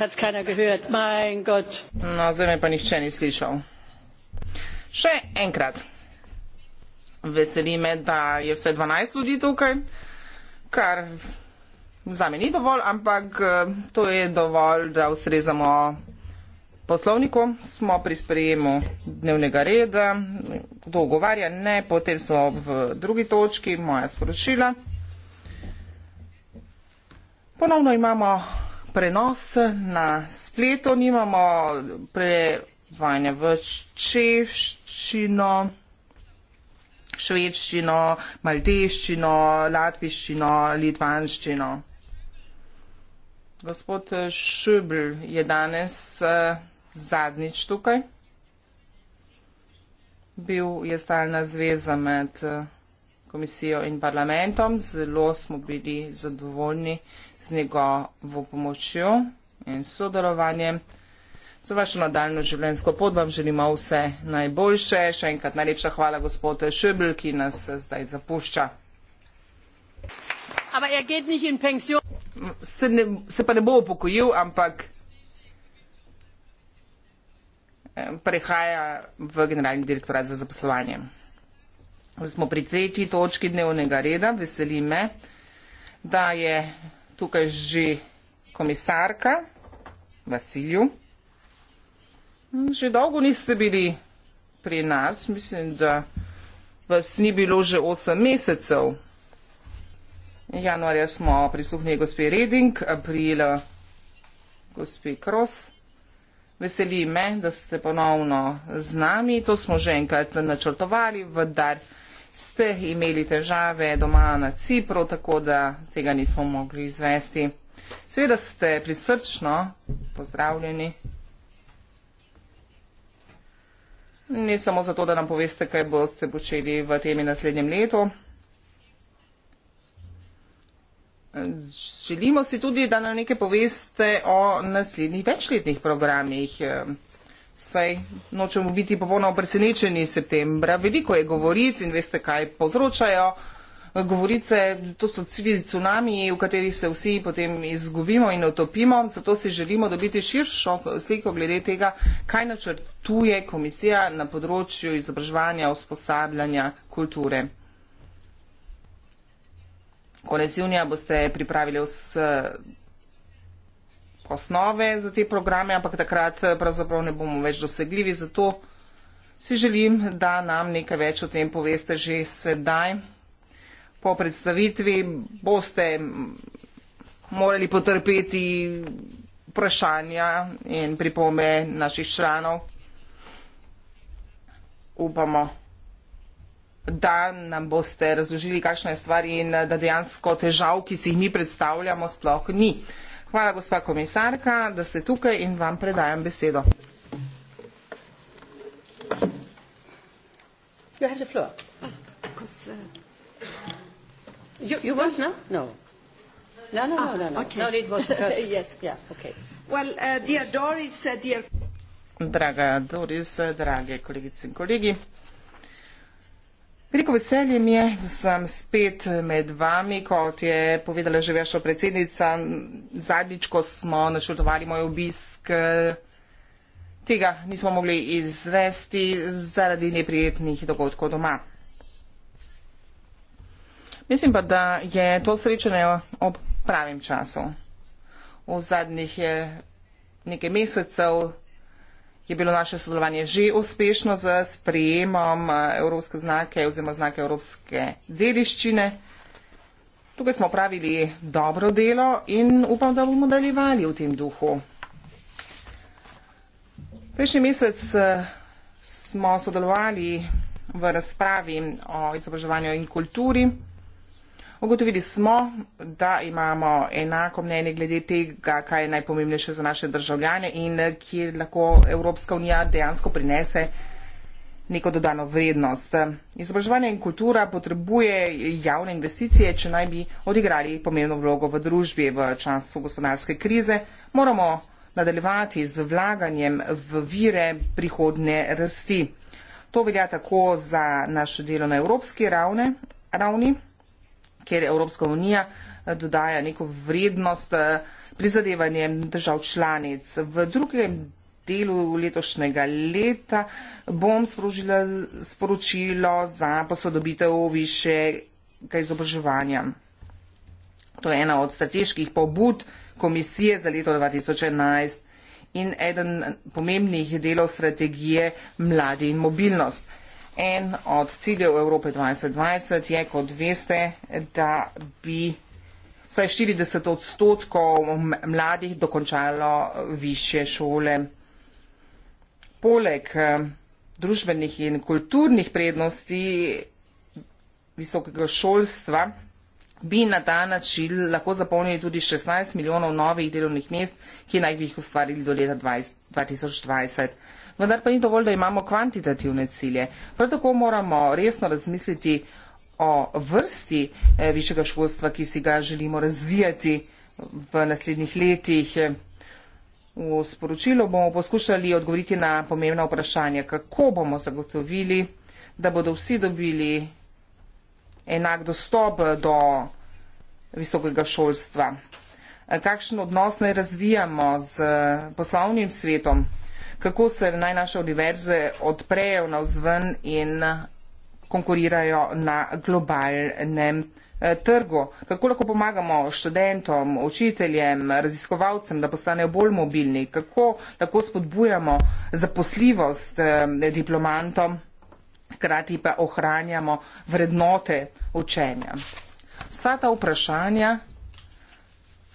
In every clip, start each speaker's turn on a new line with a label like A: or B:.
A: hat es keiner gehört. Mein Gott. Na, sind wir bei nicht schön, ist die Show. Še enkrat. Veseli me, da je vse 12 ljudi tukaj, kar za me ni dovolj, ampak eh, to je dovolj, da ustrezamo poslovniku. Smo pri sprejemu dnevnega reda, kdo ogovarja, ne, potem smo v drugi točki, moja sporočila. Ponovno imamo prenos na spletu, nimamo prevajanja v češčino, švedščino, malteščino, latviščino, litvanščino. Gospod Šubl je danes eh, zadnjič tukaj. Bil je stalna zveza med eh, komisijo in parlamentom. Zelo smo bili zadovoljni z njegovo pomočjo in sodelovanjem. Za vašo nadaljno življenjsko pot vam želimo vse najboljše. Še enkrat najlepša hvala, gospod Šebel, ki nas zdaj zapušča.
B: Er
A: se, ne, se pa ne bo upokojil, ampak eh, prehaja v Generalni direktorat za zaposlovanje. Smo pri tretji točki dnevnega reda. Veseli me, da je tukaj že komisarka Vasilju. Že dolgo niste bili pri nas, mislim, da vas ni bilo že 8 mesecev. Januarja smo prisluhnili gospe Reding, aprila gospe Kros. Veseli me, da ste ponovno z nami. To smo že enkrat načrtovali, vendar ste imeli težave doma na Cipru, tako da tega nismo mogli izvesti. Seveda ste prisrčno pozdravljeni. Ne samo zato, da nam poveste, kaj boste počeli v temi naslednjem letu. Želimo si tudi, da nam nekaj poveste o naslednjih večletnih programih saj nočemo biti popolnoma presenečeni septembra. Veliko je govoric in veste, kaj povzročajo. Govorice, to so civili tsunami, v katerih se vsi potem izgubimo in otopimo, zato si želimo dobiti širšo sliko glede tega, kaj načrtuje komisija na področju izobraževanja, usposabljanja kulture. Konec junija boste pripravili vse osnove za te programe, ampak takrat eh, pravzaprav ne bomo več dosegljivi. Zato si želim, da nam nekaj več o tem poveste že sedaj. Po predstavitvi boste morali potrpeti vprašanja in pripome naših članov. Upamo, da nam boste razložili, kakšna je stvar in eh, da dejansko težav, ki si jih mi predstavljamo, sploh ni. Hvala, gospa komisarka, da ste tukaj in vam predajam besedo.
B: You have the floor. Because ah, uh, you you want no. No, no? no. No, no, ah, no, no, no. Okay. No, it was first. yes, yeah, okay. Well, uh, dear Doris, uh, dear.
A: Draga Doris, drage kolegice in kolegi. Veliko veselje mi je, da sem spet med vami, kot je povedala že vaša predsednica, zadnjič, ko smo načrtovali moj obisk, tega nismo mogli izvesti zaradi neprijetnih dogodkov doma. Mislim pa, da je to srečanje ob pravim času. V zadnjih eh, nekaj mesecev je bilo naše sodelovanje že uspešno z sprejemom eh, evropske znake oziroma znake evropske dediščine. Tukaj smo pravili dobro delo in upam, da bomo daljevali v tem duhu. Prejšnji mesec eh, smo sodelovali v razpravi o izobraževanju in kulturi. Ogotovili smo, da imamo enako mnenje glede tega, kaj je najpomembnejše za naše državljane in eh, kje lahko Evropska unija dejansko prinese neko dodano vrednost. Izobraževanje in kultura potrebuje javne investicije, če naj bi odigrali pomembno vlogo v družbi v času gospodarske krize. Moramo nadaljevati z vlaganjem v vire prihodne rasti. To velja tako za naše delo na evropski ravne, ravni kjer Evropska unija eh, dodaja neko vrednost eh, prizadevanjem držav članic. V drugem delu letošnjega leta bom sprožila sporočilo za posodobitev višjega izobraževanja. To je ena od strateških pobud komisije za leto 2011 in eden pomembnih delov strategije mladi in mobilnost. En od ciljev Evrope 2020 je, kot veste, da bi vsaj 40 odstotkov mladih dokončalo više šole. Poleg eh, družbenih in kulturnih prednosti visokega šolstva bi na ta način lahko zapolnili tudi 16 milijonov novih delovnih mest, ki naj bi jih ustvarili do leta 2020 vendar pa ni dovolj, da imamo kvantitativne cilje. Prav tako moramo resno razmisliti o vrsti eh, višjega šolstva, ki si ga želimo razvijati v naslednjih letih. V sporočilu bomo poskušali odgovoriti na pomembna vprašanja, kako bomo zagotovili, da bodo vsi dobili enak dostop do visokega šolstva. Eh, kakšen odnos naj razvijamo z poslovnim svetom? kako se naj naše univerze odprejo na vzven in konkurirajo na globalnem eh, trgu. Kako lahko pomagamo študentom, učiteljem, raziskovalcem, da postanejo bolj mobilni? Kako lahko spodbujamo zaposljivost eh, diplomantom, krati pa ohranjamo vrednote učenja? Vsa ta vprašanja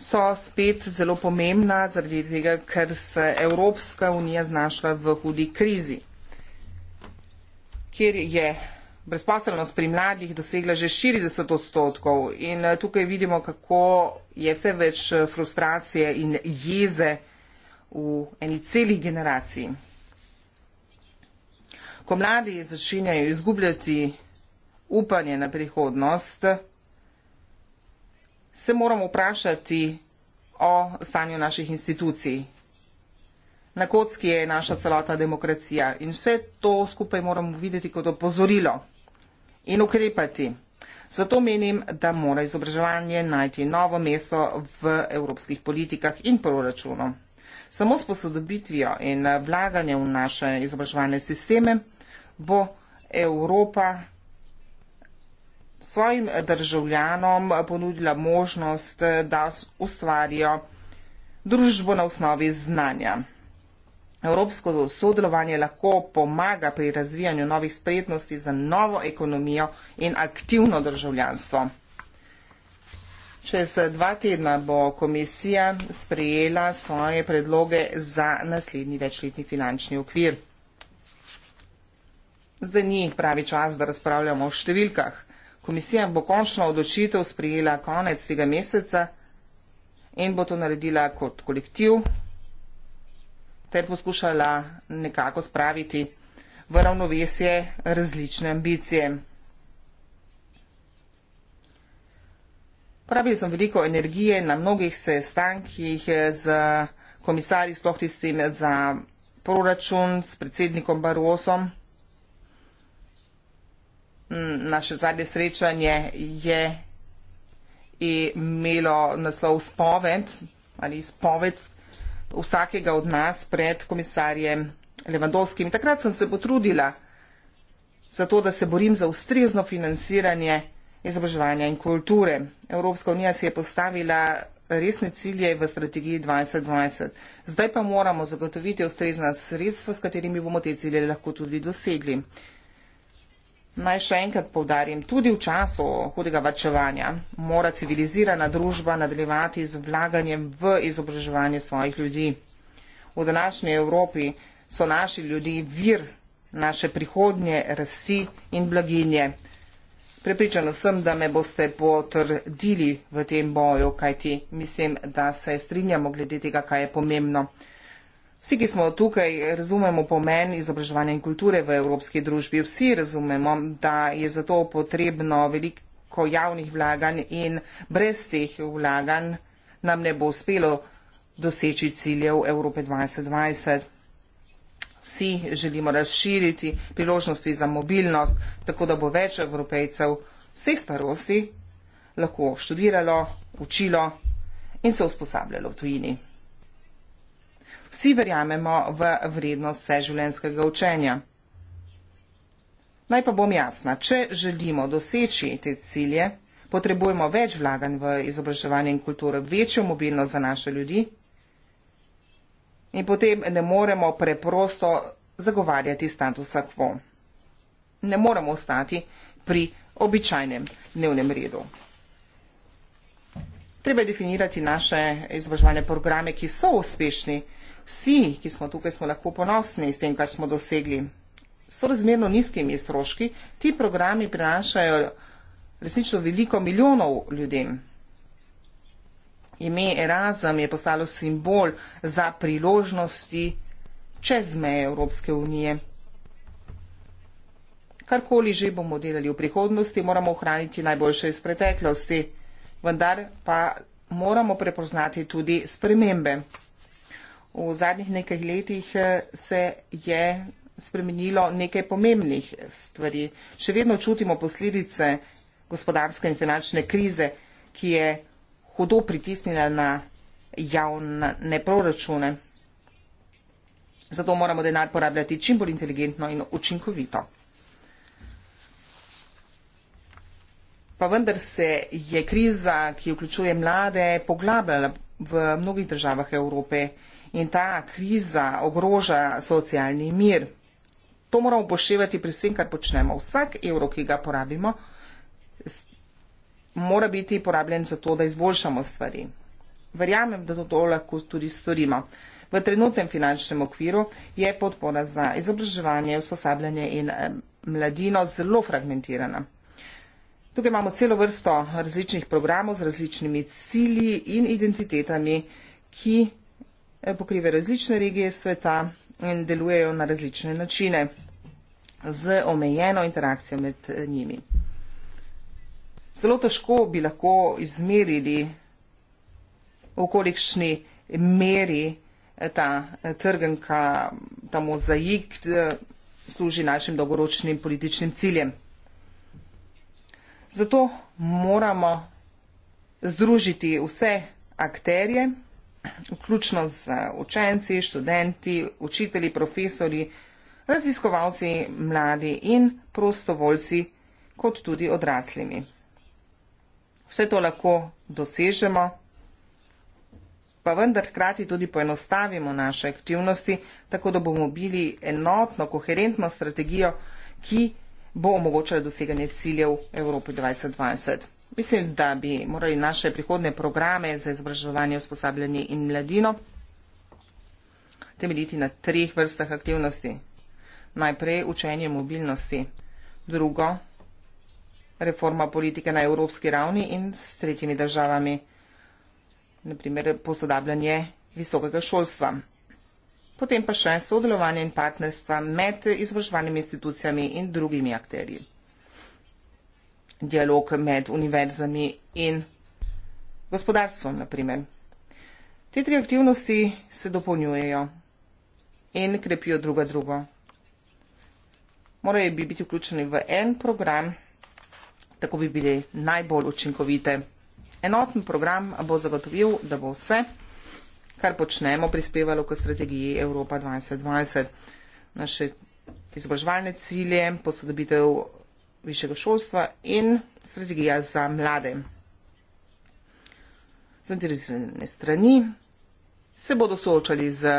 A: so spet zelo pomembna zaradi tega, ker se Evropska unija znašla v hudi krizi, kjer je brezposelnost pri mladih dosegla že 40 odstotkov in eh, tukaj vidimo, kako je vse več eh, frustracije in jeze v eni celi generaciji. Ko mladi začenjajo izgubljati upanje na prihodnost, se moramo vprašati o stanju naših institucij. Na kocki je naša celota demokracija in vse to skupaj moramo videti kot opozorilo in ukrepati. Zato menim, da mora izobraževanje najti novo mesto v evropskih politikah in proračunu. Samo s posodobitvijo in vlaganjem v naše izobraževalne sisteme bo Evropa svojim državljanom ponudila možnost, da ustvarijo družbo na osnovi znanja. Evropsko sodelovanje lahko pomaga pri razvijanju novih spretnosti za novo ekonomijo in aktivno državljanstvo. Čez dva tedna bo komisija sprejela svoje predloge za naslednji večletni finančni okvir. Zdaj ni pravi čas, da razpravljamo o številkah. Komisija bo končno odločitev sprijela konec tega meseca in bo to naredila kot kolektiv ter poskušala nekako spraviti v ravnovesje različne ambicije. Porabili smo veliko energije na mnogih sestankih eh, z komisarji, sploh tistim za proračun, s predsednikom Barosom naše zadnje srečanje je imelo naslov spoved ali spoved vsakega od nas pred komisarjem Levandovskim. Takrat sem se potrudila za to, da se borim za ustrezno financiranje izobraževanja in kulture. Evropska unija si je postavila resne cilje v strategiji 2020. Zdaj pa moramo zagotoviti ustrezna sredstva, s katerimi bomo te cilje lahko tudi dosegli. Naj še enkrat povdarim, tudi v času hudega vrčevanja mora civilizirana družba nadaljevati z vlaganjem v izobraževanje svojih ljudi. V današnji Evropi so naši ljudi vir naše prihodnje rasti in blaginje. Prepričano sem, da me boste potrdili v tem boju, kajti mislim, da se strinjamo glede tega, kaj je pomembno. Vsi, ki smo tukaj, razumemo pomen izobraževanja in kulture v evropski družbi. Vsi razumemo, da je zato potrebno veliko javnih vlaganj in brez teh vlaganj nam ne bo uspelo doseči ciljev Evrope 2020. Vsi želimo razširiti priložnosti za mobilnost, tako da bo več evropejcev vseh starosti lahko študiralo, učilo in se usposabljalo v tujini. Vsi verjamemo v vrednost vseživljenjskega učenja. Naj pa bom jasna, če želimo doseči te cilje, potrebujemo več vlaganj v izobraževanje in kulturo, večjo mobilnost za naše ljudi in potem ne moremo preprosto zagovarjati statusa quo. Ne moremo ostati pri običajnem dnevnem redu. Treba je definirati naše izobraževalne programe, ki so uspešni. Vsi, ki smo tukaj, smo lahko ponosni s tem, kar smo dosegli. So razmerno nizkimi stroški, ti programi prinašajo resnično veliko milijonov ljudem. Ime Erasmus je postalo simbol za priložnosti čez meje Evropske unije. Karkoli že bomo delali v prihodnosti, moramo ohraniti najboljše iz preteklosti, vendar pa moramo prepoznati tudi spremembe v zadnjih nekaj letih eh, se je spremenilo nekaj pomembnih stvari. Še vedno čutimo posledice gospodarske in finančne krize, ki je hudo pritisnila na javne proračune. Zato moramo denar porabljati čim bolj inteligentno in učinkovito. Pa vendar se je kriza, ki vključuje mlade, poglabljala v mnogih državah Evrope in ta kriza ogroža socialni mir. To moramo poštevati pri vsem, kar počnemo. Vsak evro, ki ga porabimo, mora biti porabljen za to, da izboljšamo stvari. Verjamem, da to lahko tudi storimo. V trenutnem finančnem okviru je podpora za izobraževanje, usposabljanje in mladino zelo fragmentirana. Tukaj imamo celo vrsto različnih programov z različnimi cilji in identitetami, ki Eh, pokrive različne regije sveta in delujejo na različne načine z omejeno interakcijo med eh, njimi. Zelo težko bi lahko izmerili, v kolikšni meri eh, ta trgenka, ta mozaik služi našim dolgoročnim političnim ciljem. Zato moramo združiti vse akterje, vključno z učenci, študenti, učitelji, profesori, raziskovalci, mladi in prostovoljci, kot tudi odraslimi. Vse to lahko dosežemo, pa vendar hkrati tudi poenostavimo naše aktivnosti, tako da bomo bili enotno, koherentno strategijo, ki bo omogočala doseganje ciljev Evrope 2020. Mislim, da bi morali naše prihodne programe za izobraževanje, usposabljanje in mladino temeljiti na treh vrstah aktivnosti. Najprej učenje mobilnosti, drugo reforma politike na evropski ravni in s tretjimi državami, naprimer posodabljanje visokega šolstva. Potem pa še sodelovanje in partnerstva med izvrševanimi institucijami in drugimi akterji dialog med univerzami in gospodarstvom, naprimer. Te tri aktivnosti se dopolnjujejo in krepijo druga drugo. Morajo bi biti vključeni v en program, tako bi bili najbolj učinkovite. Enotni program bo zagotovil, da bo vse, kar počnemo, prispevalo k strategiji Evropa 2020. Naše izobraževalne cilje, posodobitev višjega šolstva in strategija za mlade. Zainteresirane strani se bodo soočali z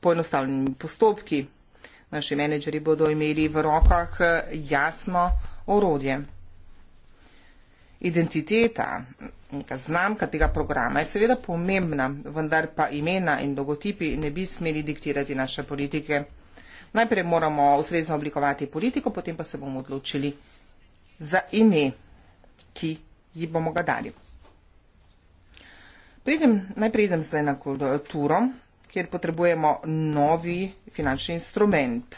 A: poenostavljenimi postopki. Naši menedžeri bodo imeli v rokah jasno orodje. Identiteta, neka znamka tega programa je seveda pomembna, vendar pa imena in logotipi ne bi smeli diktirati naše politike. Najprej moramo ustrezno oblikovati politiko, potem pa se bomo odločili, za ime, ki ji bomo ga dali. Predem, najprej idem zdaj na kulturo, kjer potrebujemo novi finančni instrument.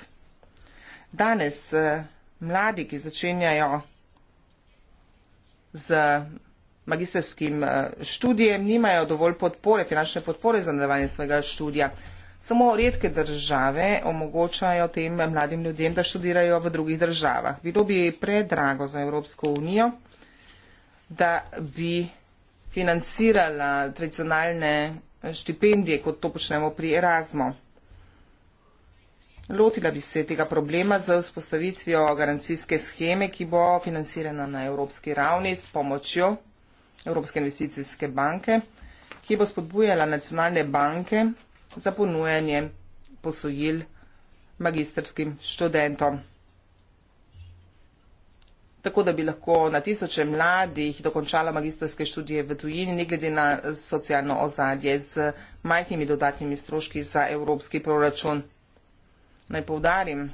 A: Danes eh, mladi, ki začenjajo z magisterskim eh, študijem, nimajo dovolj podpore, finančne podpore za nadaljevanje svojega študija. Samo redke države omogočajo tem mladim ljudem, da študirajo v drugih državah. Bilo bi predrago za Evropsko unijo, da bi financirala tradicionalne štipendije, kot to počnemo pri Erasmu. Lotila bi se tega problema z vzpostavitvijo garancijske scheme, ki bo financirana na evropski ravni s pomočjo Evropske investicijske banke, ki bo spodbujala nacionalne banke za ponujanje posojil magistrskim študentom. Tako da bi lahko na tisoče mladih dokončala magistrske študije v tujini, ne glede na socialno ozadje, z majhnimi dodatnimi stroški za evropski proračun. Naj povdarim,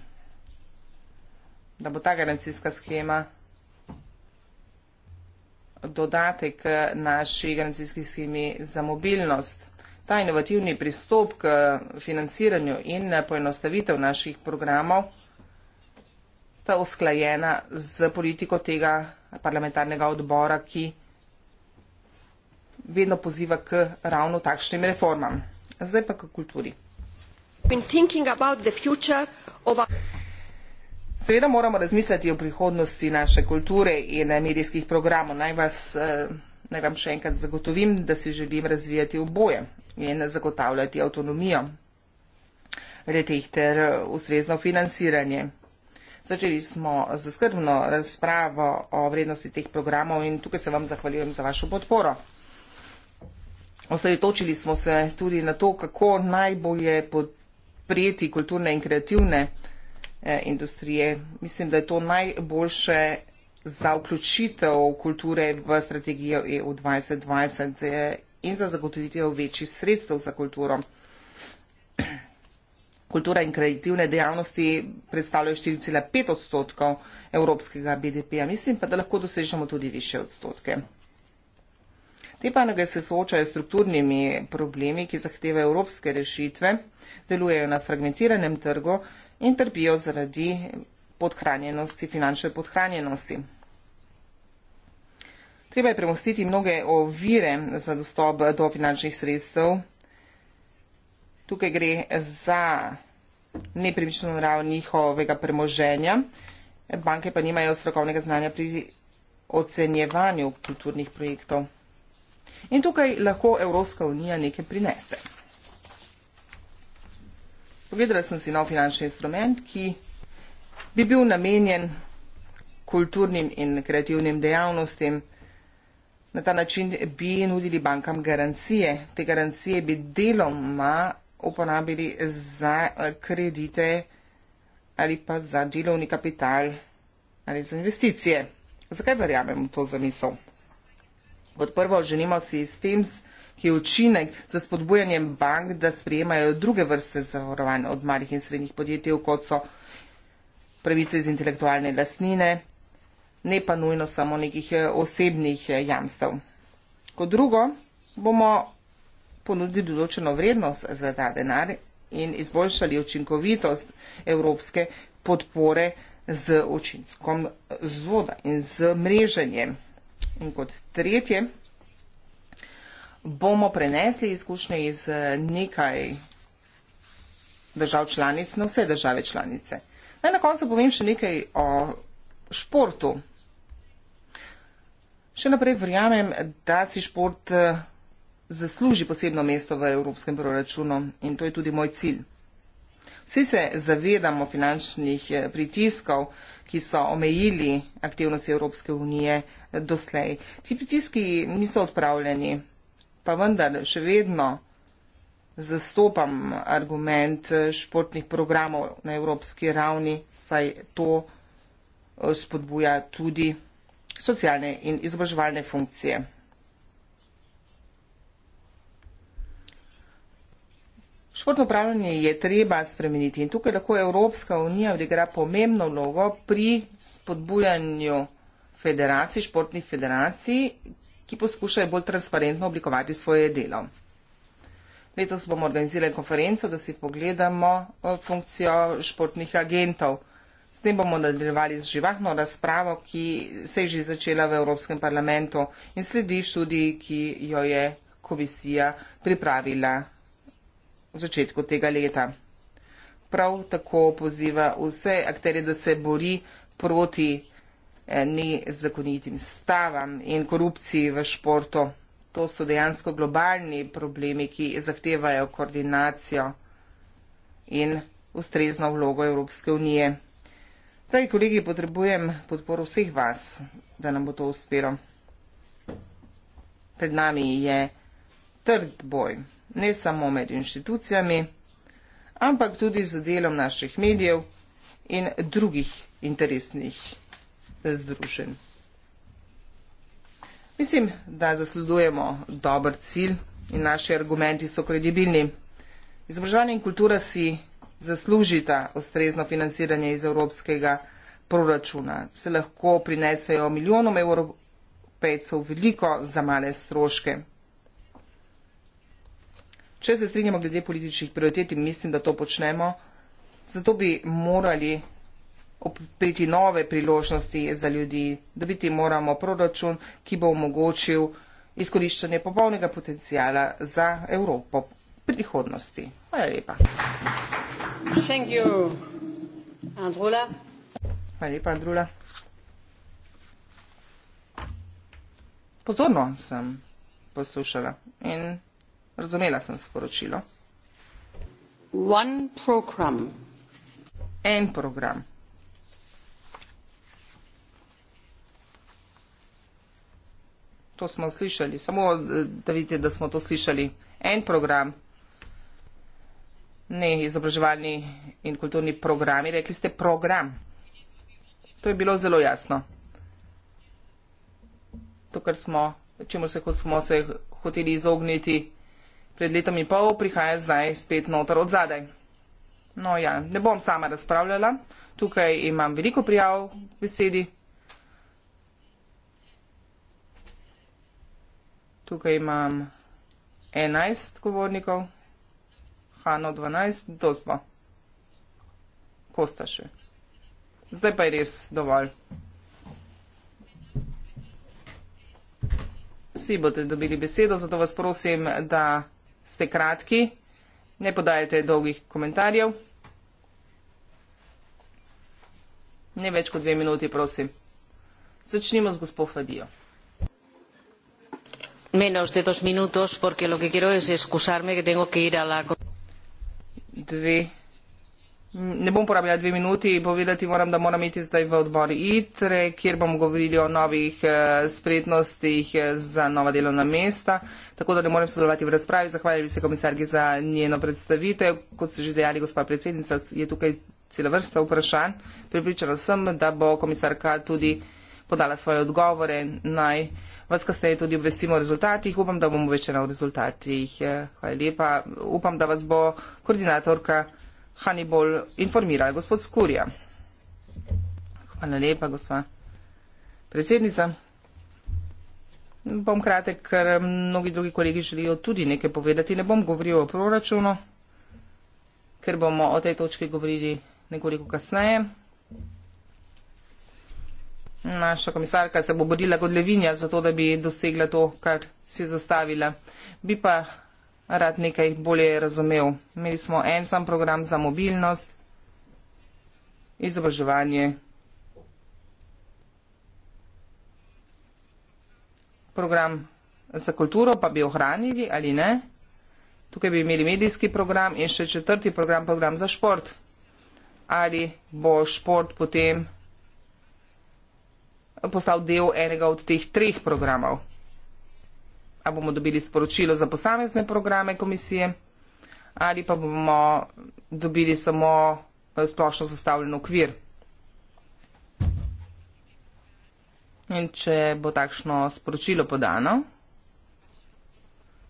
A: da bo ta garancijska schema dodatek naši garancijski schemi za mobilnost ta inovativni pristop k financiranju in poenostavitev naših programov sta usklajena z politiko tega parlamentarnega odbora, ki vedno poziva k ravno takšnim reformam. Zdaj pa k kulturi. Seveda moramo razmisliti o prihodnosti naše kulture in eh, medijskih programov. Naj, vas, eh, naj vam še enkrat zagotovim, da si želim razvijati oboje in zagotavljati avtonomijo letih ter ustrezno financiranje. Začeli smo z skrbno razpravo o vrednosti teh programov in tukaj se vam zahvaljujem za vašo podporo. Osredotočili smo se tudi na to, kako najbolje podprijeti kulturne in kreativne eh, industrije. Mislim, da je to najboljše za vključitev kulture v strategijo EU 2020 in za zagotovitev večjih sredstev za kulturo. Kultura in kreativne dejavnosti predstavljajo 4,5 odstotkov evropskega BDP-ja, mislim pa, da lahko dosežemo tudi više odstotke. Te panoge se soočajo s strukturnimi problemi, ki zahtevajo evropske rešitve, delujejo na fragmentiranem trgu in trpijo zaradi podhranjenosti, finančne podhranjenosti. Treba je premostiti mnoge ovire za dostop do finančnih sredstev. Tukaj gre za nepremično narav njihovega premoženja. Banke pa nimajo strokovnega znanja pri ocenjevanju kulturnih projektov. In tukaj lahko Evropska unija nekaj prinese. Pogledala sem si nov finančni instrument, ki bi bil namenjen kulturnim in kreativnim dejavnostim, Na ta način bi nudili bankam garancije. Te garancije bi deloma uporabili za eh, kredite ali pa za delovni kapital ali za investicije. Zakaj verjamem v to zamisel? Kot prvo želimo sistem, ki je učinek za spodbujanje bank, da sprejemajo druge vrste zavarovanj od malih in srednjih podjetij, kot so pravice iz intelektualne lasnine, ne pa nujno samo nekih eh, osebnih eh, jamstev. Kot drugo, bomo ponudili določeno vrednost za ta denar in izboljšali učinkovitost evropske podpore z očinskom zvoda in z mreženjem. In kot tretje, bomo prenesli izkušnje iz eh, nekaj držav članic na vse države članice. Naj na koncu povem še nekaj o športu. Še naprej verjamem, da si šport eh, zasluži posebno mesto v evropskem proračunu in to je tudi moj cilj. Vsi se zavedamo finančnih eh, pritiskov, ki so omejili aktivnosti Evropske unije eh, doslej. Ti pritiski niso odpravljeni, pa vendar še vedno zastopam argument športnih programov na evropski ravni, saj to spodbuja tudi socialne in izobraževalne funkcije. Športno upravljanje je treba spremeniti in tukaj lahko Evropska unija odigra pomembno vlogo pri spodbujanju federacij, športnih federacij, ki poskušajo bolj transparentno oblikovati svoje delo. Letos bomo organizirali konferenco, da si pogledamo eh, funkcijo športnih agentov. S tem bomo nadaljevali z živahno razpravo, ki se je že začela v Evropskem parlamentu in sledi študiji, ki jo je komisija pripravila v začetku tega leta. Prav tako poziva vse akterje, da se bori proti eh, nezakonitim stavam in korupciji v športu. To so dejansko globalni problemi, ki zahtevajo koordinacijo in ustrezno vlogo Evropske unije. Zdaj, kolegi, potrebujem podporo vseh vas, da nam bo to uspelo. Pred nami je trd boj, ne samo med inštitucijami, ampak tudi z delom naših medijev in drugih interesnih združen. Mislim, da zasledujemo dober cilj in naši argumenti so kredibilni. Izobraževanje in kultura si zaslužita ustrezno financiranje iz evropskega proračuna. Se lahko prinesejo milijonom evropejcev veliko za male stroške. Če se strinjamo glede političnih prioriteti, mislim, da to počnemo, zato bi morali opriti nove priložnosti za ljudi, da biti moramo proračun, ki bo omogočil izkoriščanje popolnega potencijala za Evropo prihodnosti.
B: Hvala lepa. Thank you, Andrula.
A: Hvala lepa, Andrula. Pozorno sem poslušala in razumela sem sporočilo. One program. En program. To smo slišali, samo eh, da vidite, da smo to slišali. En program ne izobraževalni in kulturni programi, rekli ste program. To je bilo zelo jasno. To, kar smo, čemu se smo se hoteli izogniti pred letom in pol, prihaja zdaj spet notor od zadaj. No ja, ne bom sama razpravljala, tukaj imam veliko prijav besedi. Tukaj imam 11 govornikov. Stefano 12, dozbo. Kosta še. Zdaj pa je res dovolj. Vsi boste dobili besedo, zato vas prosim, da ste kratki, ne podajate dolgih komentarjev. Ne več kot dve minuti, prosim. Začnimo z gospod Fadijo. Menos de dos minutos, porque lo que quiero es excusarme que tengo que ir a la dve, ne bom porabila dve minuti, povedati moram, da moram iti zdaj v odbor ITRE, kjer bomo govorili o novih eh, spretnostih eh, za nova delovna mesta, tako da ne morem sodelovati v razpravi. Zahvaljujem se komisarki za njeno predstavitev. Kot ste že dejali, gospa predsednica, je tukaj cela vrsta vprašanj. Pripričala sem, da bo komisarka tudi podala svoje odgovore. Naj vas kasneje tudi obvestimo o rezultatih. Upam, da bomo večena v rezultatih. Eh, hvala lepa. Upam, da vas bo koordinatorka Hannibal informirala. Gospod Skurja. Hvala lepa, gospa predsednica. Bom kratek, ker mnogi drugi kolegi želijo tudi nekaj povedati. Ne bom govoril o proračunu, ker bomo o tej točki govorili nekoliko kasneje naša komisarka se bo borila kot levinja za to, da bi dosegla to, kar si zastavila. Bi pa rad nekaj bolje razumev. Imeli smo en sam program za mobilnost, izobraževanje, program za kulturo pa bi ohranili ali ne. Tukaj bi imeli medijski program in še četrti program, program za šport. Ali bo šport potem postal del enega od teh treh programov. A bomo dobili sporočilo za posamezne programe komisije ali pa bomo dobili samo eh, splošno zastavljen okvir. In če bo takšno sporočilo podano,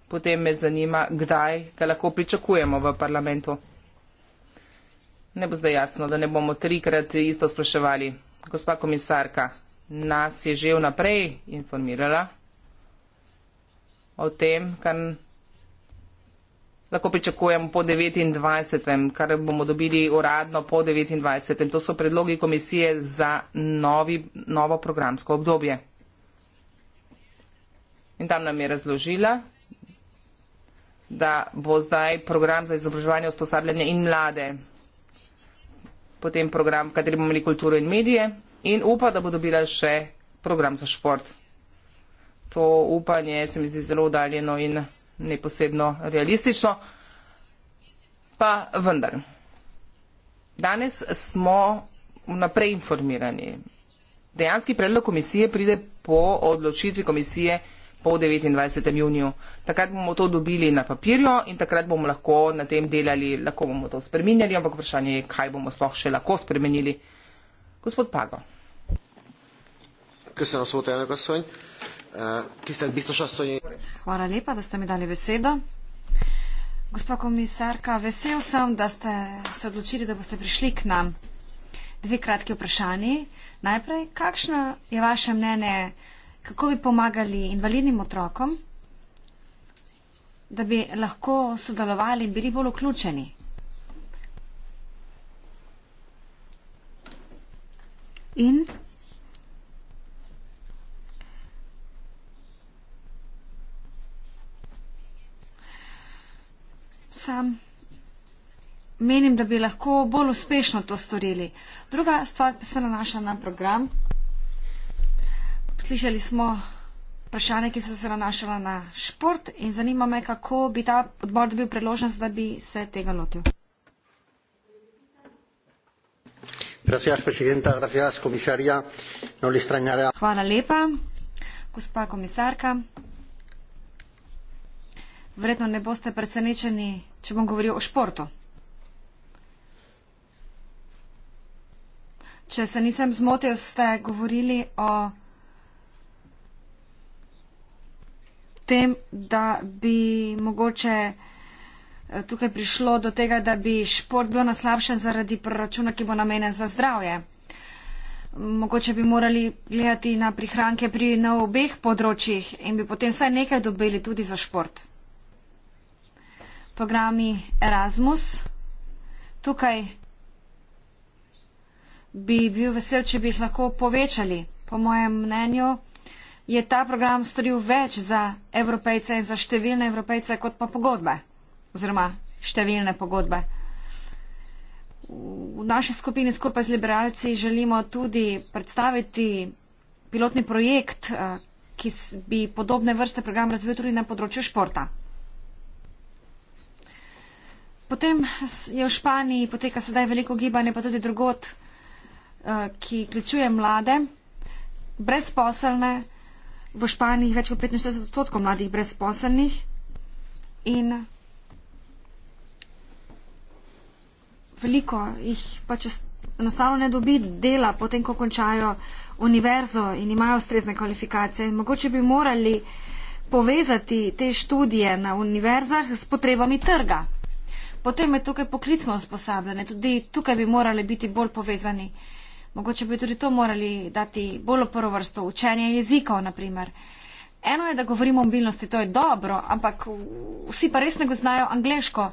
A: potem me zanima, kdaj ga lahko pričakujemo v parlamentu. Ne bo zdaj jasno, da ne bomo trikrat isto spraševali. Gospa komisarka, nas je že vnaprej informirala o tem, kar lahko pričakujemo po 29. kar bomo dobili uradno po 29. To so predlogi komisije za novi, novo programsko obdobje. In tam nam je razložila, da bo zdaj program za izobraževanje, usposabljanje in mlade, potem program, v katerem bomo imeli kulturo in medije, in upa, da bo dobila še program za šport. To upanje se mi zdi zelo udaljeno in neposebno realistično. Pa vendar, danes smo naprej informirani. Dejanski predlog komisije pride po odločitvi komisije po 29. juniju. Takrat bomo to dobili na papirju in takrat bomo lahko na tem delali, lahko bomo to spreminjali, ampak vprašanje je, kaj bomo sploh še lahko spremenili. Gospod Pago. Köszönöm szót, elnök asszony. Eh, tisztelt biztos asszony.
C: Hvala lepa, da ste mi dali besedo. Gospa komisarka, vesel sem, da ste se odločili, da boste prišli k nam. Dve kratki vprašanji. Najprej, kakšno je vaše mnenje, kako bi pomagali invalidnim otrokom, da bi lahko sodelovali in bili bolj vključeni in sam menim, da bi lahko bolj uspešno to storili. Druga stvar pa se nanaša na program. Slišali smo vprašanje, ki so se nanašala na šport in zanima me, kako bi ta odbor dobil priložnost, da bi se tega lotil. No Hvala lepa. Gospa komisarka, verjetno ne boste presenečeni, če bom govoril o športu. Če se nisem zmotil, ste govorili o tem, da bi mogoče Eh, tukaj prišlo do tega, da bi šport bil naslabšen zaradi proračuna, ki bo namenjen za zdravje. Mogoče bi morali gledati na prihranke pri na obeh področjih in bi potem vsaj nekaj dobili tudi za šport. Programi Erasmus. Tukaj bi bil vesel, če bi jih lahko povečali. Po mojem mnenju je ta program storil več za evropejce in za številne evropejce kot pa pogodbe oziroma številne pogodbe. V naši skupini skupaj z liberalci želimo tudi predstaviti pilotni projekt, eh, ki bi podobne vrste program razvil tudi na področju športa. Potem je v Španiji, poteka sedaj veliko gibanje, pa tudi drugot, eh, ki vključuje mlade, brezposelne, v Španiji več kot 15% mladih brezposelnih in veliko jih pač enostavno ne dobi dela, potem ko končajo univerzo in imajo ustrezne kvalifikacije. In mogoče bi morali povezati te študije na univerzah s potrebami trga. Potem je tukaj poklicno usposabljanje, tudi tukaj bi morali biti bolj povezani. Mogoče bi tudi to morali dati bolj prvo vrsto učenje jezikov, naprimer. Eno je, da govorimo o mobilnosti, to je dobro, ampak vsi pa res ne go znajo angliško.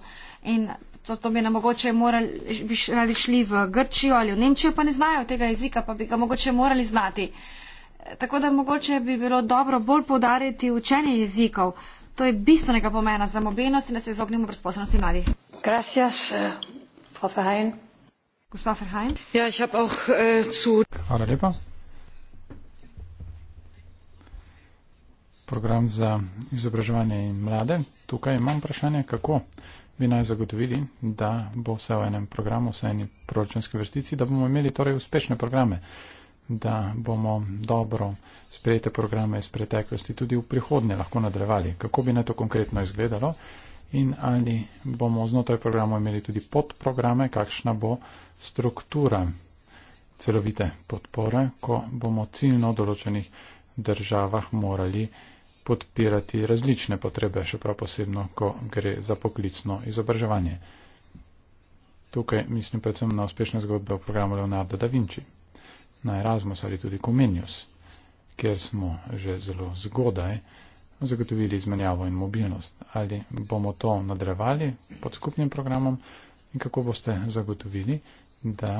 C: In to, to bi nam mogoče morali, bi radi šli v Grčijo ali v Nemčijo, pa ne znajo tega jezika, pa bi ga mogoče morali znati. Tako da mogoče bi bilo dobro bolj podariti učenje jezikov. To je bistvenega pomena za mobilnost in da se izognemo brezposobnosti mladih. Gracias,
B: eh, Frau Verheyen. Gospa Verheyen. Ja, ich habe auch äh, zu.
D: Hvala lepa. Program za izobraževanje in mlade. Tukaj imam vprašanje, kako bi naj zagotovili, da bo vse v enem programu, vse v eni proračunski vrstici, da bomo imeli torej uspešne programe, da bomo dobro sprejete programe iz preteklosti tudi v prihodnje lahko nadrevali. Kako bi naj to konkretno izgledalo in ali bomo znotraj programov imeli tudi podprograme, kakšna bo struktura celovite podpore, ko bomo ciljno v določenih državah morali podpirati različne potrebe, še prav posebno, ko gre za poklicno izobraževanje. Tukaj mislim predvsem na uspešne zgodbe o programu Leonardo da Vinci, na Erasmus ali tudi Comenius, kjer smo že zelo zgodaj zagotovili izmenjavo in mobilnost. Ali bomo to nadrevali pod skupnim programom in kako boste zagotovili, da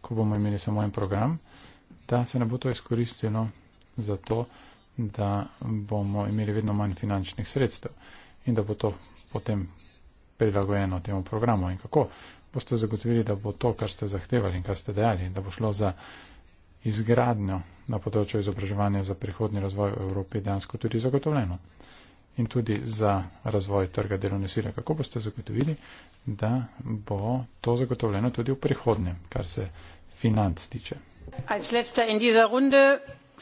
D: ko bomo imeli samo en program, da se ne bo to izkoristilo za to, da bomo imeli vedno manj finančnih sredstev in da bo to potem prilagojeno temu programu. In kako boste zagotovili, da bo to, kar ste zahtevali in kar ste dejali, da bo šlo za izgradnjo na področju izobraževanja za prihodni razvoj v Evropi dejansko tudi zagotovljeno in tudi za razvoj trga delovne sile. Kako boste zagotovili, da bo to zagotovljeno tudi v prihodnje, kar se financ tiče?
B: Als letzter in dieser Runde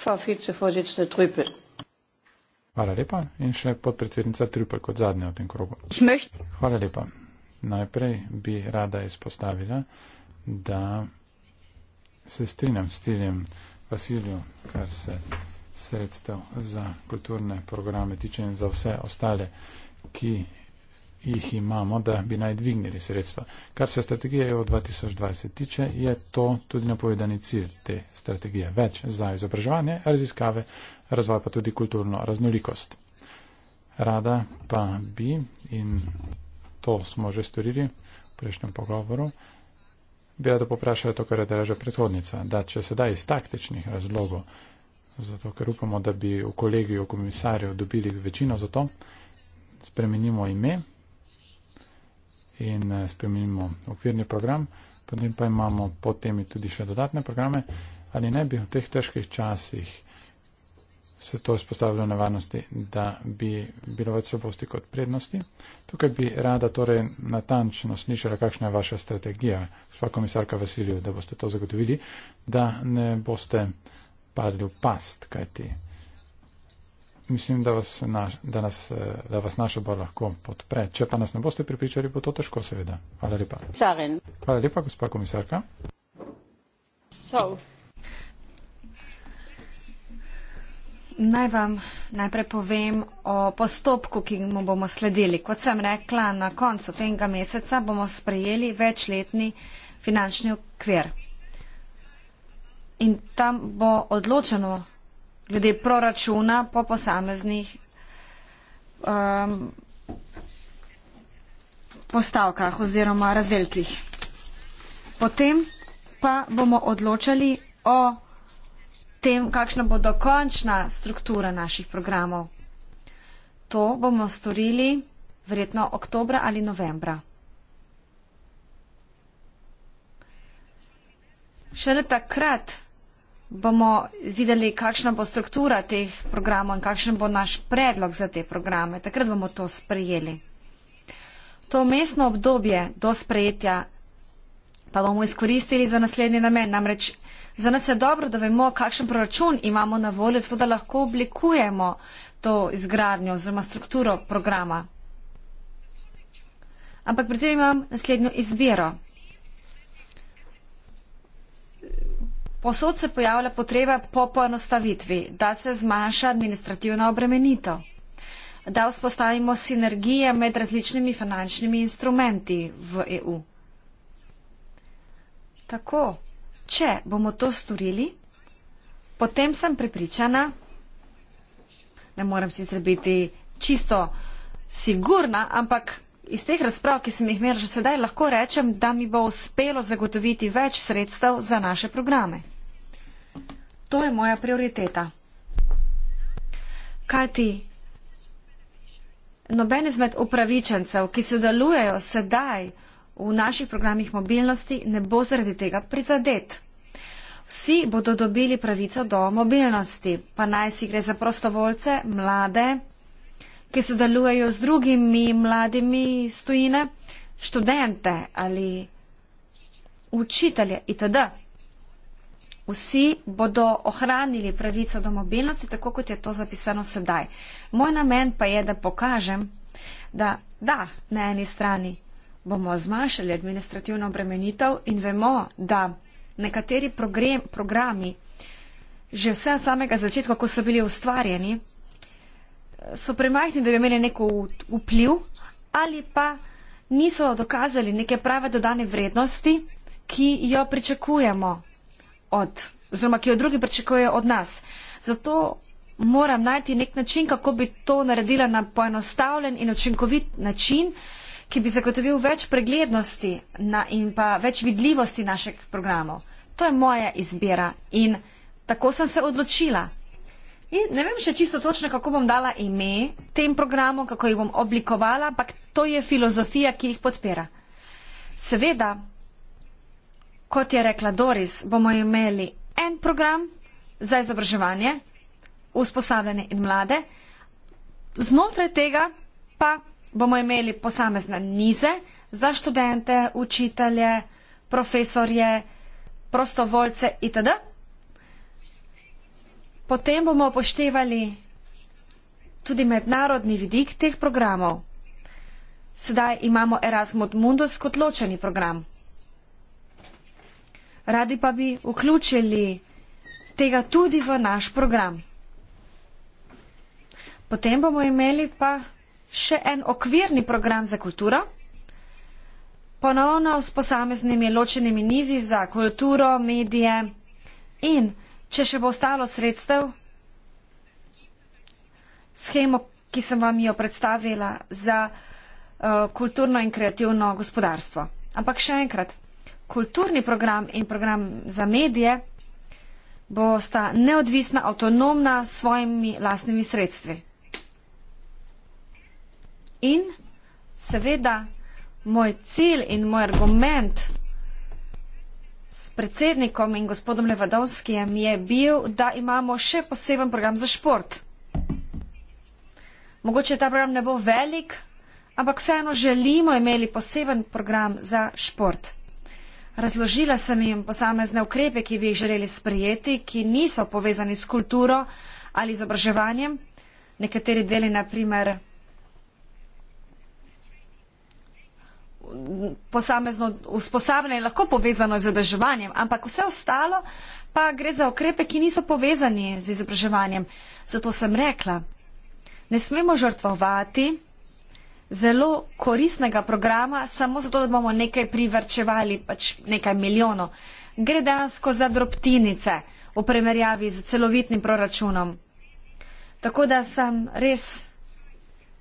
B: Hvala
D: lepa. In še podpredsednica Trupel kot zadnja v tem krogu. Hvala lepa. Najprej bi rada izpostavila, da se strinjam s ciljem Vasilju, kar se sredstev za kulturne programe tiče in za vse ostale, ki jih imamo, da bi naj dvignili sredstva. Kar se strategije EU 2020 tiče, je to tudi napovedani cilj te strategije. Več za izobraževanje, raziskave, razvoj pa tudi kulturno raznolikost. Rada pa bi, in to smo že storili v prejšnjem pogovoru, bi rada poprašala to, kar je dražja predhodnica, da če se da iz taktičnih razlogov, zato ker upamo, da bi v kolegiju komisarjev dobili večino za to, spremenimo ime in eh, spremenimo okvirni program, potem pa imamo pod temi tudi še dodatne programe, ali ne bi v teh težkih časih se to izpostavilo na varnosti, da bi bilo več slabosti kot prednosti. Tukaj bi rada torej natančno slišala, kakšna je vaša strategija, gospa komisarka Vasilju, da boste to zagotovili, da ne boste padli v past, kajti mislim, da, vas naš, da, nas, da vas naša bo lahko podpre. Če pa nas ne boste pripričali, bo to težko, seveda. Hvala lepa. Saren. Hvala lepa, gospa komisarka.
B: So.
C: Naj vam najprej povem o postopku, ki mu bomo sledili. Kot sem rekla, na koncu tega meseca bomo sprejeli večletni finančni okvir. In tam bo odločeno glede proračuna po posameznih um, postavkah oziroma razdelkih. Potem pa bomo odločali o tem, kakšna bo dokončna struktura naših programov. To bomo storili verjetno oktobra ali novembra. Šele takrat bomo videli, kakšna bo struktura teh programov in kakšen bo naš predlog za te programe. Takrat bomo to sprejeli. To mestno obdobje do sprejetja pa bomo izkoristili za naslednji namen. Namreč za nas je dobro, da vemo, kakšen proračun imamo na voljo, zato da lahko oblikujemo to izgradnjo oziroma strukturo programa. Ampak pri tem imam naslednjo izbiro. Posod se pojavlja potreba po poenostavitvi, da se zmanjša administrativna obremenitev, da vzpostavimo sinergije med različnimi finančnimi instrumenti v EU. Tako, če bomo to storili, potem sem pripričana, ne moram sicer biti čisto sigurna, ampak iz teh razprav, ki sem jih imela že sedaj, lahko rečem, da mi bo uspelo zagotoviti več sredstev za naše programe. To je moja prioriteta. Kaj ti? Noben izmed upravičencev, ki sodelujejo sedaj v naših programih mobilnosti, ne bo zaradi tega prizadet. Vsi bodo dobili pravico do mobilnosti, pa naj si gre za prostovoljce, mlade, ki sodelujejo z drugimi mladimi stojine, študente ali učitelje itd vsi bodo ohranili pravico do mobilnosti, tako kot je to zapisano sedaj. Moj namen pa je, da pokažem, da da, na eni strani bomo zmanjšali administrativno obremenitev in vemo, da nekateri program, programi že vse od samega začetka, ko so bili ustvarjeni, so premajhni, da bi imeli neko vpliv ali pa niso dokazali neke prave dodane vrednosti, ki jo pričakujemo od, oziroma ki jo drugi pričakujejo od nas. Zato moram najti nek način, kako bi to naredila na poenostavljen in učinkovit način, ki bi zagotovil več preglednosti na, in pa več vidljivosti našeg programov. To je moja izbira in tako sem se odločila. In ne vem še čisto točno, kako bom dala ime tem programom, kako jih bom oblikovala, ampak to je filozofija, ki jih podpira. Seveda, Kot je rekla Doris, bomo imeli en program za izobraževanje, usposabljanje in mlade, znotraj tega pa bomo imeli posamezne nize za študente, učitelje, profesorje, prostovoljce itd. Potem bomo upoštevali tudi mednarodni vidik teh programov. Sedaj imamo Erasmus Mundus kot ločeni program radi pa bi vključili tega tudi v naš program. Potem bomo imeli pa še en okvirni program za kulturo, ponovno s posameznimi ločenimi nizi za kulturo, medije in, če še bo ostalo sredstev, schemo, ki sem vam jo predstavila za uh, kulturno in kreativno gospodarstvo. Ampak še enkrat, kulturni program in program za medije bosta neodvisna, avtonomna s svojimi lastnimi sredstvi. In seveda moj cilj in moj argument s predsednikom in gospodom Levadovskijem je bil, da imamo še poseben program za šport. Mogoče ta program ne bo velik, ampak vseeno želimo imeli poseben program za šport. Razložila sem jim posamezne ukrepe, ki bi jih želeli sprijeti, ki niso povezani s kulturo ali izobraževanjem. Nekateri deli, naprimer, posamezno usposabljanje lahko povezano z izobraževanjem, ampak vse ostalo pa gre za ukrepe, ki niso povezani z izobraževanjem. Zato sem rekla, ne smemo žrtvovati zelo korisnega programa, samo zato, da bomo nekaj privrčevali, pač nekaj milijonov. Gre dejansko za drobtinice v primerjavi z celovitnim proračunom. Tako da sem res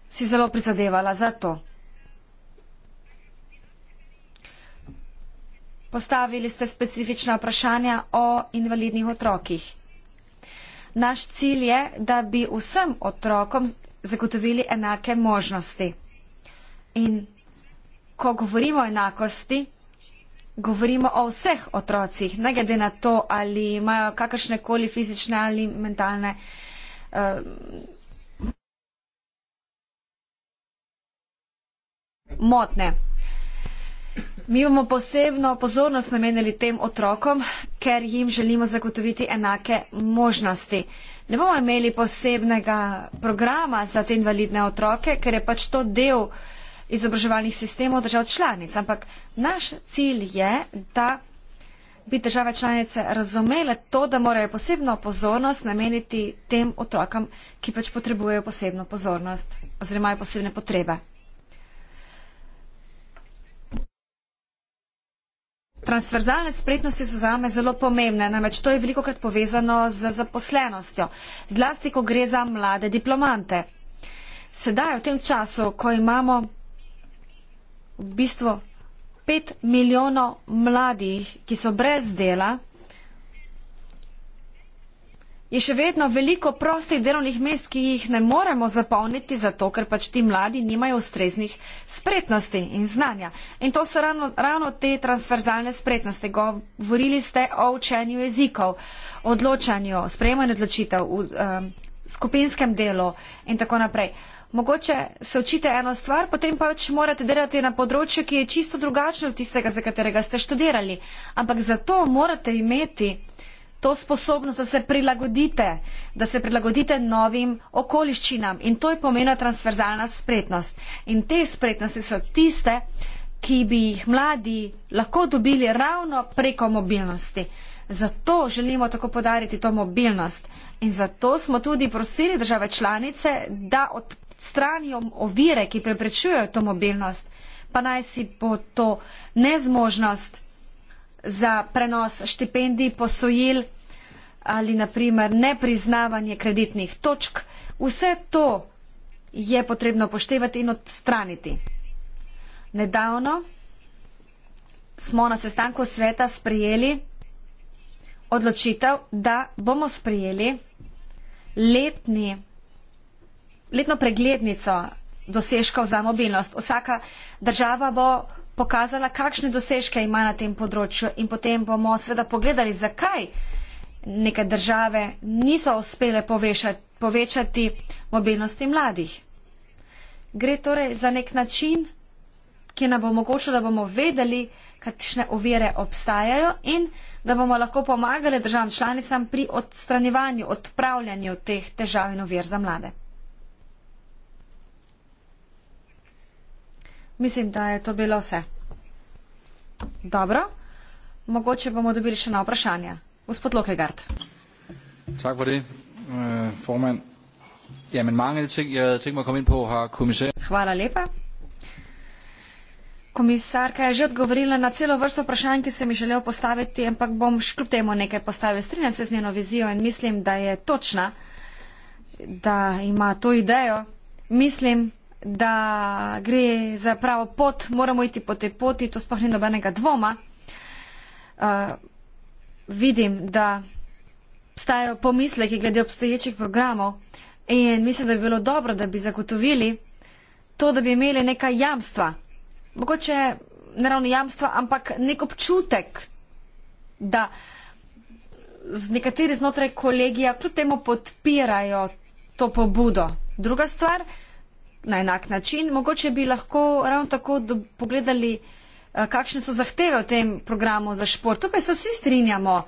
C: si zelo prizadevala za to. Postavili ste specifična vprašanja o invalidnih otrokih. Naš cilj je, da bi vsem otrokom zagotovili enake možnosti. In ko govorimo o enakosti, govorimo o vseh otrocih, ne glede na to, ali imajo kakršne koli fizične ali mentalne. Uh, eh, motne. Mi bomo posebno pozornost namenili tem otrokom, ker jim želimo zagotoviti enake možnosti. Ne bomo imeli posebnega programa za te invalidne otroke, ker je pač to del uh, izobraževalnih sistemov držav članic, ampak naš cilj je, da bi države članice razumele to, da morajo posebno pozornost nameniti tem otrokam, ki pač potrebujejo posebno pozornost oziroma imajo posebne potrebe. Transverzalne spretnosti so zame zelo pomembne, namreč to je veliko krat povezano z zaposlenostjo, zlasti, ko gre za mlade diplomante. Sedaj, v tem času, ko imamo v bistvu pet milijonov mladih, ki so brez dela, je še vedno veliko prostih delovnih mest, ki jih ne moremo zapolniti zato, ker pač ti mladi nimajo ustreznih spretnosti in znanja. In to so ravno, ravno te transverzalne spretnosti. Govorili ste o učenju jezikov, odločanju, sprejemanju odločitev, v, um, skupinskem delu in tako naprej mogoče se učite eno stvar, potem pa več morate delati na področju, ki je čisto drugačno od tistega, za katerega ste študirali. Ampak zato morate imeti to sposobnost, da se prilagodite, da se prilagodite novim okoliščinam. In to je pomena transverzalna spretnost. In te spretnosti so tiste, ki bi jih mladi lahko dobili ravno preko mobilnosti. Zato želimo tako podariti to mobilnost. In zato smo tudi prosili države članice, da odprejo odstranijo ovire, ki preprečujejo to mobilnost, pa naj si po to nezmožnost za prenos štipendij, posojil ali naprimer nepriznavanje kreditnih točk, vse to je potrebno poštevati in odstraniti. Nedavno smo na sestanku sveta sprejeli odločitev, da bomo sprejeli letni odločitev letno preglednico dosežkov za mobilnost. Vsaka država bo pokazala, kakšne dosežke ima na tem področju in potem bomo seveda pogledali, zakaj neke države niso uspele povešati, povečati mobilnosti mladih. Gre torej za nek način, ki nam bo omogočil, da bomo vedeli, kakšne ovire obstajajo in da bomo lahko pomagali državam članicam pri odstranjevanju, odpravljanju teh težav in ovir za mlade. Mislim, da je to bilo vse. Dobro, mogoče bomo dobili še na vprašanje. Gospod Lokegard.
D: Tak for det, øh, formand. Jamen mange ting,
E: jeg tænker mig at komme ind på, har kommissær...
C: Hvala lepa. Komisarka je že odgovorila na celo vrsto vprašanj, ki sem jih želel postaviti, ampak bom škrup temu nekaj postavil. Strinjam se z njeno vizijo in mislim, da je točna, da ima to idejo. Mislim, da gre za pravo pot, moramo iti po tej poti, to sploh ni nobenega dvoma. Uh, vidim, da stajajo pomisleki glede obstoječih programov in mislim, da bi bilo dobro, da bi zagotovili to, da bi imeli nekaj jamstva. Mogoče ne ravno jamstva, ampak nek občutek, da z nekateri znotraj kolegija kljub temu podpirajo to pobudo. Druga stvar, na enak način. Mogoče bi lahko ravno tako pogledali, eh, kakšne so zahteve v tem programu za šport. Tukaj se vsi strinjamo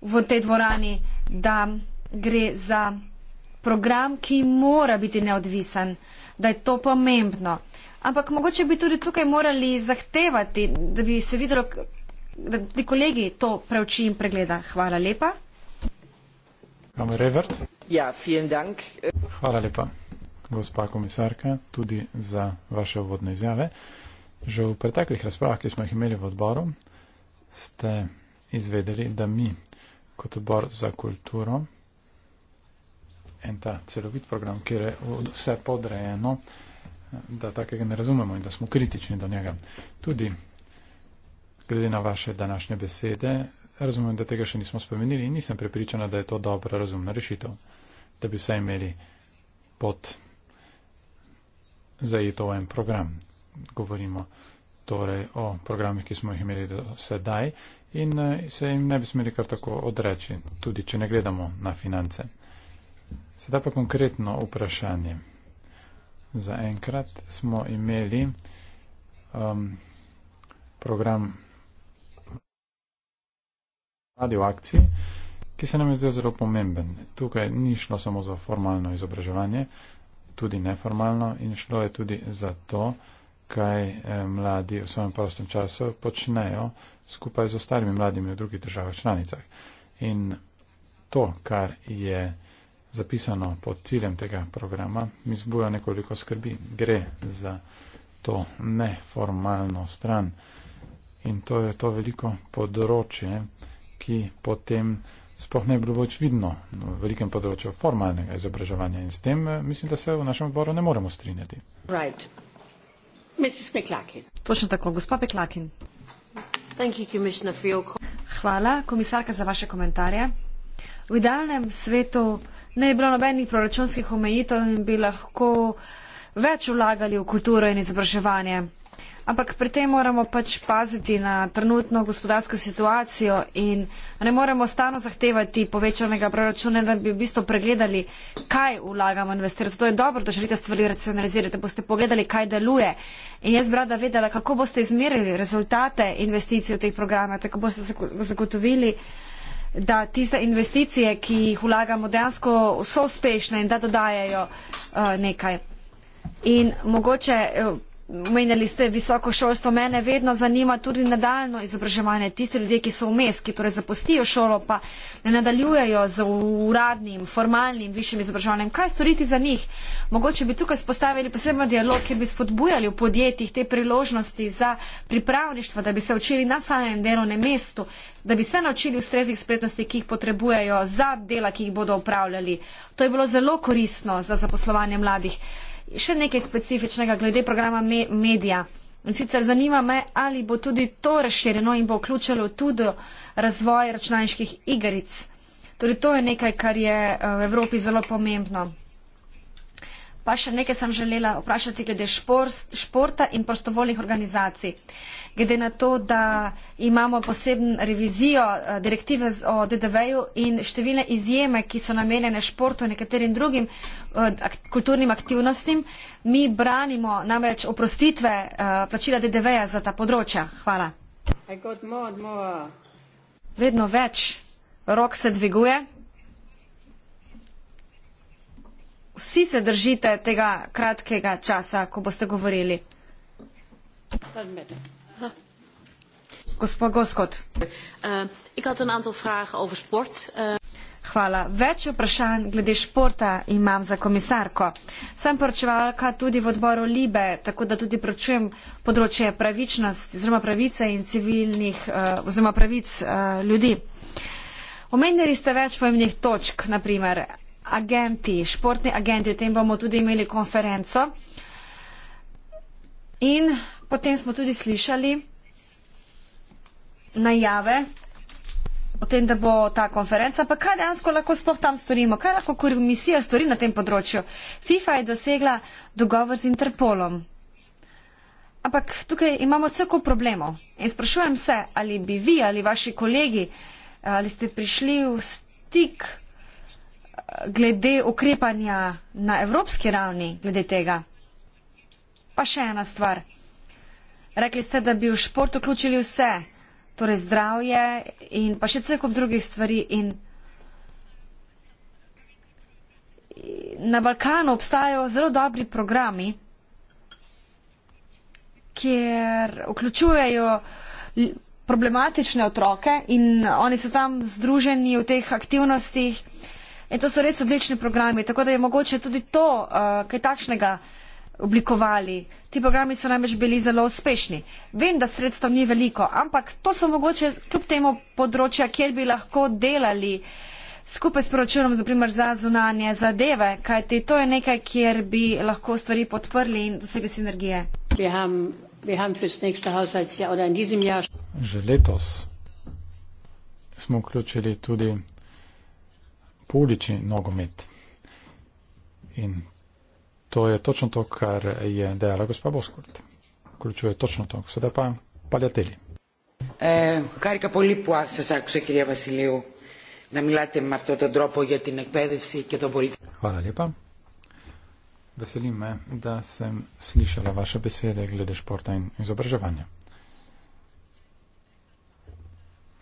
C: v tej dvorani, da gre za program, ki mora biti neodvisen, da je to pomembno. Ampak mogoče bi tudi tukaj morali zahtevati, da bi se videlo, da tudi kolegi to preuči in pregleda. Hvala lepa.
A: Ja,
D: Hvala lepa gospa komisarka, tudi za vaše uvodne izjave. Že v preteklih razpravah, ki smo jih imeli v odboru, ste izvedeli, da mi kot odbor za kulturo en ta celovit program, kjer je vse podrejeno, da takega ne razumemo in da smo kritični do njega. Tudi glede na vaše današnje besede, razumem, da tega še nismo spomenili in nisem prepričana, da je to dobra razumna rešitev, da bi vse imeli pod zajeto v en program. Govorimo torej o programih, ki smo jih imeli do sedaj in eh, se jim ne bi smeli kar tako odreči, tudi če ne gledamo na finance. Sedaj pa konkretno vprašanje. Za enkrat smo imeli um, program Radio Akciji, ki se nam je zdel zelo pomemben. Tukaj ni šlo samo za formalno izobraževanje, tudi neformalno in šlo je tudi za to, kaj eh, mladi v svojem prostem času počnejo skupaj z ostalimi mladimi v drugih državah članicah. In to, kar je zapisano pod ciljem tega programa, mi zbuja nekoliko skrbi. Gre za to neformalno stran. In to je to veliko področje, ki potem sploh najbolj več vidno na velikem področju formalnega izobraževanja in s tem eh, mislim, da se v našem odboru ne moremo strinjati. Right. Točno tako, gospa Peklakin.
C: Hvala, komisarka, za vaše komentarje. V idealnem svetu ne bi bilo nobenih proračunskih omejitev in bi lahko več vlagali v kulturo in izobraževanje. Ampak pri tem moramo pač paziti na trenutno gospodarsko situacijo in ne moremo stano zahtevati povečanega proračuna, da bi v bistvu pregledali, kaj vlagamo investirati. Zato je dobro, da želite stvari racionalizirati, da boste pogledali, kaj deluje. In jaz bi rada vedela, kako boste izmerili rezultate investicij v teh programah, tako boste zagotovili, da tiste investicije, ki jih vlagamo, dejansko so uspešne in da dodajajo uh, nekaj. In mogoče. Uh, Omenjali ste visoko šolstvo, mene vedno zanima tudi nadaljno izobraževanje. Tisti ljudje, ki so vmes, ki torej zapustijo šolo, pa ne nadaljujejo z uradnim, formalnim, višjim izobraževanjem. Kaj storiti za njih? Mogoče bi tukaj spostavili poseben dialog, ki bi spodbujali v podjetjih te priložnosti za pripravništvo, da bi se učili na samem delovnem mestu, da bi se naučili ustreznih spretnosti, ki jih potrebujejo za dela, ki jih bodo upravljali. To je bilo zelo koristno za zaposlovanje mladih še nekaj specifičnega glede programa me medija. In sicer zanima me, ali bo tudi to razširjeno in bo vključilo tudi razvoj računalniških igric. Torej, to je nekaj, kar je eh, v Evropi zelo pomembno. Pa še nekaj sem želela vprašati glede špor, športa in prostovoljnih organizacij. Glede na to, da imamo posebno revizijo eh, direktive o DDV-ju in številne izjeme, ki so namenjene športu in nekaterim drugim eh, kulturnim aktivnostim, mi branimo namreč oprostitve eh, plačila DDV-ja za ta področja. Hvala. Vedno več rok se dviguje. vsi se držite tega kratkega časa, ko boste govorili. Gospod Goskot.
B: Eh, eh,
C: Hvala. Več vprašanj glede športa imam za komisarko. Sem poročevalka tudi v odboru Libe, tako da tudi pročujem področje pravičnosti oziroma pravice in civilnih eh, oziroma pravic ljudi. Omenili ste več pojemnih točk, naprimer agenti, športni agenti, o tem bomo tudi imeli konferenco. In potem smo tudi slišali najave o tem, da bo ta konferenca, pa kaj dejansko lahko sploh tam storimo, kaj lahko komisija stori na tem področju. FIFA je dosegla dogovor z Interpolom. Ampak tukaj imamo celko problemov in sprašujem se, ali bi vi ali vaši kolegi, eh, ali ste prišli v stik glede ukrepanja na evropski ravni glede tega. Pa še ena stvar. Rekli ste, da bi v šport vključili vse, torej zdravje in pa še celkom drugih stvari. In na Balkanu obstajajo zelo dobri programi, kjer vključujejo problematične otroke in oni so tam združeni v teh aktivnostih. In to so res odlični programi, tako da je mogoče tudi to uh, kaj takšnega oblikovali. Ti programi so namreč bili zelo uspešni. Vem, da sredstev ni veliko, ampak to so mogoče kljub temu področja, kjer bi lahko delali skupaj s proračunom, naprimer za zunanje zadeve, kajti to je nekaj, kjer
B: bi lahko stvari podprli in dosegli sinergije.
D: Že letos smo vključili tudi poliči nogomet. In to je točno to, kar je dejala gospa Boskurt. Vključuje točno to. Sedaj pa paljateli.
A: Χάρηκα πολύ που σας άκουσα κυρία Βασιλείου να μιλάτε με αυτόν τον τρόπο για την εκπαίδευση και τον πολιτισμό.
D: Χάρα λίπα. Βασιλεί με να σεμ σλίσαλα βάσα πεσίδε γλέδε σπόρτα εν ιζοπραζεβάνια.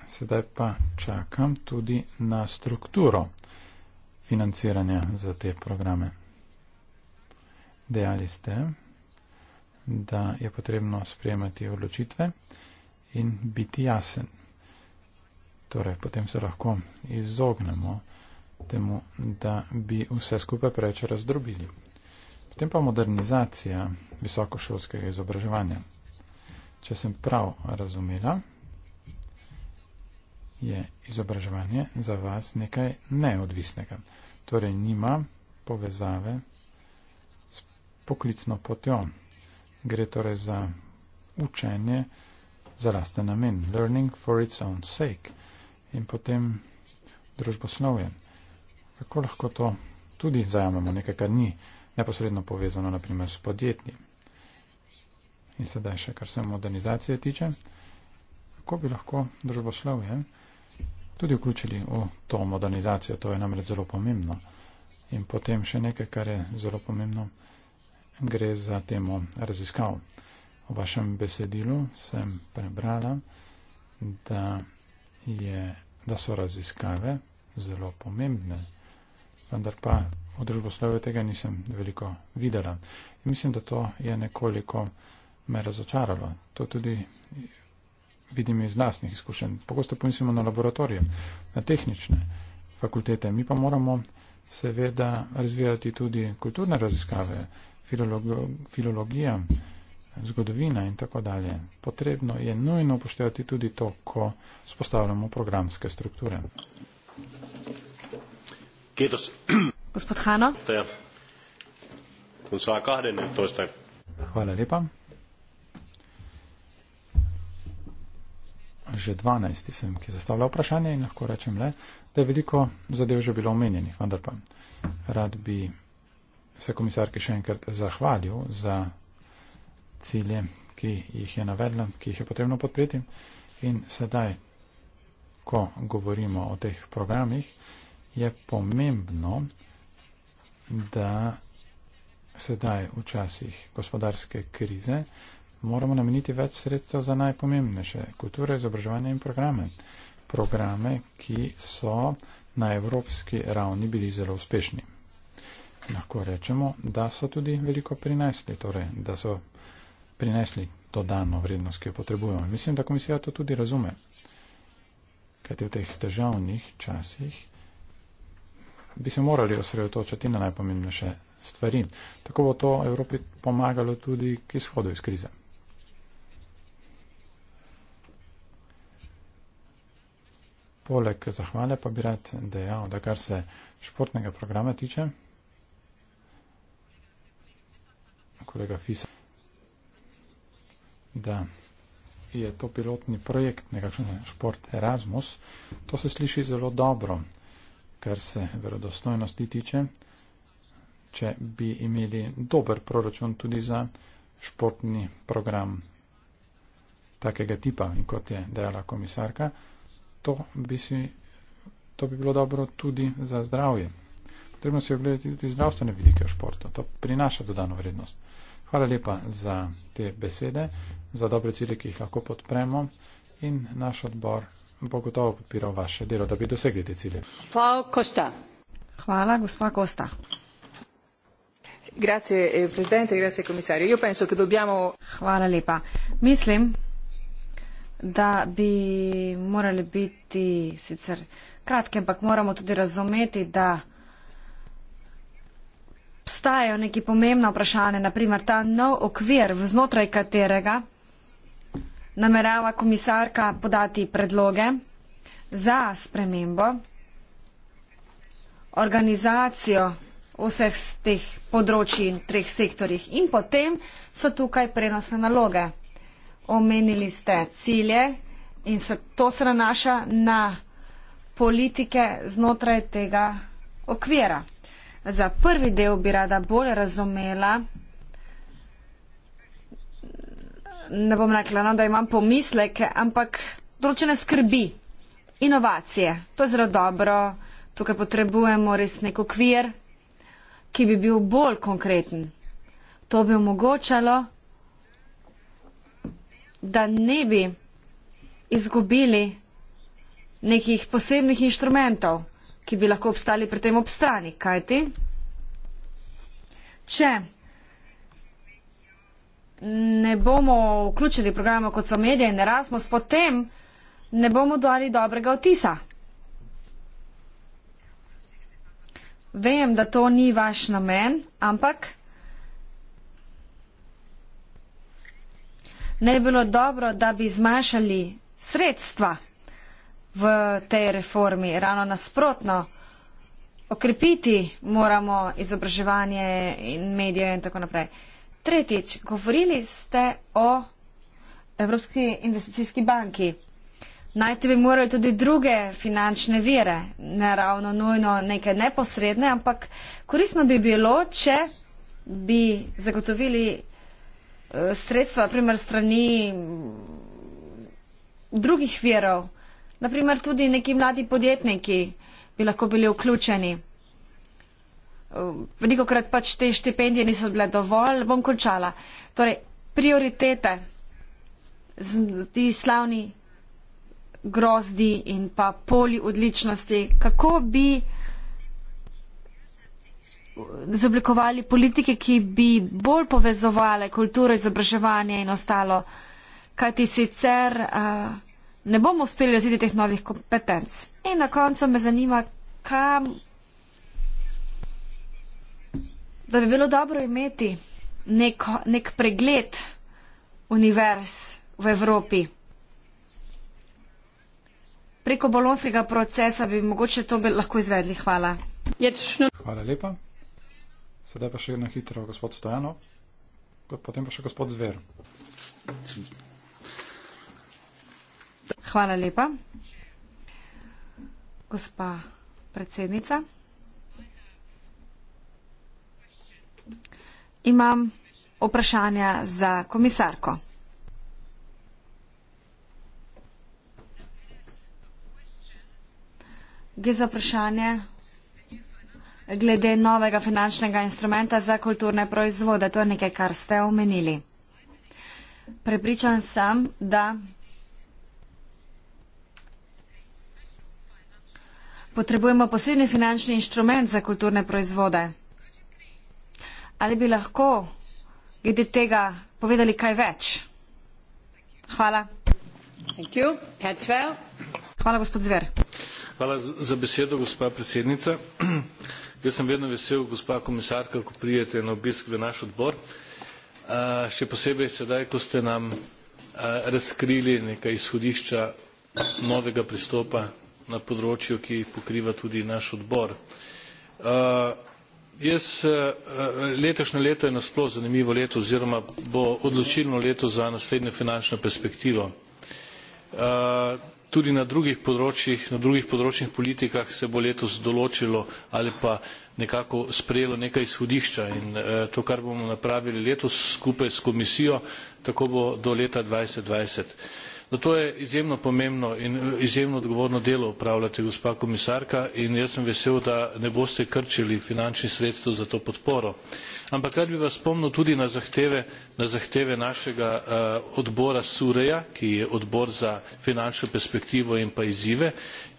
D: Σε δέπα τσάκαμ τούτη να στρουκτούρο financiranja za te programe. Dejali ste, da je potrebno sprejemati odločitve in biti jasen. Torej, potem se lahko izognemo temu, da bi vse skupaj preveč razdrobili. Potem pa modernizacija visokošolskega izobraževanja. Če sem prav razumela, je izobraževanje za vas nekaj neodvisnega. Torej nima povezave s poklicno potjo. Gre torej za učenje za lasten namen. Learning for its own sake. In potem družboslovje. Kako lahko to tudi zajamemo nekaj, kar ni neposredno povezano, naprimer, s podjetji. In sedaj še, kar se modernizacije tiče, kako bi lahko družboslovje tudi vključili v to modernizacijo, to je namreč zelo pomembno. In potem še nekaj, kar je zelo pomembno, gre za temo raziskav. V vašem besedilu sem prebrala, da, je, da so raziskave zelo pomembne, vendar pa v družboslovju tega nisem veliko videla. In mislim, da to je nekoliko me razočaralo. To tudi vidim iz lastnih izkušenj. Pogosto pomislimo na laboratorije, na tehnične fakultete. Mi pa moramo seveda razvijati tudi kulturne raziskave, filologo, filologija, zgodovina in tako dalje. Potrebno je nujno upoštevati tudi to, ko spostavljamo programske strukture. Kedos. Gospod Hano. Hvala lepa. že 12, sem, ki zastavlja vprašanje in lahko rečem le, da je veliko zadev že bilo omenjenih, vendar pa rad bi se komisarki še enkrat zahvalil za cilje, ki jih je navedla, ki jih je potrebno podpreti. In sedaj, ko govorimo o teh programih, je pomembno, da sedaj v časih gospodarske krize moramo nameniti več sredstev za najpomembnejše kulture, izobraževanje in programe. Programe, ki so na evropski ravni bili zelo uspešni. Lahko rečemo, da so tudi veliko prinesli, torej, da so prinesli dodano vrednost, ki jo potrebujemo. Mislim, da komisija to tudi razume. Kajti v teh državnih časih bi se morali osredotočiti na najpomembnejše stvari. Tako bo to Evropi pomagalo tudi k izhodu iz krize. Poleg zahvale pa bi rad dejal, da kar se športnega programa tiče, kolega Fisa, da je to pilotni projekt, nekakšen šport Erasmus, to se sliši zelo dobro, kar se verodostojnosti tiče, če bi imeli dober proračun tudi za športni program takega tipa in kot je dejala komisarka, to bi, si, to bi bilo dobro tudi za zdravje. Potrebno se je ogledati tudi zdravstvene vidike v športu. To prinaša dodano vrednost. Hvala lepa za te besede, za dobre cilje, ki jih lahko podpremo in naš odbor bo gotovo podpiral vaše delo, da bi dosegli te cilje.
B: Hvala, Kosta. Hvala, gospa Kosta.
A: Grazie, eh, presidente, grazie, commissario. Io penso che dobbiamo. Hvala lepa. Mislim,
C: da bi morali biti sicer kratki, ampak moramo tudi razumeti, da obstajajo neki pomembna vprašanja, naprimer ta nov okvir, vznotraj katerega namerava komisarka podati predloge za spremembo, organizacijo vseh teh področji in treh sektorjih. In potem so tukaj prenosne naloge omenili ste cilje in se to se nanaša na politike znotraj tega okvira. Za prvi del bi rada bolj razumela, ne bom rekla, no, da imam pomisleke, ampak določene skrbi, inovacije. To je zelo dobro, tukaj potrebujemo res nek okvir, ki bi bil bolj konkreten. To bi omogočalo, da ne bi izgubili nekih posebnih inštrumentov, ki bi lahko obstali pri tem ob strani, kajti če ne bomo vključili programa kot so medije in Erasmus, potem ne bomo dali dobrega otisa. Vem, da to ni vaš namen, ampak ne bi bilo dobro, da bi zmanjšali sredstva v tej reformi. Ravno nasprotno, okrepiti moramo izobraževanje in medije in tako naprej. Tretjič, govorili ste o Evropski investicijski banki. Najti bi morali tudi druge finančne vire, ne ravno nujno neke neposredne, ampak koristno bi bilo, če bi zagotovili sredstva, naprimer strani drugih verov, naprimer tudi neki mladi podjetniki bi lahko bili vključeni. Veliko krat pač te štipendije niso bile dovolj, bom končala. Torej, prioritete, ti slavni grozdi in pa poli odličnosti, kako bi zoblikovali politike, ki bi bolj povezovali kulturo, izobraževanje in ostalo, kajti sicer uh, ne bomo uspeli razviti teh novih kompetenc. In na koncu me zanima, kam, da bi bilo dobro imeti neko, nek pregled univerz v Evropi. Preko bolonskega procesa bi mogoče to bi lahko izvedli. Hvala.
D: Hvala lepa. Sedaj pa še na hitro gospod Stojano, potem pa še gospod Zver.
C: Hvala lepa. Gospa predsednica, imam vprašanja za komisarko. Gre za vprašanje glede novega finančnega instrumenta za kulturne proizvode. To je nekaj, kar ste omenili. Prepričan sem, da potrebujemo posebni finančni inštrument za kulturne proizvode. Ali bi lahko glede tega povedali kaj več? Hvala.
B: Hvala, gospod Zver.
E: Hvala za besedo, gospa predsednica. Jaz sem vedno vesel, gospa komisarka, ko prijete na obisk v naš odbor, še posebej sedaj, ko ste nam razkrili nekaj izhodišča novega pristopa na področju, ki pokriva tudi naš odbor. Jaz, letošnje leto je nasploh zanimivo leto oziroma bo odločilno leto za naslednjo finančno perspektivo tudi na drugih področjih na drugih področjih politikah se bo letos določilo ali pa nekako sprejelo nekaj izhodišča in eh, to kar bomo napravili letos skupaj s komisijo tako bo do leta dvajset zato no, je izjemno pomembno in eh, izjemno odgovorno delo upravljate gospa komisarka in jaz sem vesel da ne boste krčili finančnih sredstev za to podporo ampak rad bi vas spomnil tudi na zahteve, na zahteve našega uh, odbora Sureja, ki je odbor za finančno perspektivo in pa izzive,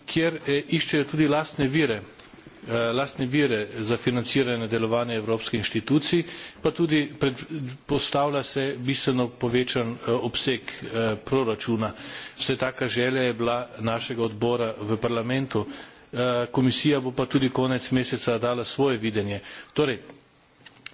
E: kjer eh, iščejo tudi lastne vire, eh, lastne vire za financiranje delovanja evropskih inštitucij, pa tudi pred, postavlja se bistveno povečan eh, obseg eh, proračuna. Vse taka želja je bila našega odbora v parlamentu. Eh, komisija bo pa tudi konec meseca dala svoje videnje. Torej,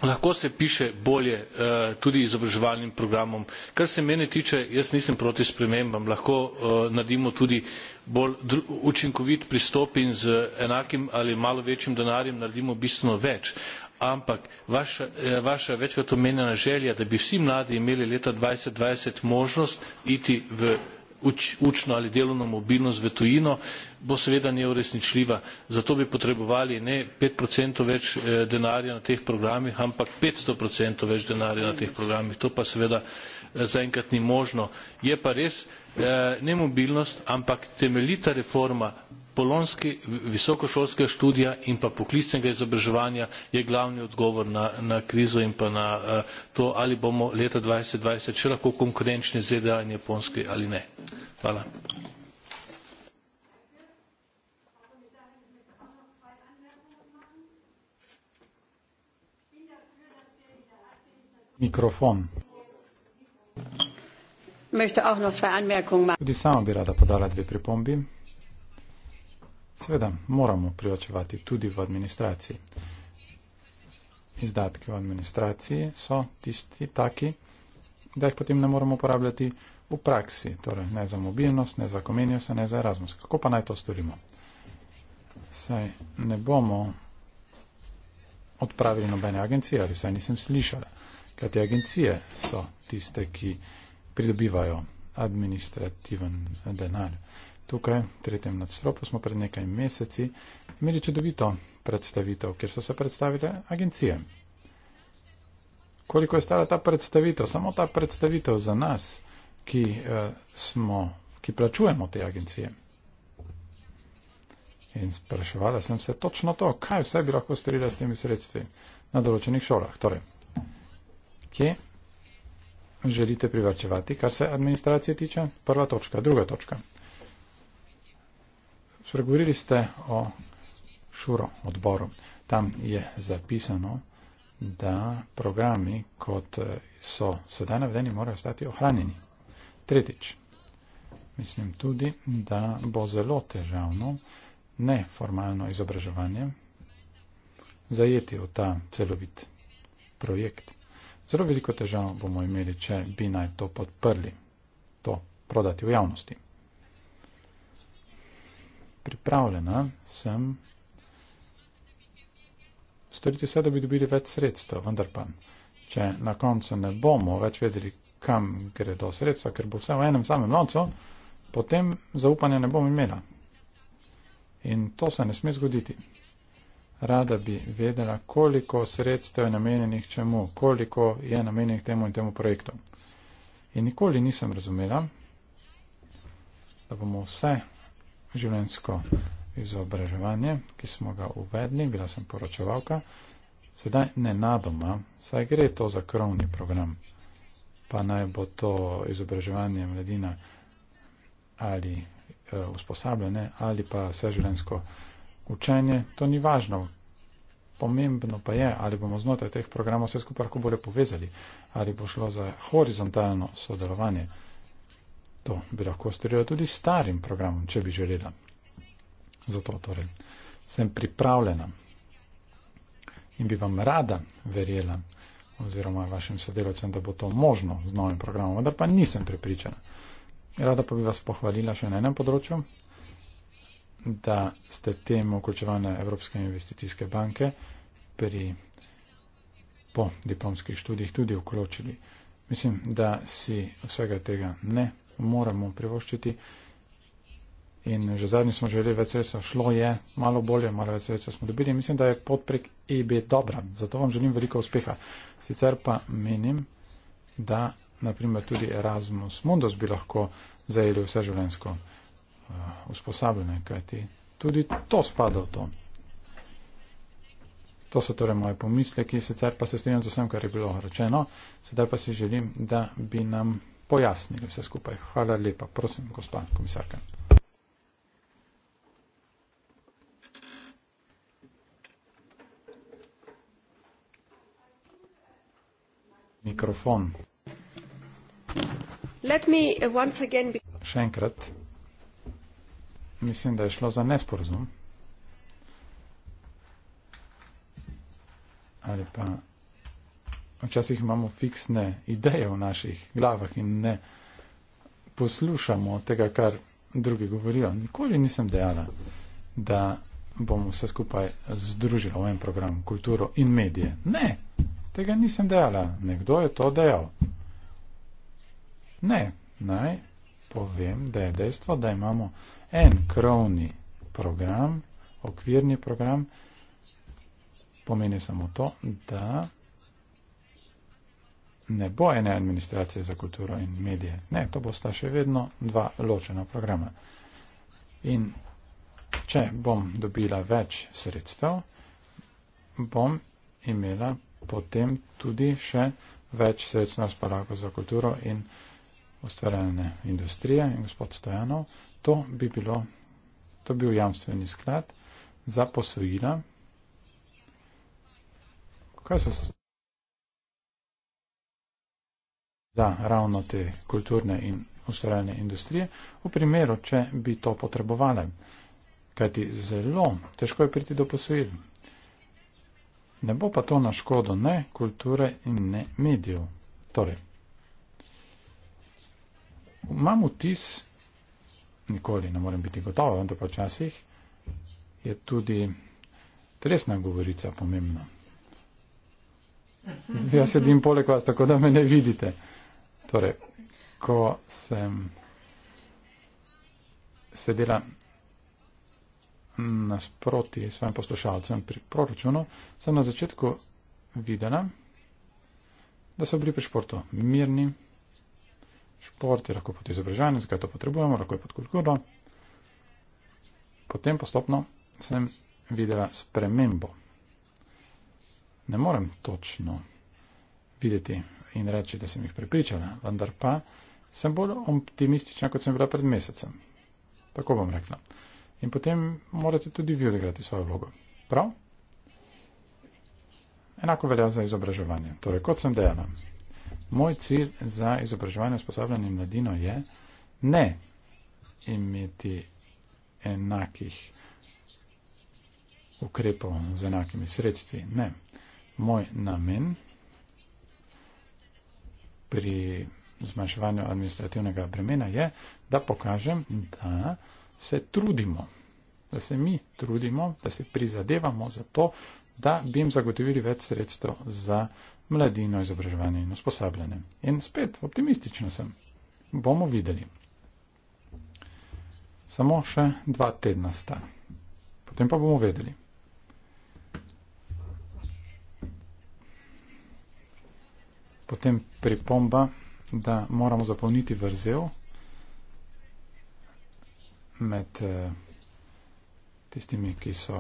E: lahko se piše bolje eh, tudi izobraževalnim programom. Kar se mene tiče, jaz nisem proti spremembam, lahko eh, naredimo tudi bolj učinkovit pristop in z enakim ali malo večjim denarjem naredimo bistveno več. Ampak vaša, eh, vaša večkrat omenjena želja, da bi vsi mladi imeli leta 2020 možnost iti v uč, učno ali delovno mobilnost v tujino, bo seveda neuresničljiva. Zato bi potrebovali ne 5% več eh, denarja na teh programih, ampak 500% več denarja na teh programih. To pa seveda eh, zaenkrat ni možno. Je pa res eh, ne mobilnost, ampak temeljita reforma bolonski visokošolskega študija in pa poklicnega izobraževanja je glavni odgovor na, na krizo in pa na uh, to, ali bomo leta 2020 še lahko konkurenčni ZDA in Japonski ali ne. Hvala.
D: Mikrofon. Tudi sama bi rada podala dve pripombi. Seveda moramo privačevati tudi v administraciji. Izdatki v administraciji so tisti taki, da jih potem ne moremo uporabljati v praksi, torej ne za mobilnost, ne za komenijo se, ne za Erasmus. Kako pa naj to storimo? Saj ne bomo odpravili nobene agencije, ali saj nisem slišala, kaj te agencije so tiste, ki pridobivajo administrativen denar tukaj, v tretjem nadstropu, smo pred nekaj meseci imeli čudovito predstavitev, kjer so se predstavile agencije. Koliko je stala ta predstavitev? Samo ta predstavitev za nas, ki, eh, smo, ki plačujemo te agencije. In spraševala sem se točno to, kaj vse bi lahko storila s temi sredstvi na določenih šolah. Torej, kje želite privrčevati, kar se administracije tiče? Prva točka. Druga točka. Spregovorili ste o šuro odboru. Tam je zapisano, da programi, kot eh, so sedaj navedeni, morajo stati ohranjeni. Tretjič, mislim tudi, da bo zelo težavno neformalno izobraževanje zajeti v ta celovit projekt. Zelo veliko težav bomo imeli, če bi naj to podprli, to prodati v javnosti pripravljena, sem storiti vse, da bi dobili več sredstev, vendar pa, če na koncu ne bomo več vedeli, kam gre do sredstva, ker bo vse v enem samem loncu, potem zaupanja ne bom imela. In to se ne sme zgoditi. Rada bi vedela, koliko sredstev je namenjenih čemu, koliko je namenjenih temu in temu projektu. In nikoli nisem razumela, da bomo vse življensko izobraževanje, ki smo ga uvedli, bila sem poročevalka, sedaj nenadoma, saj gre to za krovni program, pa naj bo to izobraževanje mladina ali e, usposabljanje ali pa vseživljensko učenje, to ni važno. Pomembno pa je, ali bomo znotraj teh programov vse skupaj lahko bolje povezali, ali bo šlo za horizontalno sodelovanje. To bi lahko storila tudi starim programom, če bi želela. Zato torej sem pripravljena in bi vam rada verjela oziroma vašim sodelovcem, da bo to možno z novim programom, vendar pa nisem prepričana. Rada pa bi vas pohvalila še na enem področju, da ste temu vključevanja Evropske investicijske banke pri po diplomskih študijih tudi vključili. Mislim, da si vsega tega ne moramo privoščiti. In že zadnji smo želeli več sredstva, šlo je malo bolje, malo več sredstva smo dobili. Mislim, da je podprek EB dobra, zato vam želim veliko uspeha. Sicer pa menim, da naprimer tudi Erasmus Mundus bi lahko zajeli vse življensko uh, eh, usposabljanje, kajti tudi to spada v to. To so torej moje pomisleki, sicer pa se strinjam z vsem, kar je bilo rečeno. Sedaj pa si želim, da bi nam pojasnili vse skupaj. Hvala lepa. Prosim, gospa komisarka. Mikrofon.
B: Uh,
D: Še enkrat. Mislim, da je šlo za nesporazum. Ali pa. Včasih imamo fiksne ideje v naših glavah in ne poslušamo tega, kar drugi govorijo. Nikoli nisem dejala, da bom vse skupaj združila v en program kulturo in medije. Ne, tega nisem dejala. Nekdo je to dejal. Ne, naj povem, da je dejstvo, da imamo en krovni program, okvirni program, pomeni samo to, da ne bo ene administracije za kulturo in medije. Ne, to bosta še vedno dva ločena programa. In če bom dobila več sredstev, bom imela potem tudi še več sredstev na spolako za kulturo in ustvarjalne industrije in gospod Stojanov. To bi bilo, to bil jamstveni sklad za posojila. Kaj so za ravno te kulturne in ustvarjalne industrije, v primeru, če bi to potrebovali. Kajti zelo težko je priti do posojil. Ne bo pa to na škodo ne kulture in ne medijev. Torej, imam vtis, nikoli ne morem biti gotovo, vendar počasih je tudi resna govorica pomembna. Jaz sedim poleg vas, tako da me ne vidite. Torej, ko sem sedela nasproti svojim poslušalcem pri proračunu, sem na začetku videla, da so bili pri športu mirni. Šport je lahko pod izobraževanjem, zakaj to potrebujemo, lahko je pod kulturo. Potem postopno sem videla spremembo. Ne morem točno videti in reči, da sem jih pripričala, vendar pa sem bolj optimistična, kot sem bila pred mesecem. Tako bom rekla. In potem morate tudi vi odigrati svojo vlogo. Prav? Enako velja za izobraževanje. Torej, kot sem dejala, moj cilj za izobraževanje usposabljanje mladino je ne imeti enakih ukrepov z enakimi sredstvi. Ne. Moj namen pri zmanjševanju administrativnega bremena, je, da pokažem, da se trudimo, da se mi trudimo, da se prizadevamo za to, da bi jim zagotovili več sredstev za mladino izobraževanje in usposabljanje. In spet, optimistično sem, bomo videli. Samo še dva tedna sta. Potem pa bomo vedeli. potem pripomba, da moramo zapolniti vrzel med eh, tistimi, ki so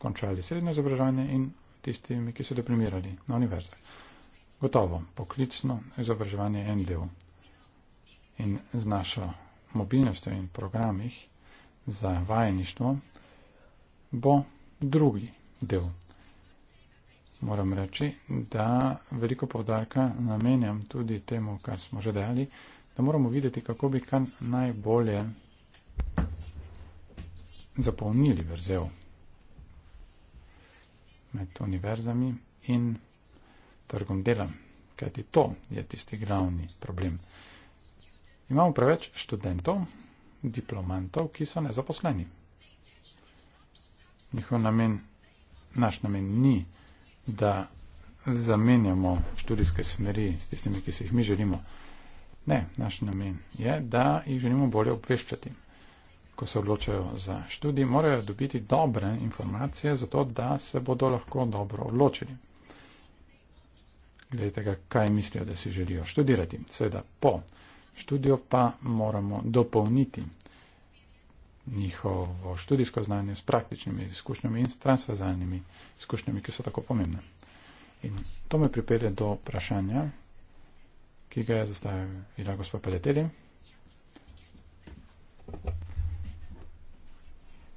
D: končali srednje izobražanje in tistimi, ki so deprimirali na univerze. Gotovo, poklicno izobraževanje je en del. In z našo mobilnostjo in programih za vajeništvo bo drugi del moram reči, da veliko povdarka namenjam tudi temu, kar smo že dejali, da moramo videti, kako bi kar najbolje zapolnili vrzel med univerzami in trgom dela, kajti to je tisti glavni problem. Imamo preveč študentov, diplomantov, ki so nezaposleni. Njihov namen, naš namen ni da zamenjamo študijske smeri s tistimi, ki se jih mi želimo. Ne, naš namen je, da jih želimo bolje obveščati. Ko se odločajo za študij, morajo dobiti dobre informacije, zato da se bodo lahko dobro odločili. Glede tega, kaj mislijo, da si želijo študirati. Seveda po študijo pa moramo dopolniti njihovo študijsko znanje s praktičnimi izkušnjami in s transverzalnimi izkušnjami, ki so tako pomembne. In to me pripelje do vprašanja, ki ga je zastavila gospod Paleteli.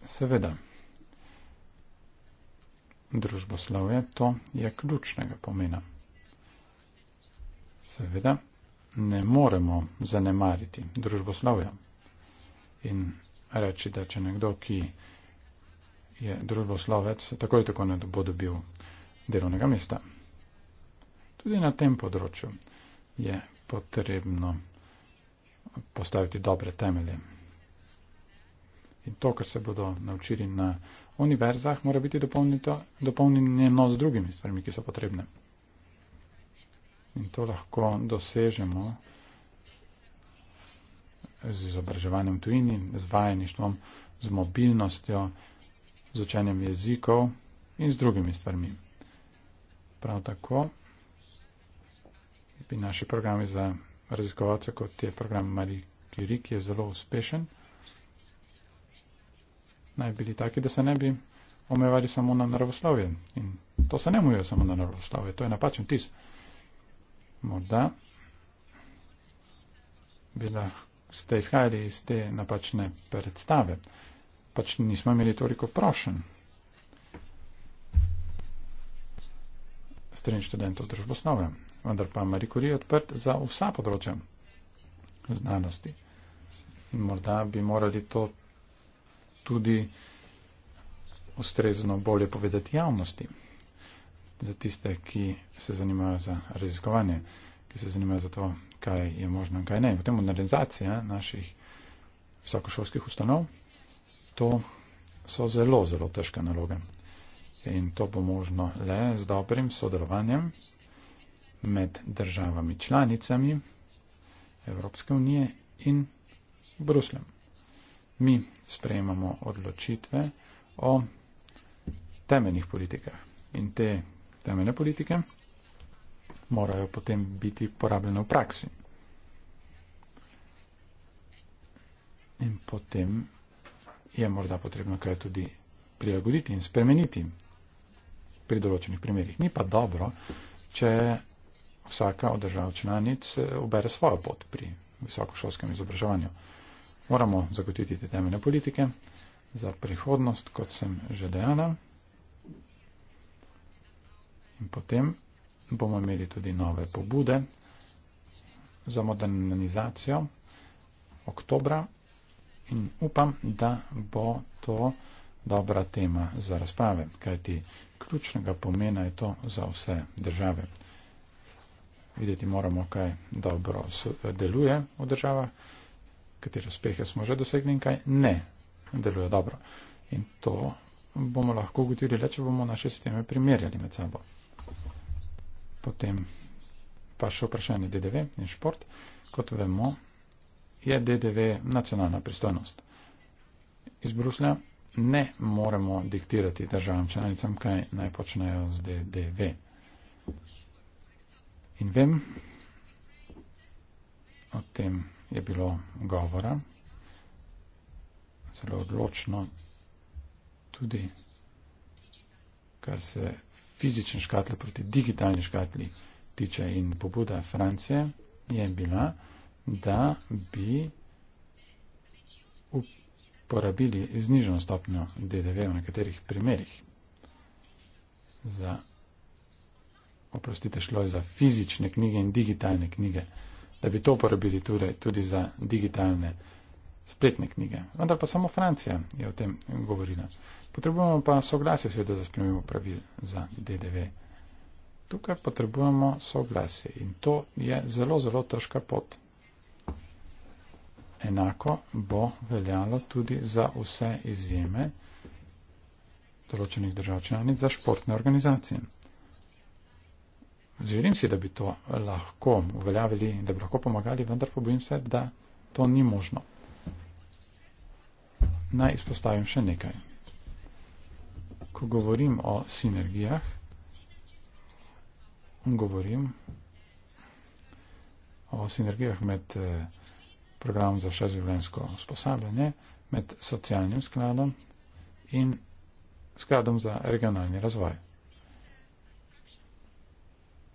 D: Seveda, družboslovje to je ključnega pomena. Seveda, ne moremo zanemariti družboslovja. In reči, da če nekdo, ki je družboslovec, tako in tako ne bo dobil delovnega mesta. Tudi na tem področju je potrebno postaviti dobre temelje. In to, kar se bodo naučili na univerzah, mora biti dopolnjeno z drugimi stvarmi, ki so potrebne. In to lahko dosežemo z izobraževanjem tujini, z vajeništvom, z mobilnostjo, z učenjem jezikov in z drugimi stvarmi. Prav tako bi naši programi za raziskovalce, kot je program Marie Curie, ki je zelo uspešen, naj bili taki, da se ne bi omejevali samo na naravoslovje. In to se ne omejuje samo na naravoslovje, to je napačen tis. Morda bi lahko ste izhajali iz te napačne predstave. Pač nismo imeli toliko prošen. Strenj študentov družboslove, vendar pa Marie Curie je odprt za vsa področja znanosti. In morda bi morali to tudi ustrezno bolje povedati javnosti, za tiste, ki se zanimajo za raziskovanje, ki se zanimajo za to kaj je možno in kaj ne. Potem modernizacija naših visokošolskih ustanov, to so zelo, zelo težke naloge. In to bo možno le z dobrim sodelovanjem med državami članicami Evropske unije in Bruslem. Mi sprejemamo odločitve o temeljnih politikah. In te temeljne politike morajo potem biti uporabljene v praksi. In potem je morda potrebno kaj tudi prilagoditi in spremeniti pri določenih primerjih. Ni pa dobro, če vsaka od držav članic eh, ubere svojo pot pri visokošolskem izobraževanju. Moramo zagotoviti te temeljne politike za prihodnost, kot sem že dejala. In potem bomo imeli tudi nove pobude za modernizacijo oktobra in upam, da bo to dobra tema za razprave, kajti ključnega pomena je to za vse države. Videti moramo, kaj dobro deluje v državah, katere uspehe smo že dosegli in kaj ne deluje dobro. In to bomo lahko ugotovili, če bomo naše sisteme primerjali med sabo potem pa še vprašanje DDV in šport. Kot vemo, je DDV nacionalna pristojnost. Iz Bruslja ne moremo diktirati državam članicam, kaj naj počnejo z DDV. In vem, o tem je bilo govora, zelo odločno tudi, kar se fizične škatle proti digitalni škatli tiče in pobuda Francije je bila, da bi uporabili zniženo stopnjo DDV v nekaterih primerih za oprostite, šlo je za fizične knjige in digitalne knjige, da bi to uporabili torej tudi za digitalne spletne knjige. Vendar pa samo Francija je o tem govorila. Potrebujemo pa soglasje, seveda, za spremembo pravil za DDV. Tukaj potrebujemo soglasje in to je zelo, zelo težka pot. Enako bo veljalo tudi za vse izjeme določenih držav članic za športne organizacije. Želim si, da bi to lahko uveljavili, da bi lahko pomagali, vendar pa bojim se, da to ni možno. Naj izpostavim še nekaj ko govorim o sinergijah, govorim o sinergijah med eh, programom za vse življenjsko usposabljanje, med socialnim skladom in skladom za regionalni razvoj.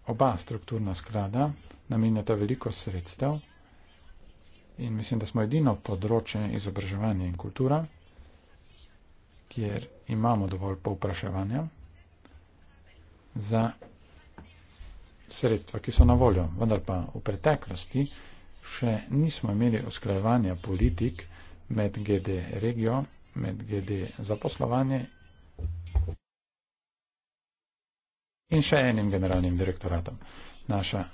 D: Oba strukturna sklada namenjata veliko sredstev in mislim, da smo edino področje izobraževanja in kultura, kjer imamo dovolj povpraševanja za sredstva, ki so na voljo. Vendar pa v preteklosti še nismo imeli usklajevanja politik med GD regijo, med GD zaposlovanje in še enim generalnim direktoratom. Naša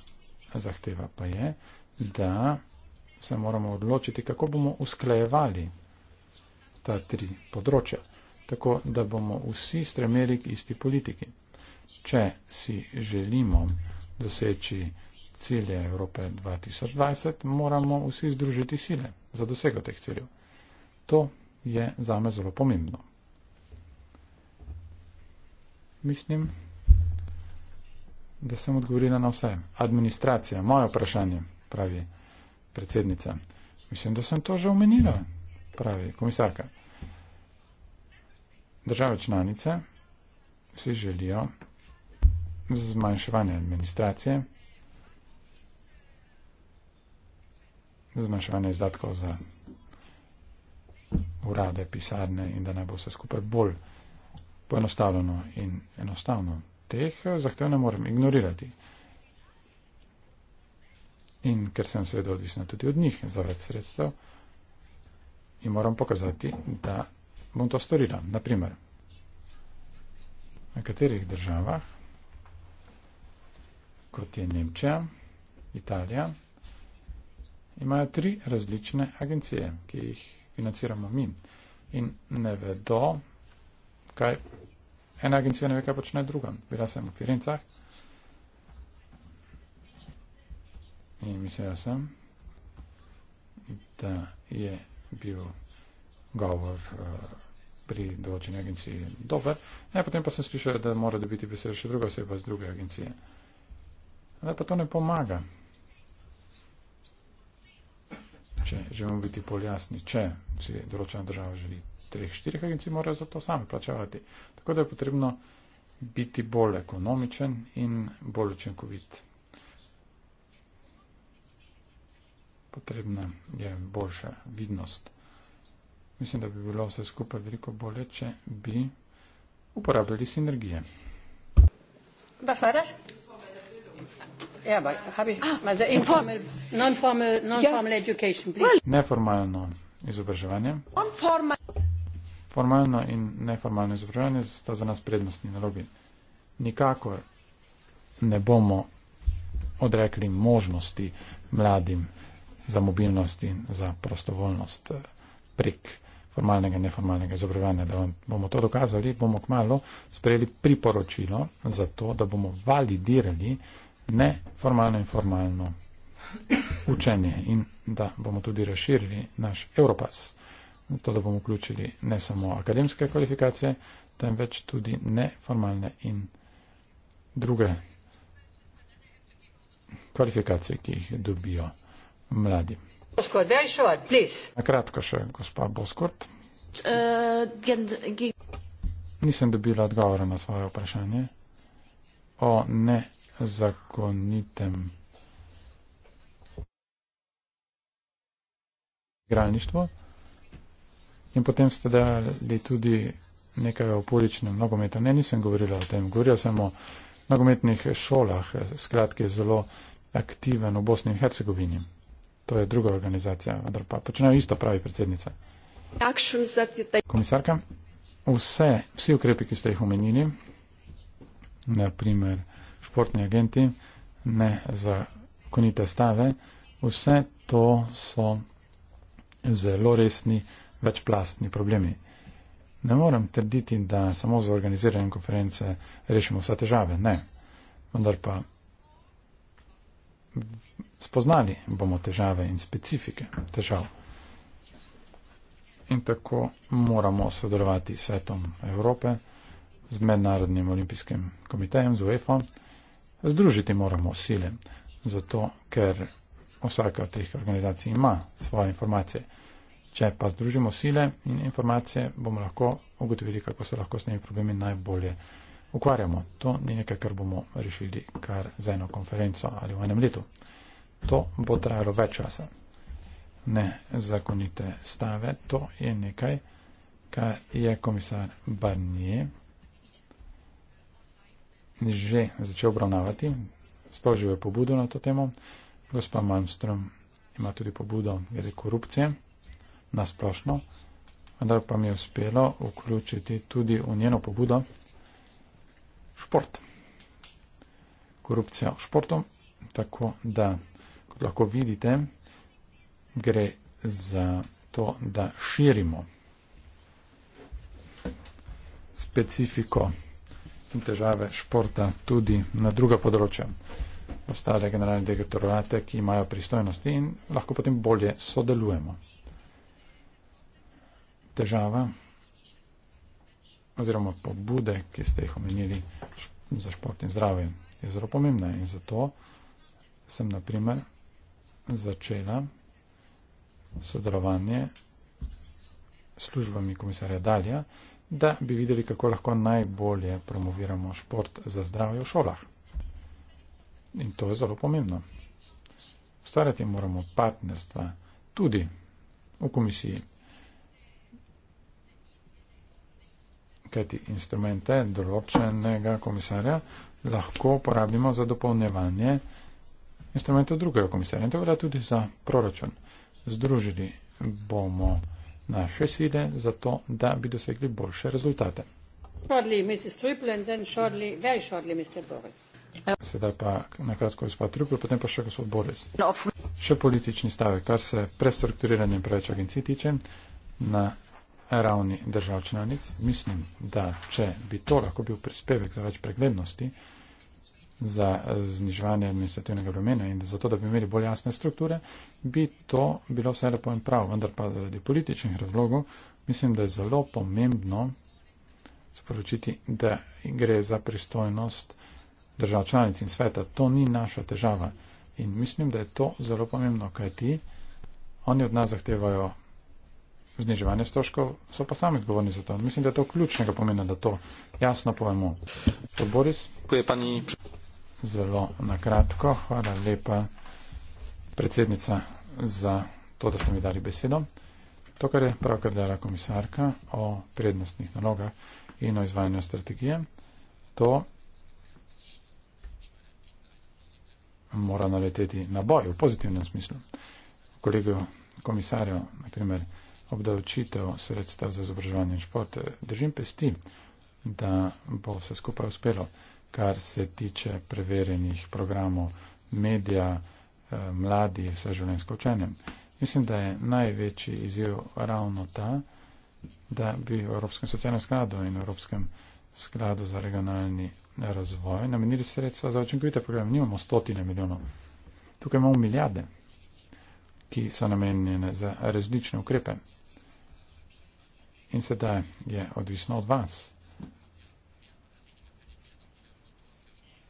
D: zahteva pa je, da se moramo odločiti, kako bomo usklajevali ta tri področja tako da bomo vsi stremeli k isti politiki. Če si želimo doseči cilje Evrope 2020, moramo vsi združiti sile za dosego teh ciljev. To je zame zelo pomembno. Mislim, da sem odgovorila na vse. Administracija, moje vprašanje, pravi predsednica. Mislim, da sem to že omenila, pravi komisarka države članice si želijo zmanjševanje administracije, zmanjševanje izdatkov za urade, pisarne in da naj bo vse skupaj bolj poenostavljeno in enostavno. Teh eh, zahtev ne morem ignorirati. In ker sem seveda odvisna tudi od njih za več sredstev, jim moram pokazati, da bom to storila. Naprimer, na katerih državah, kot je Nemčija, Italija, imajo tri različne agencije, ki jih financiramo mi in ne vedo, kaj ena agencija ne ve, kaj počne druga. Bila sem v Firencah in mislila sem, da je bil govor uh, pri določeni agenciji dober, ja, potem pa sem slišal, da mora dobiti besedo še druga oseba z druge agencije. Ampak pa to ne pomaga. Če želimo biti bolj jasni, če si določena država želi treh, štirih agencij, morajo za to sami plačevati. Tako da je potrebno biti bolj ekonomičen in bolj učinkovit. Potrebna je boljša vidnost. Mislim, da bi bilo vse skupaj veliko bolje, če bi uporabljali sinergije.
B: Ja, ah, ja.
D: Neformalno izobraževanje. Formalno in neformalno izobraževanje sta za nas prednostni nalogi. Nikakor ne bomo odrekli možnosti mladim za mobilnost in za prostovoljnost eh, prek formalnega in neformalnega izobraževanja. Da bomo to dokazali, bomo kmalo sprejeli priporočilo za to, da bomo validirali neformalno in formalno učenje in da bomo tudi razširili naš Europas. To, da bomo vključili ne samo akademske kvalifikacije, temveč tudi neformalne in druge kvalifikacije, ki jih dobijo mladi.
B: Boskort, very short, please.
D: Na kratko še, gospa Boskort. Eh, nisem dobila odgovora na svoje vprašanje o nezakonitem igralništvu. In potem ste dali tudi nekaj o poličnem nogometu. Ne, nisem govorila o tem. Govorila sem o nogometnih šolah, skratke zelo aktiven v Bosni in Hercegovini to je druga organizacija, vendar pa počnejo isto, pravi predsednica. Komisarka, vse, vsi ukrepi, ki ste jih omenili, naprimer športni agenti, ne za konite stave, vse to so zelo resni večplastni problemi. Ne morem trditi, da samo za organiziranje konference rešimo vse težave, ne. Vendar pa spoznali bomo težave in specifike težav. In tako moramo sodelovati s Svetom Evrope, z Mednarodnim olimpijskim komitejem, z UEFA. Združiti moramo sile, zato ker vsaka od teh organizacij ima svoje informacije. Če pa združimo sile in informacije, bomo lahko ugotovili, kako se lahko s temi problemi najbolje ukvarjamo. To ni nekaj, kar bomo rešili kar z eno konferenco ali v enem letu. To bo trajalo več časa. Ne zakonite stave, to je nekaj, kar je komisar Barnije že začel obravnavati, sprožil je pobudo na to temo. Gospa Malmström ima tudi pobudo glede korupcije na splošno, vendar pa mi je uspelo vključiti tudi v njeno pobudo šport. Korupcija v športu, tako da, kot lahko vidite, gre za to, da širimo specifiko in težave športa tudi na druga področja. Ostale generalne direktorate, ki imajo pristojnosti in lahko potem bolje sodelujemo. Težava oziroma pobude, ki ste jih omenili za šport in zdravje, je zelo pomembna in zato sem naprimer začela sodelovanje s službami komisarja Dalja, da bi videli, kako lahko najbolje promoviramo šport za zdravje v šolah. In to je zelo pomembno. Ustvarjati moramo partnerstva tudi v komisiji kajti instrumente določenega komisarja lahko uporabimo za dopolnjevanje instrumentov drugega komisarja in to velja tudi za proračun. Združili bomo naše sile za to, da bi dosegli boljše rezultate.
B: Shortly, Triple, shortly, shortly,
D: Sedaj pa na kratko gospod Trupl, potem pa še gospod Boris. No. Še politični stavek, kar se prestrukturiranjem preveč agencij tiče, na ravni držav članic. Mislim, da če bi to lahko bil prispevek za več preglednosti, za zniževanje administrativnega bremena in zato, da bi imeli bolj jasne strukture, bi to bilo vse lepo in prav. Vendar pa zaradi političnih razlogov mislim, da je zelo pomembno sporočiti, da gre za pristojnost držav članic in sveta. To ni naša težava. In mislim, da je to zelo pomembno, kaj ti. Oni od nas zahtevajo zniževanje stroškov, so pa sami odgovorni za to. Mislim, da je to ključnega pomena, da to jasno povemo. Gospod Boris? Pani... Zelo nakratko, hvala lepa predsednica za to, da ste mi dali besedo. To, kar je pravkar dala komisarka o prednostnih nalogah in o izvajanju strategije, to mora naleteti na boj v pozitivnem smislu. Kolegijo komisarjev, na primer, obdavčitev sredstev za izobraževanje in šport. Držim pesti, da bo vse skupaj uspelo, kar se tiče preverjenih programov medija, eh, mladi, vse življenjsko učenje. Mislim, da je največji izjiv ravno ta, da bi v Evropskem socialnem skladu in Evropskem skladu za regionalni razvoj namenili sredstva za očinkovite programe. Nimamo stotine milijonov. Tukaj imamo milijarde, ki so namenjene za različne ukrepe. In sedaj je odvisno od vas.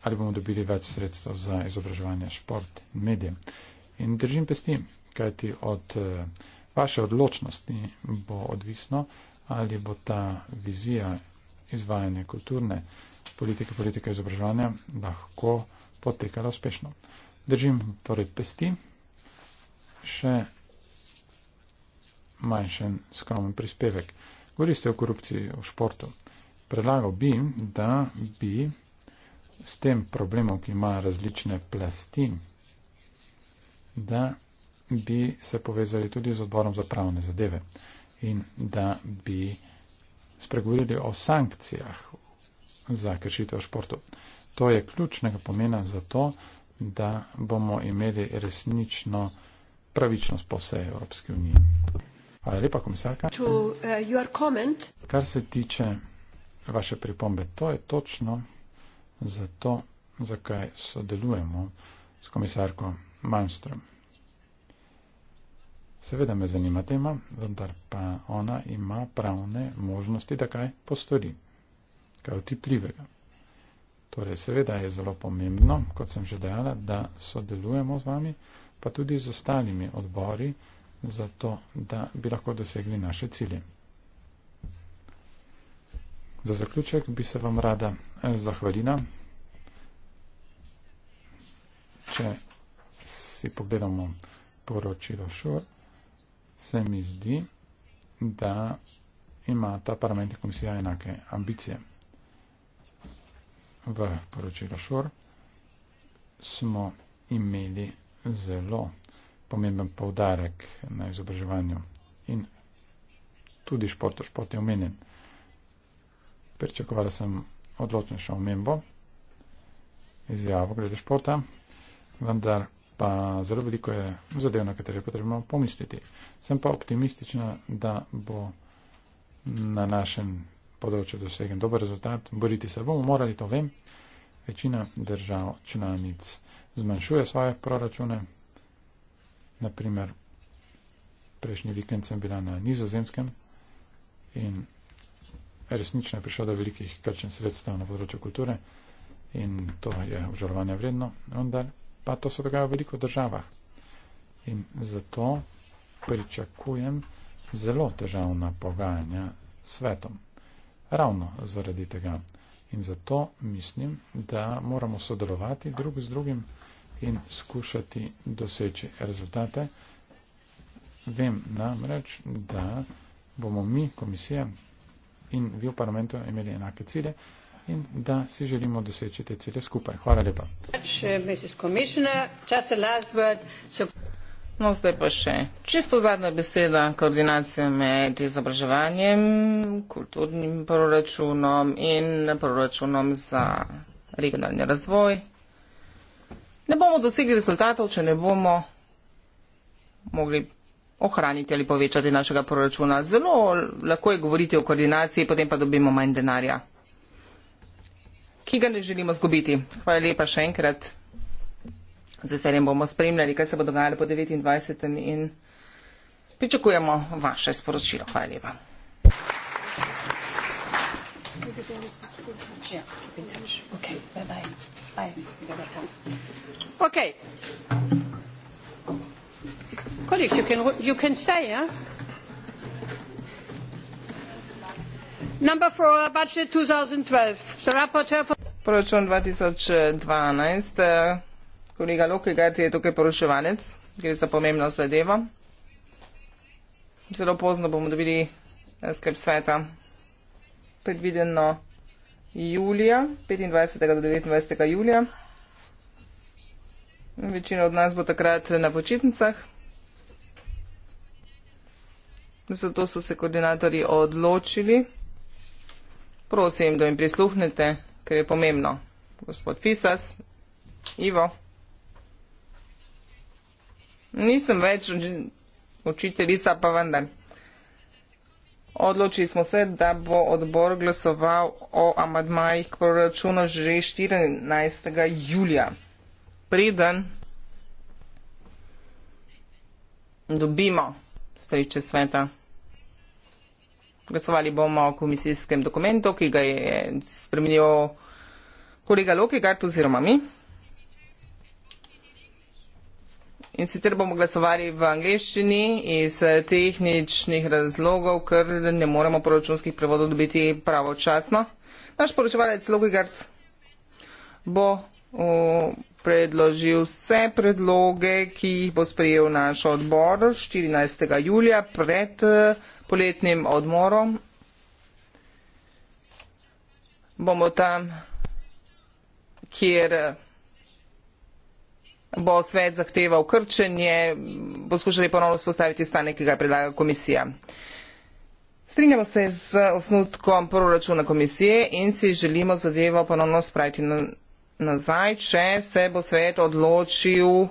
D: Ali bomo dobili več sredstev za izobraževanje, šport in medije. In držim pesti, kajti od eh, vaše odločnosti bo odvisno, ali bo ta vizija izvajanja kulturne politike, politike izobraževanja lahko potekala uspešno. Držim torej pesti. Še manjšen skromen prispevek. Govorili ste o korupciji v športu. Predlagal bi, da bi s tem problemom, ki ima različne plasti, da bi se povezali tudi z odborom za pravne zadeve in da bi spregovorili o sankcijah za kršitev v športu. To je ključnega pomena za to, da bomo imeli resnično pravičnost po vsej Evropski uniji. Hvala lepa, komisarka. To, uh, Kar se tiče vaše pripombe, to je točno zato, zakaj sodelujemo s komisarko Malmström. Seveda me zanima tema, vendar pa ona ima pravne možnosti, da kaj postori, kaj otipljivega. Torej, seveda je zelo pomembno, kot sem že dejala, da sodelujemo z vami, pa tudi z ostalimi odbori, za to, da bi lahko dosegli naše cilje. Za zaključek bi se vam rada eh, zahvalila, če si pogledamo poročilo šur, se mi zdi, da ima ta parlament in komisija enake ambicije. V poročilo šur smo imeli zelo pomemben povdarek na izobraževanju in tudi športu. Šport je omenjen. Pričakovala sem odločnejšo omembo, izjavo glede športa, vendar pa zelo veliko je zadev, na katere je potrebno pomisliti. Sem pa optimistična, da bo na našem področju dosegen dober rezultat. Boriti se bomo morali, to vem. Večina držav članic zmanjšuje svoje proračune, Naprimer, prejšnji vikend sem bila na nizozemskem in resnično je prišlo do velikih krčen sredstev na področju kulture in to je obžalovanje vredno, vendar pa to se dogaja v veliko državah. In zato pričakujem zelo težavna pogajanja s svetom. Ravno zaradi tega. In zato mislim, da moramo sodelovati drug z drugim in skušati doseči rezultate. Vem namreč, da bomo mi, komisija in vi v parlamentu imeli enake cilje in da si želimo doseči te cilje skupaj. Hvala lepa.
A: No, zdaj pa še čisto zadnja beseda, koordinacija med izobraževanjem, kulturnim proračunom in proračunom za regionalni razvoj. Ne bomo dosegli rezultatov, če ne bomo mogli ohraniti ali povečati našega proračuna. Zelo lahko je govoriti o koordinaciji, potem pa dobimo manj denarja, ki ga ne želimo zgubiti. Hvala lepa še enkrat. Z veseljem bomo spremljali, kaj se bo dogajalo po 29. in pričakujemo vaše sporočilo. Hvala lepa.
B: Okay, bye-bye. Okay. Colleagues, you can, you can stay, yeah?
A: Number four, budget 2012. The rapporteur for... Proračun 2012. Eh, kolega Lokegard je tukaj poročevalec, gre za pomembno zadevo. Zelo pozno bomo dobili eh, sklep sveta predvideno julija, 25. do 29. julija. Večina od nas bo takrat na počitnicah. Zato so se koordinatorji odločili. Prosim, da jim prisluhnete, ker je pomembno. Gospod Fisas, Ivo. Nisem več učiteljica, pa vendar. Odločili smo se, da bo odbor glasoval o amadmajih k proračunu že 14. julija. Preden dobimo stojiče sveta. Glasovali bomo o komisijskem dokumentu, ki ga je spremenil kolega Lokegard oziroma mi. In sicer bomo glasovali v angliščini iz eh, tehničnih razlogov, ker ne moremo proračunskih prevodov dobiti pravočasno. Naš poročevalec Logigard bo predložil vse predloge, ki jih bo sprejel naš odbor 14. julija pred eh, poletnim odmorom. Bomo tam, kjer bo svet zahteval krčenje, poskušali ponovno spostaviti stanje, ki ga predlaga komisija. Strinjamo se z osnutkom proračuna komisije in si želimo zadevo ponovno spraviti nazaj, če se bo svet odločil,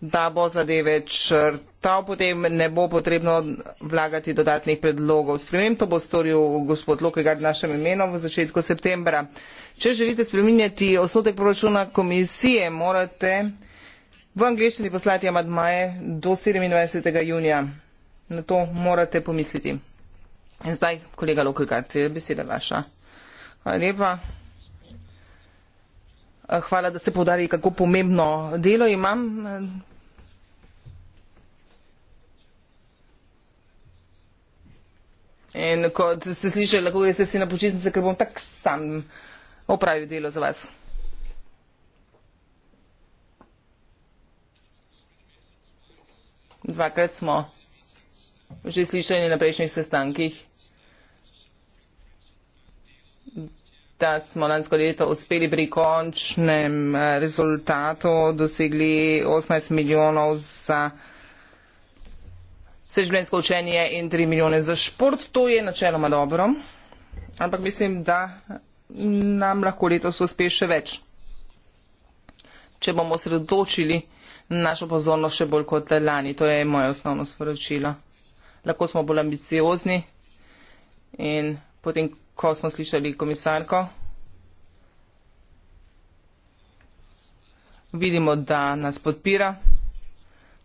A: da bo zadeve črtal, potem ne bo potrebno vlagati dodatnih predlogov. Spremem to bo storil gospod Lokegar našem imenom v začetku septembra. Če želite spreminjati osnutek proračuna komisije, morate v angleščini poslati amadmaje do 27. junija. Na to morate pomisliti. In zdaj, kolega Lokalkart, je beseda vaša. Hvala lepa. Eh, hvala, da ste povdarili, kako pomembno delo imam. In kot ste slišali, lahko greste vsi na počitnice, ker bom tak sam opravil delo za vas. dvakrat smo že slišali na prejšnjih sestankih, da smo lansko leto uspeli pri končnem eh, rezultatu, dosegli 18 milijonov za vseživljenjsko učenje in 3 milijone za šport. To je načeloma dobro, ampak mislim, da nam lahko letos uspe še več. Če bomo sredotočili, našo pozornost še bolj kot lani. To je moje osnovno sporočilo. Lahko smo bolj ambiciozni in potem, ko smo slišali komisarko, vidimo, da nas podpira,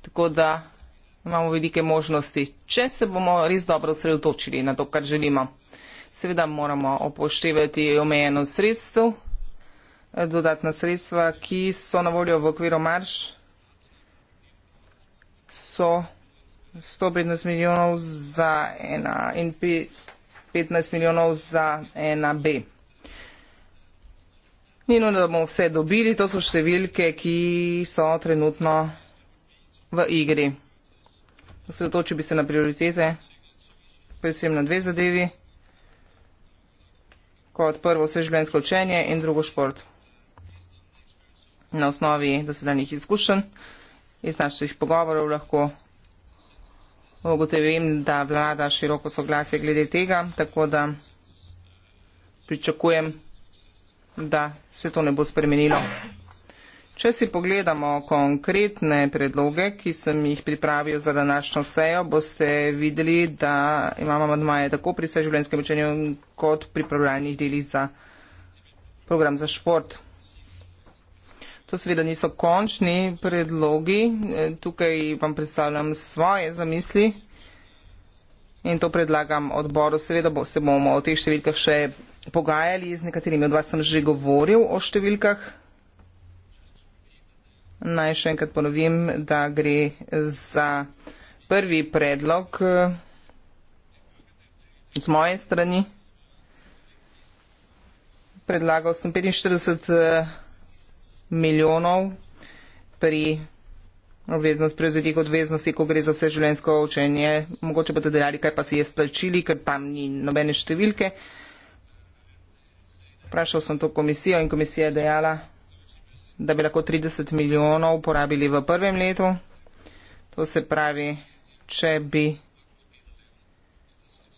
A: tako da imamo velike možnosti, če se bomo res dobro sredotočili na to, kar želimo. Seveda moramo upoštevati omejeno sredstvo, dodatna sredstva, ki so na voljo v okviru marš so 115 milijonov za 1A in 15 milijonov za 1B. Ni nujno, da bomo vse dobili, to so številke, ki so trenutno v igri. Osredotočil bi se na prioritete, predvsem na dve zadevi, kot prvo vseživljenjsko učenje in drugo šport. Na osnovi dosedanjih izkušenj iz naših pogovorov lahko ugotovim, da vlada široko soglasje glede tega, tako da pričakujem, da se to ne bo spremenilo. Če si pogledamo konkretne predloge, ki sem jih pripravil za današnjo sejo, boste videli, da imamo amadmaje tako pri vseživljenjskem učenju kot pri pripravljanjih delih za program za šport. To seveda niso končni predlogi, e, tukaj vam predstavljam svoje zamisli in to predlagam odboru. Seveda bo, se bomo o teh številkah še pogajali, z nekaterimi od vas sem že govoril o številkah. Naj še enkrat ponovim, da gre za prvi predlog e, z moje strani. Predlagal sem 45 milijonov pri obveznost prevzetih odveznosti, ko gre za vse življenjsko učenje. Mogoče boste dejali, kaj pa si je splačili, ker tam ni nobene številke. Vprašal sem to komisijo in komisija je dejala, da bi lahko 30 milijonov uporabili v prvem letu. To se pravi, če bi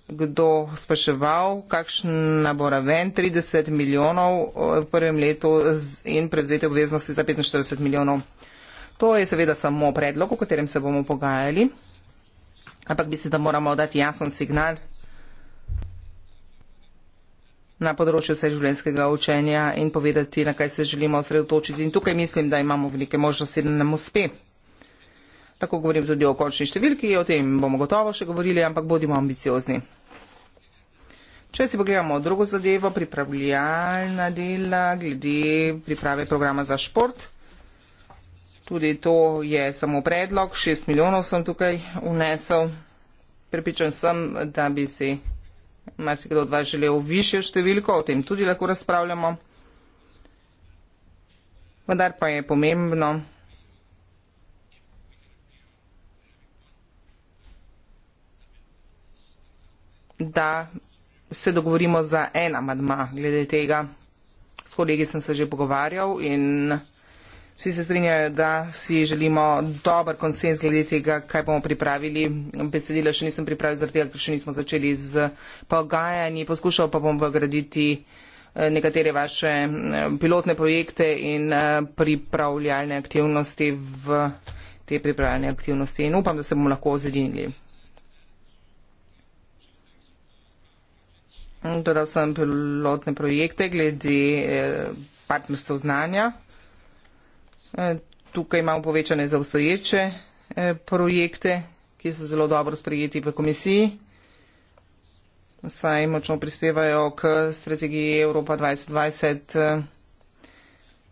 A: kdo spraševal, kakšna bo raven 30 milijonov eh, v prvem letu in predvzete obveznosti za 45 milijonov. To je seveda samo predlog, o katerem se bomo pogajali, ampak mislim, da moramo dati jasen signal na področju vseživljenjskega učenja in povedati, na kaj se želimo osredotočiti. In tukaj mislim, da imamo velike možnosti, da nam uspe. Tako govorim tudi o končni številki, o tem bomo gotovo še govorili, ampak bodimo ambiciozni. Če si pogledamo drugo zadevo, pripravljalna dela glede priprave programa za šport. Tudi to je samo predlog, 6 milijonov sem tukaj unesel. Pripričan sem, da bi si marsikdo od vas želel više številko, o tem tudi lahko razpravljamo. Vendar pa je pomembno, da se dogovorimo za en amadma glede tega. S kolegi sem se že pogovarjal in vsi se strinjajo, da si želimo dober konsens glede tega, kaj bomo pripravili. Besedila še nisem pripravil, zaradi tega, ker še nismo začeli z pogajanji. Poskušal pa bom vgraditi eh, nekatere vaše eh, pilotne projekte in eh, pripravljalne aktivnosti v te pripravljalne aktivnosti in upam, da se bomo lahko zedinili. dodal sem pilotne projekte glede eh, partnerstva znanja. Eh, tukaj imamo povečane za obstoječe eh, projekte, ki so zelo dobro sprejeti v komisiji, saj močno prispevajo k strategiji Evropa 2020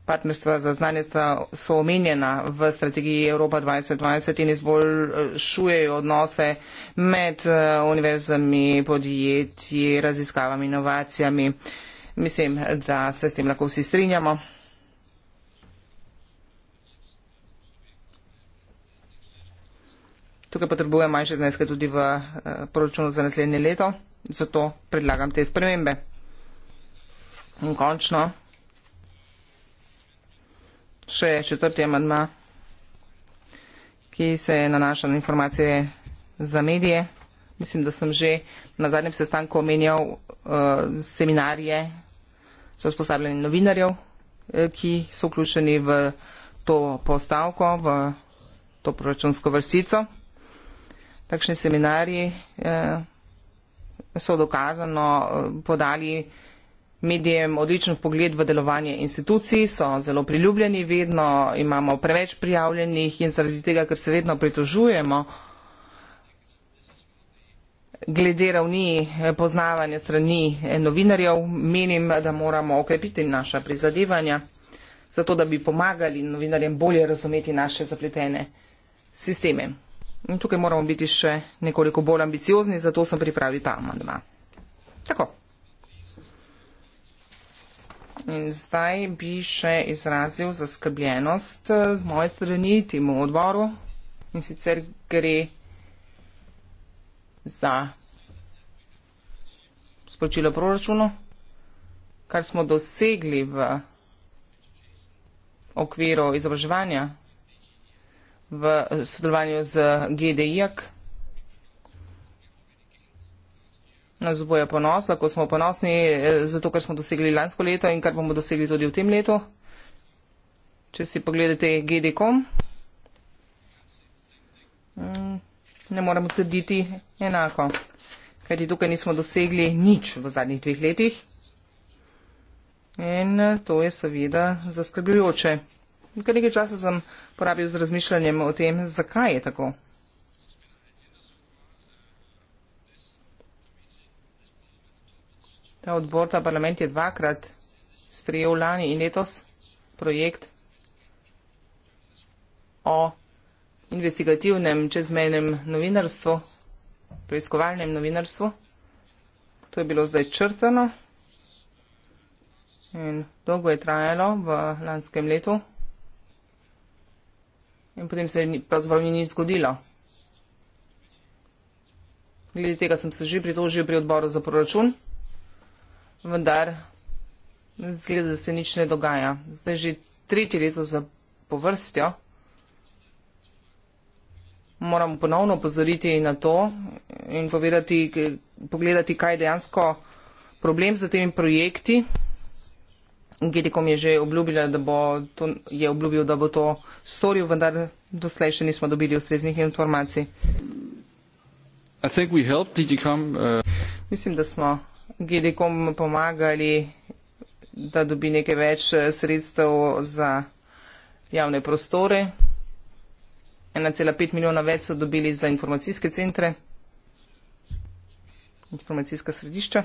A: partnerstva za znanje sta, so omenjena v strategiji Evropa 2020 in izboljšujejo odnose med eh, univerzami, podjetji, raziskavami, inovacijami. Mislim, da se s tem lahko vsi strinjamo. Tukaj potrebujemo manjše zneske tudi v eh, proračunu za naslednje leto, zato predlagam te spremembe. In končno. Še četrti amadma, ki se nanaša na informacije za medije. Mislim, da sem že na zadnjem sestanku omenjal uh, eh, seminarje za usposabljanje novinarjev, eh, ki so vključeni v to postavko, v to proračunsko vrstico. Takšni seminarji uh, so dokazano podali uh, medijem odličen pogled v delovanje institucij, so zelo priljubljeni, vedno imamo preveč prijavljenih in zaradi tega, ker se vedno pritožujemo glede ravni eh, poznavanja strani eh, novinarjev, menim, da moramo okrepiti naša prizadevanja, zato da bi pomagali novinarjem bolje razumeti naše zapletene sisteme. In tukaj moramo biti še nekoliko bolj ambiciozni, zato sem pripravil ta amandma. Tako. In zdaj bi še izrazil zaskrbljenost eh, z moje strani temu odboru in sicer gre za spočilo proračuno, kar smo dosegli v okviru izobraževanja v sodelovanju z GDI-jak. Zboja ponos, lahko smo ponosni eh, zato, ker smo dosegli lansko leto in kar bomo dosegli tudi v tem letu. Če si pogledate GD.com, mm, ne moremo trditi enako, ker ti tukaj nismo dosegli nič v zadnjih dveh letih. In eh, to je seveda zaskrbljujoče. Kar nekaj časa sem porabil z razmišljanjem o tem, zakaj je tako. Ta odbor, ta parlament je dvakrat sprejel lani in letos projekt o investigativnem čezmenem novinarstvu, preiskovalnem novinarstvu. To je bilo zdaj črtano in dolgo je trajalo v lanskem letu in potem se pravzaprav ni nič zgodilo. Glede tega sem se že pritožil pri odboru za proračun vendar zgleda, da se nič ne dogaja. Zdaj že tretje leto za povrstjo. Moram ponovno pozoriti na to in povedati, pogledati, kaj je dejansko problem z temi projekti. Gedikom je že obljubila, da bo to, je obljubil, da bo to storil, vendar doslej še nismo dobili ustreznih informacij.
E: Helped, come,
B: uh...
A: Mislim, da smo GD komu pomagali, da dobi nekaj več eh, sredstev za javne prostore. 1,5 milijona več so dobili za informacijske centre, informacijska središča.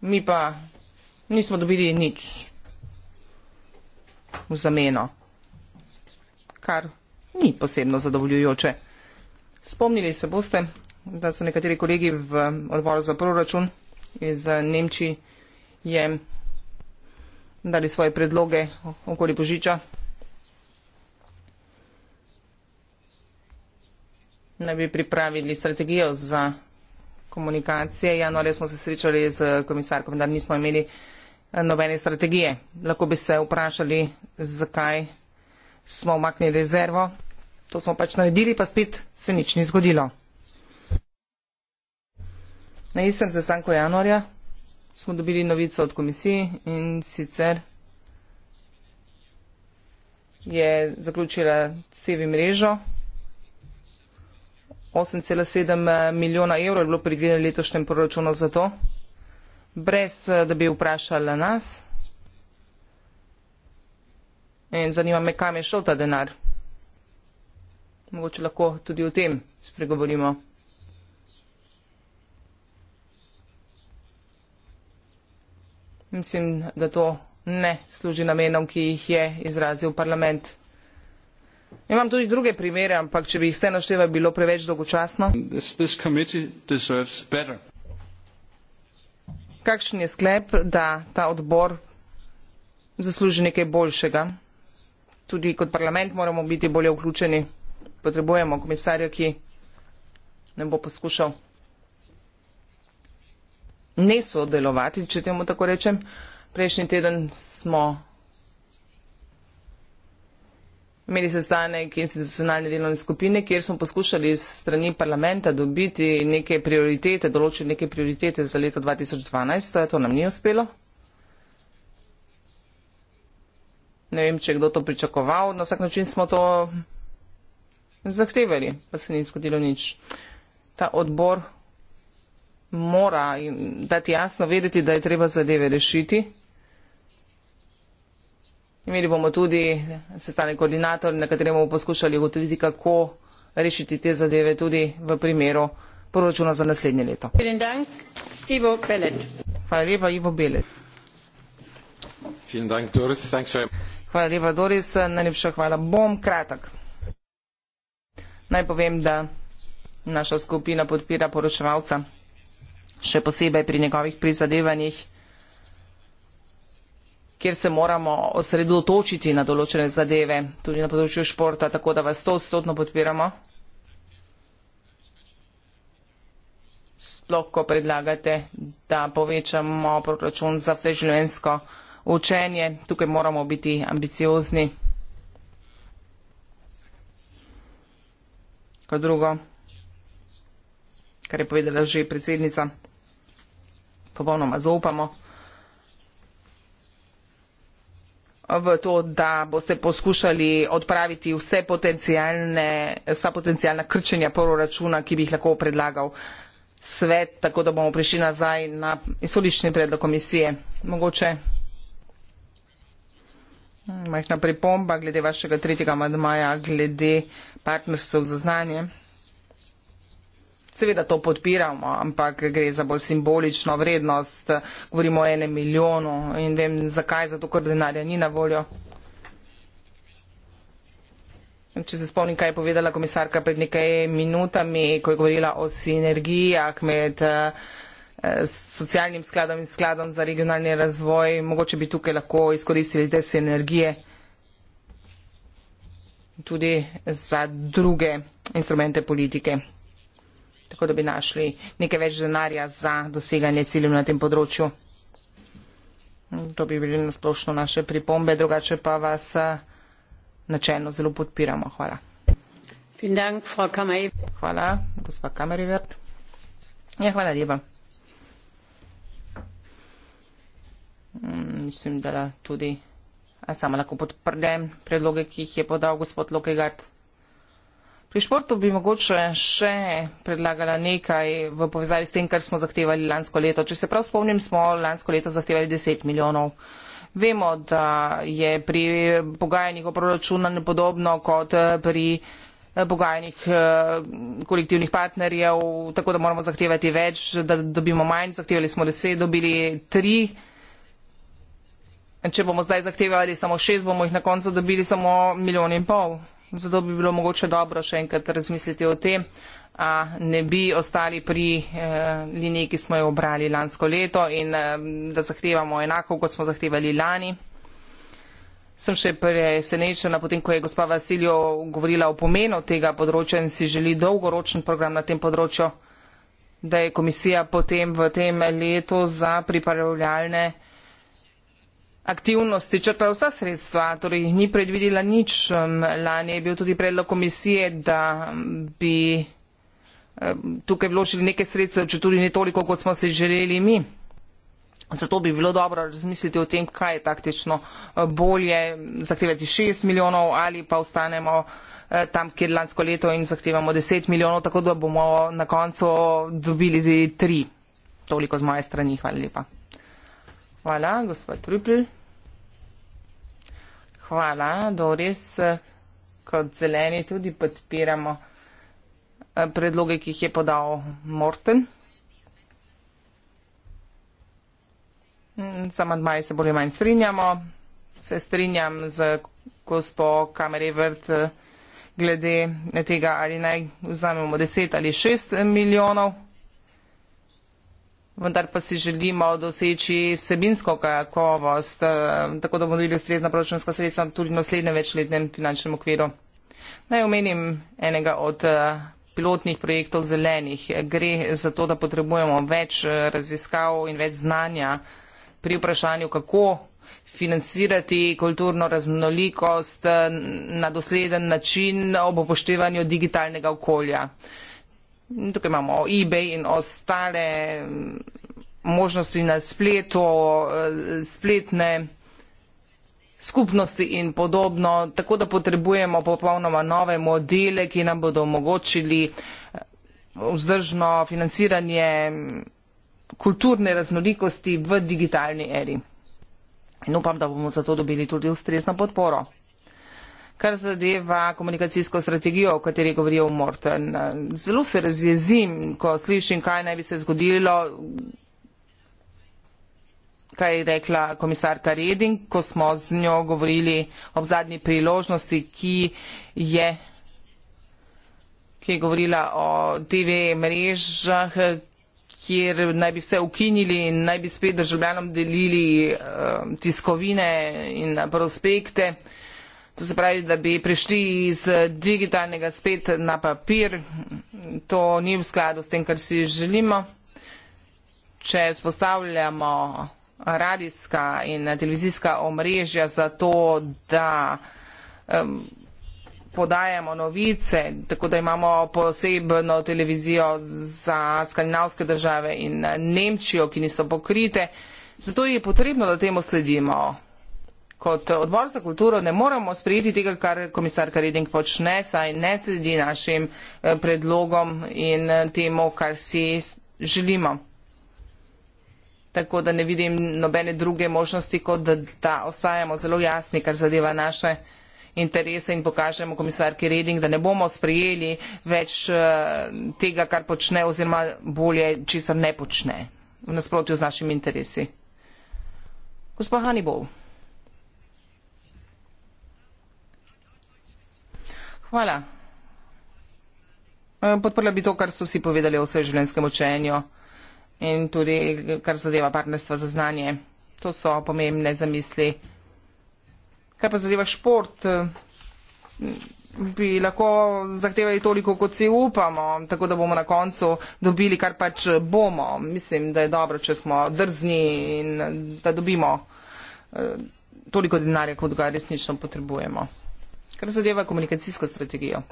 A: Mi pa nismo dobili nič v zameno, kar ni posebno zadovoljujoče. Spomnili se boste, da so nekateri kolegi v odboru za proračun iz Nemčije dali svoje predloge okoli Božiča. Naj bi pripravili strategijo za komunikacije. Januarja smo se srečali z komisarko, vendar nismo imeli eh, nobene strategije. Lahko bi se vprašali, zakaj smo omaknili rezervo. To smo pač naredili, pa spet se nič ni zgodilo. Na istem sestanku januarja smo dobili novico od komisije in sicer je zaključila sevi mrežo. 8,7 eh, milijona evrov je bilo predvideno letošnjem proračunu za to, brez eh, da bi vprašala nas. In zanima me, kam je šel ta denar. Mogoče lahko tudi o tem spregovorimo. Mislim, da to ne služi namenom, ki jih je izrazil parlament. Imam tudi druge primere, ampak če bi jih vse našteval, bilo preveč dolgočasno. Kakšen je sklep, da ta odbor zasluži nekaj boljšega? Tudi kot parlament moramo biti bolje vključeni. Potrebujemo komisarja, ki ne bo poskušal ne sodelovati, če temu tako rečem. Prejšnji teden smo imeli sestanek institucionalne delovne skupine, kjer smo poskušali strani parlamenta dobiti neke prioritete, določiti neke prioritete za leto 2012, to nam ni uspelo. Ne vem, če je kdo to pričakoval, na vsak način smo to zahtevali, pa se ni zgodilo nič. Ta odbor mora dati jasno vedeti, da je treba zadeve rešiti. Imeli bomo tudi sestanek koordinator, na katerem bomo poskušali ugotoviti, kako rešiti te zadeve tudi v primeru poročuna za naslednje leto. Hvala lepa, Ivo Belet. Hvala lepa, Doris. Najlepša hvala. Bom kratek. Naj povem, da naša skupina podpira poročevalca še posebej pri njegovih prizadevanjih, kjer se moramo osredotočiti na določene zadeve, tudi na področju športa, tako da vas to odstotno podpiramo. Sploh, ko predlagate, da povečamo proračun za vse življenjsko učenje, tukaj moramo biti ambiciozni. Kot drugo, kar je povedala že predsednica popolnoma zaupamo v to, da boste poskušali odpraviti vse potencijalne, vsa potencijalna krčenja proračuna, ki bi jih lahko predlagal svet, tako da bomo prišli nazaj na solični predlog komisije. Mogoče majhna pripomba glede vašega tretjega amandmaja, glede partnerstv za znanje. Seveda to podpiramo, ampak gre za bolj simbolično vrednost, govorimo o enem milijonu in vem zakaj, zato ker denarja ni na voljo. Če se spomnim, kaj je povedala komisarka pred nekaj minutami, ko je govorila o sinergijah med eh, socialnim skladom in skladom za regionalni razvoj, mogoče bi tukaj lahko izkoristili te sinergije tudi za druge instrumente politike tako da bi našli nekaj več denarja za doseganje ciljev na tem področju. To bi bili nasplošno naše pripombe, drugače pa vas eh, načelno zelo podpiramo. Hvala. Dank, hvala, gospa Kamerivert. Ja, hvala lepa. Mislim, da tudi sama lahko podprdem predloge, ki jih je podal gospod Lokegard. Pri športu bi mogoče še predlagala nekaj v povezavi s tem, kar smo zahtevali lansko leto. Če se prav spomnim, smo lansko leto zahtevali 10 milijonov. Vemo, da je pri pogajanjih o proračuna nepodobno kot pri eh, pogajanjih eh, kolektivnih partnerjev, tako da moramo zahtevati več, da dobimo manj. Zahtevali smo 10, dobili 3. Če bomo zdaj zahtevali samo 6, bomo jih na koncu dobili samo milijon in pol. Zato bi bilo mogoče dobro še enkrat razmisliti o tem, a ne bi ostali pri eh, liniji, ki smo jo obrali lansko leto in eh, da zahtevamo enako, kot smo zahtevali lani. Sem še presenečena, potem ko je gospa Vasiljo govorila o pomenu tega področja in si želi dolgoročen program na tem področju, da je komisija potem v tem letu za pripravljalne aktivnosti črta vsa sredstva, torej ni predvidila nič. Um, lani je bil tudi predlog komisije, da um, bi um, tukaj vložili neke sredstva, če tudi ne toliko, kot smo se želeli mi. Zato bi bilo dobro razmisliti o tem, kaj je taktično uh, bolje zahtevati 6 milijonov ali pa ostanemo uh, tam, kjer lansko leto in zahtevamo 10 milijonov, tako da bomo na koncu dobili 3. Toliko z moje strani. Hvala lepa. Hvala, gospod Trupl. Hvala, Doris. Kot zeleni tudi podpiramo eh, predloge, ki jih je podal Morten. Samo mm, dva se bolj manj strinjamo. Se strinjam z gospo Kamere Vrt eh, glede tega, ali naj vzamemo 10 ali 6 milijonov vendar pa si želimo doseči vsebinsko kakovost, eh, tako da bomo dobili ustrezna proračunska sredstva tudi v naslednjem večletnem finančnem okviru. Naj omenim enega od eh, pilotnih projektov zelenih. Gre za to, da potrebujemo več eh, raziskav in več znanja pri vprašanju, kako financirati kulturno raznolikost na dosleden način ob upoštevanju digitalnega okolja tukaj imamo eBay in ostale mm, možnosti na spletu, eh, spletne skupnosti in podobno, tako da potrebujemo popolnoma nove modele, ki nam bodo omogočili eh, vzdržno financiranje mm, kulturne raznolikosti v digitalni eri. In upam, da bomo zato dobili tudi ustrezno podporo kar zadeva komunikacijsko strategijo, o kateri je govoril Morten. Zelo se razjezim, ko slišim, kaj naj bi se zgodilo, kaj je rekla komisarka Reding, ko smo z njo govorili ob zadnji priložnosti, ki je ki je govorila o TV mrežah, kjer naj bi vse ukinili in naj bi spet državljanom delili eh, tiskovine in prospekte. To se pravi, da bi prišli iz digitalnega spet na papir. To ni v skladu s tem, kar si želimo. Če spostavljamo radijska in televizijska omrežja za to, da um, podajamo novice, tako da imamo posebno televizijo za skandinavske države in Nemčijo, ki niso pokrite, zato je potrebno, da temu sledimo kot odbor za kulturo ne moremo sprijeti tega, kar komisarka Reding počne, saj ne sledi našim eh, predlogom in eh, temu, kar si želimo. Tako da ne vidim nobene druge možnosti, kot da, da ostajamo zelo jasni, kar zadeva naše interese in pokažemo komisarki Reding, da ne bomo sprijeli več eh, tega, kar počne oziroma bolje, česar ne počne v nasprotju z našimi interesi. Gospod Hannibal. Hvala. Eh, podprla bi to, kar so vsi povedali o vseživljenjskem učenju in tudi, kar zadeva partnerstva za znanje. To so pomembne zamisli. Kar pa zadeva šport, eh, bi lahko zahtevali toliko, kot si upamo, tako da bomo na koncu dobili, kar pač bomo. Mislim, da je dobro, če smo drzni in da dobimo eh, toliko denarja, kot ga resnično potrebujemo kar zadeva komunikacijsko strategijo.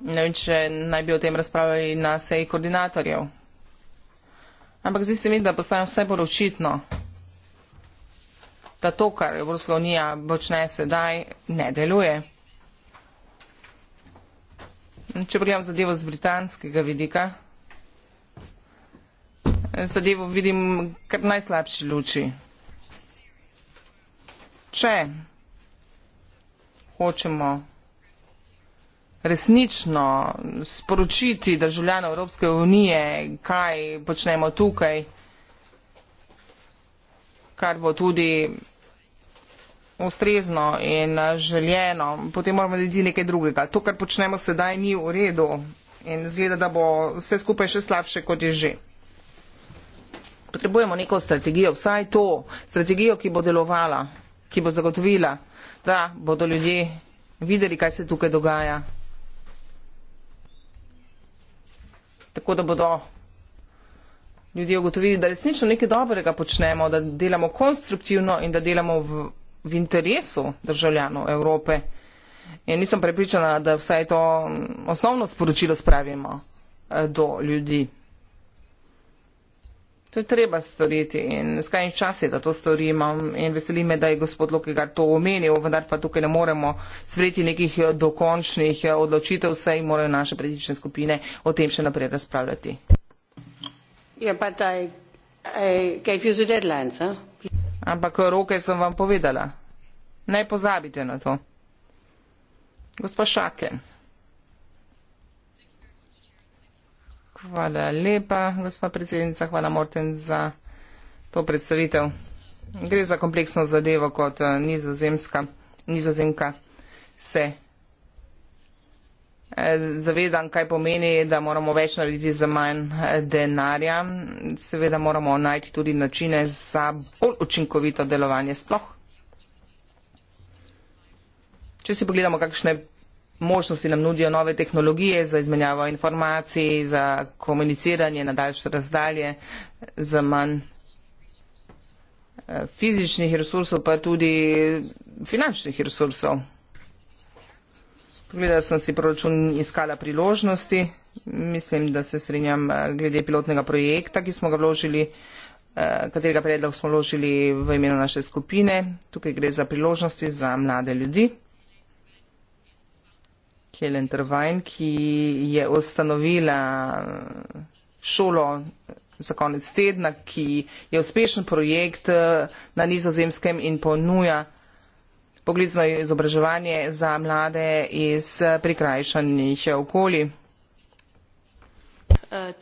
A: Ne vem, če naj bi o tem razpravljali na seji koordinatorjev. Ampak zdi se mi, da postaja vse bolj očitno, da to, kar Evropska unija počne sedaj, ne deluje. Če pogledam zadevo z britanskega vidika, zadevo vidim kar najslabši luči. Če hočemo resnično sporočiti državljano Evropske unije, kaj počnemo tukaj, kar bo tudi ustrezno in željeno, potem moramo narediti nekaj drugega. To, kar počnemo sedaj, ni v redu in zgleda, da bo vse skupaj še slabše, kot je že. Potrebujemo neko strategijo, vsaj to, strategijo, ki bo delovala, ki bo zagotovila da bodo ljudje videli, kaj se tukaj dogaja. Tako da bodo ljudje ugotovili, da resnično nekaj dobrega počnemo, da delamo konstruktivno in da delamo v, v interesu državljanov Evrope. In nisem prepričana, da vsaj to osnovno sporočilo spravimo eh, do ljudi. To je treba storiti in skrajni čas je, da to storimo in veseli me, da je gospod Lokegar to omenil, vendar pa tukaj ne moremo sprejeti nekih dokončnih odločitev, saj morajo naše predlične skupine o tem še naprej razpravljati. Yeah, I, I deadline, Ampak roke sem vam povedala. Naj pozabite na to. Gospa Šaken. Hvala lepa, gospa predsednica. Hvala, Morten, za to predstavitev. Gre za kompleksno zadevo kot eh, nizozemska. Nizozemka se eh, zavedam, kaj pomeni, da moramo več narediti za manj eh, denarja. Seveda moramo najti tudi načine za bolj učinkovito delovanje sploh. Če si pogledamo, kakšne možnosti nam nudijo nove tehnologije za izmenjavo informacij, za komuniciranje na daljše razdalje, za manj eh, fizičnih resursov, pa tudi finančnih resursov. Pogledala sem si proračun in iskala priložnosti. Mislim, da se strinjam eh, glede pilotnega projekta, ki smo ga vložili, eh, katerega predlog smo vložili v imenu naše skupine. Tukaj gre za priložnosti za mlade ljudi. Helen Trvajn, ki je ustanovila eh, šolo za konec tedna, ki je uspešen projekt eh, na nizozemskem in ponuja poglizno izobraževanje za mlade iz eh, prikrajšanih okoli. Uh,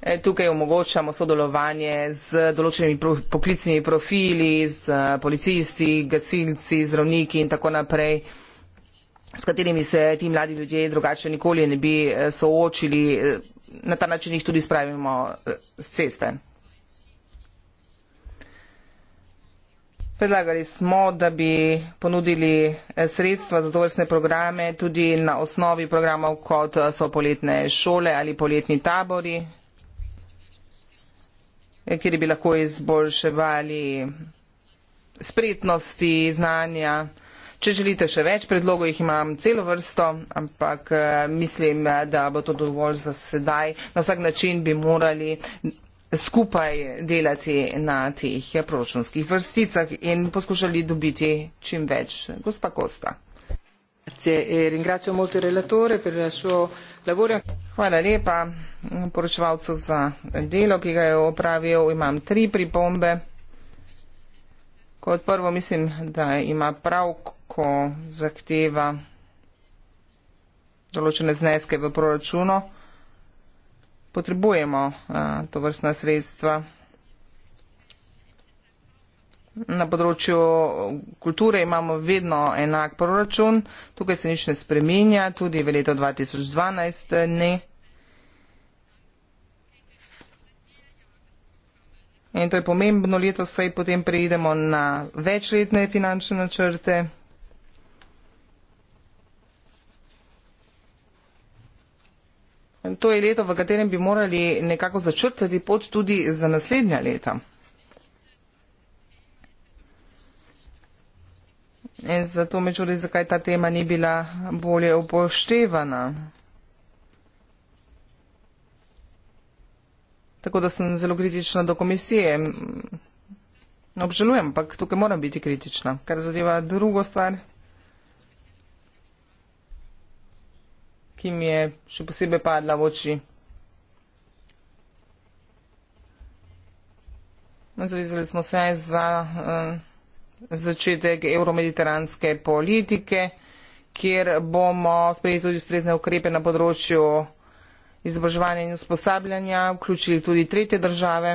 A: Eh, tukaj omogočamo sodelovanje z določenimi poklicnimi profili, z eh, policisti, gasilci, zdravniki in tako naprej, s katerimi se ti mladi ljudje drugače nikoli ne bi eh, soočili. Na ta način jih tudi spravimo z ceste. Predlagali smo, da bi ponudili sredstva za tovrstne programe tudi na osnovi programov, kot so poletne šole ali poletni tabori, kjer bi lahko izboljševali spretnosti, znanja. Če želite še več predlogov, jih imam celo vrsto, ampak eh, mislim, da bo to dovolj za sedaj. Na vsak način bi morali skupaj delati na teh proračunskih vrsticah in poskušali dobiti čim več. Gospa Kosta. Grazie e ringrazio molto il relatore per la sua Levorja. Hvala lepa poročevalcu za delo, ki ga je opravil. Imam tri pripombe. Kot prvo mislim, da ima prav, ko zahteva določene zneske v proračunu. Potrebujemo a, to vrstna sredstva. Na področju kulture imamo vedno enak proračun, tukaj se nič ne spremenja, tudi v letu 2012 eh, ne. In to je pomembno leto, saj potem preidemo na večletne finančne načrte. To je leto, v katerem bi morali nekako začrtati pot tudi za naslednja leta. In zato me čudi, zakaj ta tema ni bila bolje upoštevana. Tako da sem zelo kritična do komisije. Obžalujem, ampak tukaj moram biti kritična, kar zadeva drugo stvar, ki mi je še posebej padla v oči. Zavezali smo se za. Uh, začetek evromediteranske politike, kjer bomo sprejeli tudi ustrezne ukrepe na področju izobraževanja in usposabljanja, vključili tudi tretje države.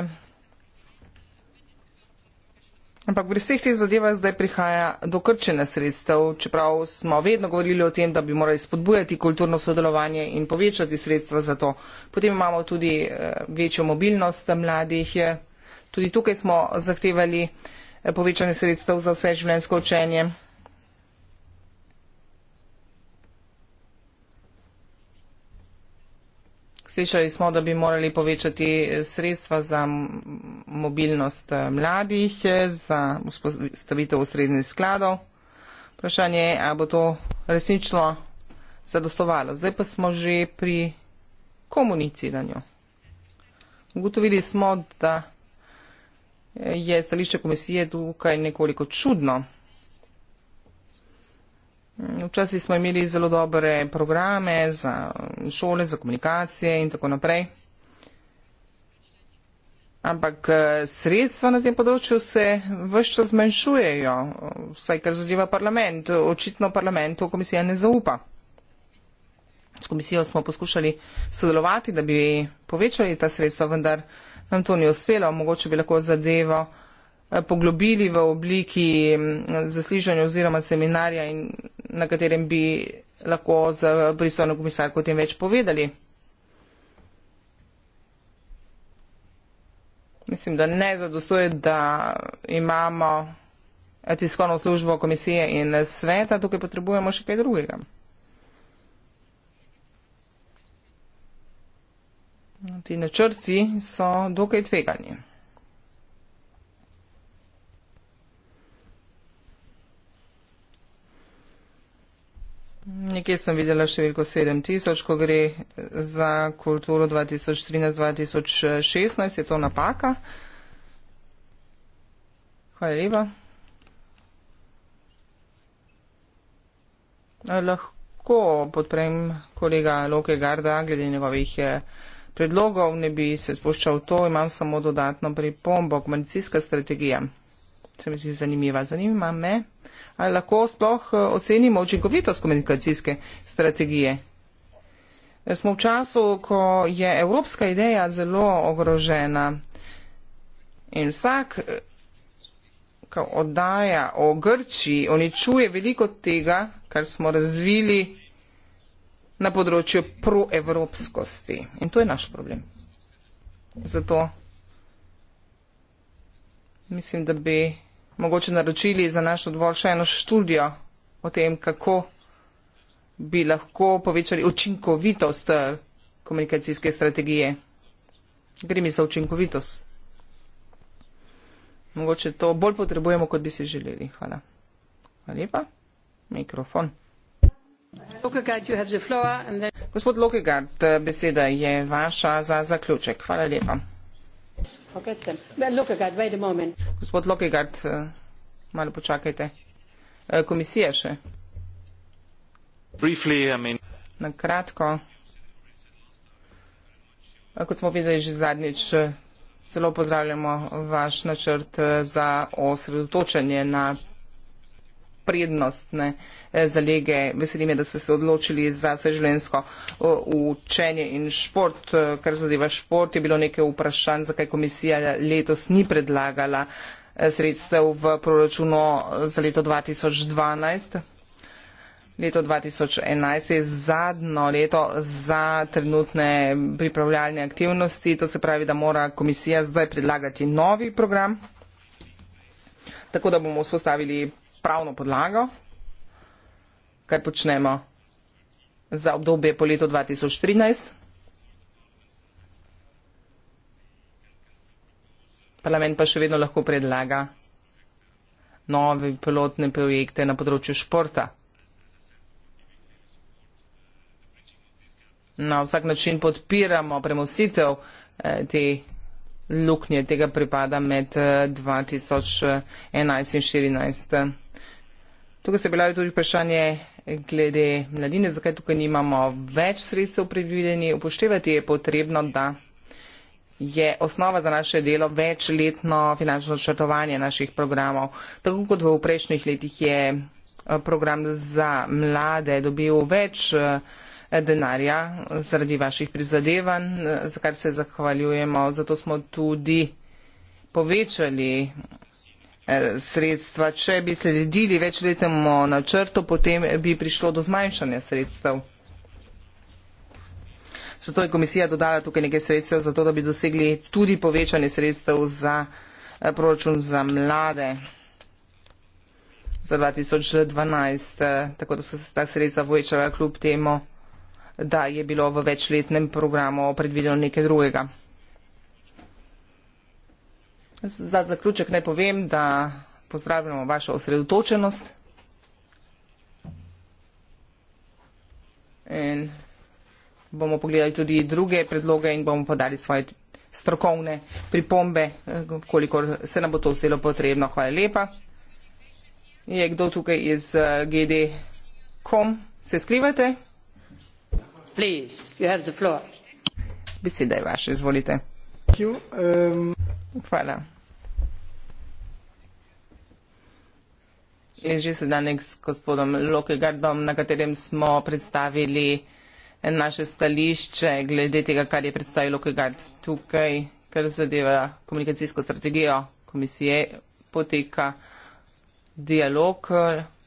A: Ampak pri vseh teh zadevah zdaj prihaja do krčene sredstev, čeprav smo vedno govorili o tem, da bi morali spodbujati kulturno sodelovanje in povečati sredstva za to. Potem imamo tudi eh, večjo mobilnost mladih. Tudi tukaj smo zahtevali povečanje sredstev za vse življenjsko učenje. Slišali smo, da bi morali povečati sredstva za mobilnost eh, mladih, eh, za ustavitev ustrednih skladov. Vprašanje je, ali bo to resnično zadostovalo. Zdaj pa smo že pri komuniciranju. Ugotovili smo, da je stališče komisije tukaj nekoliko čudno. Včasih smo imeli zelo dobre programe za šole, za komunikacije in tako naprej. Ampak eh, sredstva na tem področju se vse zmanjšujejo, vsaj kar zadeva parlament. Očitno parlamentu komisija ne zaupa. S komisijo smo poskušali sodelovati, da bi povečali ta sredstva, vendar nam to ni uspelo, mogoče bi lahko zadevo eh, poglobili v obliki mm, zaslišanja oziroma seminarja, na katerem bi lahko z pristojno komisarko o tem več povedali. Mislim, da ne zadostuje, da imamo tiskovno službo komisije in sveta, tukaj potrebujemo še kaj drugega. Ti načrti so dokaj tvegani. Nekje sem videla številko 7000, ko gre za kulturo 2013-2016, je to napaka. Hvala lepa. Lahko podprem kolega Loke Garda, glede njegovih je eh, predlogov, ne bi se spuščal v to, imam samo dodatno pripombo. Komunicijska strategija se mi zdi zanimiva. Zanima me, ali lahko sploh eh, ocenimo učinkovitost komunikacijske strategije. Smo v času, ko je evropska ideja zelo ogrožena in vsak, eh, ko oddaja o Grči, uničuje veliko tega, kar smo razvili na področju proevropskosti. In to je naš problem. Zato mislim, da bi mogoče naročili za naš odbor še eno študijo o tem, kako bi lahko povečali učinkovitost eh, komunikacijske strategije. Gre mi za učinkovitost. Mogoče to bolj potrebujemo, kot bi si želeli. Hvala. Hvala lepa. Mikrofon. Gospod Lokegaard, beseda je vaša za zaključek. Hvala lepa. Gospod Lokegaard, eh, malo počakajte. Eh, komisija še. Na kratko, eh, kot smo videli že zadnjič, zelo pozdravljamo vaš načrt za osredotočanje na prednostne eh, zalege. Veselim me, da ste se odločili za vseživljenjsko učenje in šport. Eh, kar zadeva šport, je bilo nekaj vprašanj, zakaj komisija letos ni predlagala eh, sredstev v proračunu za leto 2012. Leto 2011 je zadnjo leto za trenutne pripravljalne aktivnosti, to se pravi, da mora komisija zdaj predlagati novi program, tako da bomo vzpostavili pravno podlago, kar počnemo za obdobje po letu 2013. Parlament pa še vedno lahko predlaga nove pilotne projekte na področju športa. Na vsak način podpiramo premostitev eh, te luknje, tega pripada med 2011 eh, in 2014. Tukaj se je bilo tudi vprašanje glede mladine, zakaj tukaj nimamo več sredstev predvideni. Upoštevati je potrebno, da je osnova za naše delo večletno finančno načrtovanje naših programov. Tako kot v prejšnjih letih je eh, program za mlade dobil več eh, denarja zaradi vaših prizadevanj, eh, za kar se zahvaljujemo. Zato smo tudi povečali Eh, sredstva. Če bi sledili večletnemu načrtu, potem bi prišlo do zmanjšanja sredstev. Zato je komisija dodala tukaj nekaj sredstev, zato da bi dosegli tudi povečanje sredstev za eh, proračun za mlade za 2012, eh, tako da so se ta sredstva povečala kljub temu, da je bilo v večletnem programu predvideno nekaj drugega. Za zaključek naj povem, da pozdravljamo vašo osredotočenost in bomo pogledali tudi druge predloge in bomo podali svoje strokovne pripombe, koliko se nam bo to vzdelo potrebno. Hvala lepa. Je kdo tukaj iz eh, GD.com? Se skrivate? Beseda je vaša, izvolite. Um, Hvala. Jaz že se danes s gospodom Lokegardom, na katerem smo predstavili naše stališče glede tega, kar je predstavil Lokegard tukaj, kar zadeva komunikacijsko strategijo komisije, poteka dialog.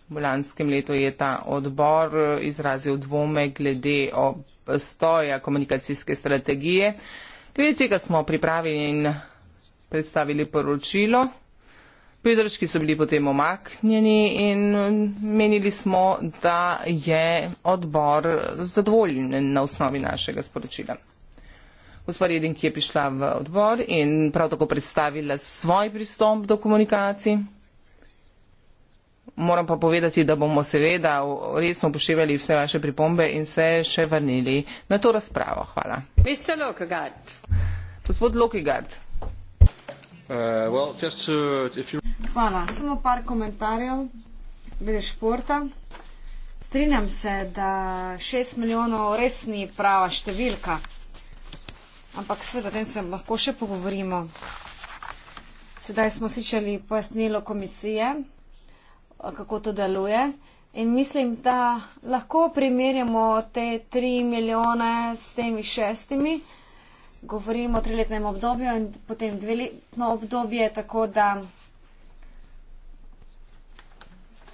A: V lanskem letu je ta odbor izrazil dvome glede obstoja komunikacijske strategije. Glede tega smo pripravili in predstavili poročilo. Pridržki so bili potem omaknjeni in um, menili smo, da je odbor zadovoljen na osnovi našega sporočila. Gospod Jedin, ki je prišla v odbor in prav tako predstavila svoj pristop do komunikacij. Moram pa povedati, da bomo seveda resno upoštevali vse vaše pripombe in se še vrnili na to razpravo. Hvala. Gospod Lokigard.
E: Uh, well, just to, if you...
C: Hvala. Samo par komentarjev glede športa. Strinjam se, da 6 milijonov res ni prava številka, ampak seveda o tem se lahko še pogovorimo. Sedaj smo slišali pojasnilo komisije, kako to deluje. In mislim, da lahko primerjamo te 3 milijone s temi šestimi. Govorimo o triletnem obdobju in potem dveletno obdobje, tako da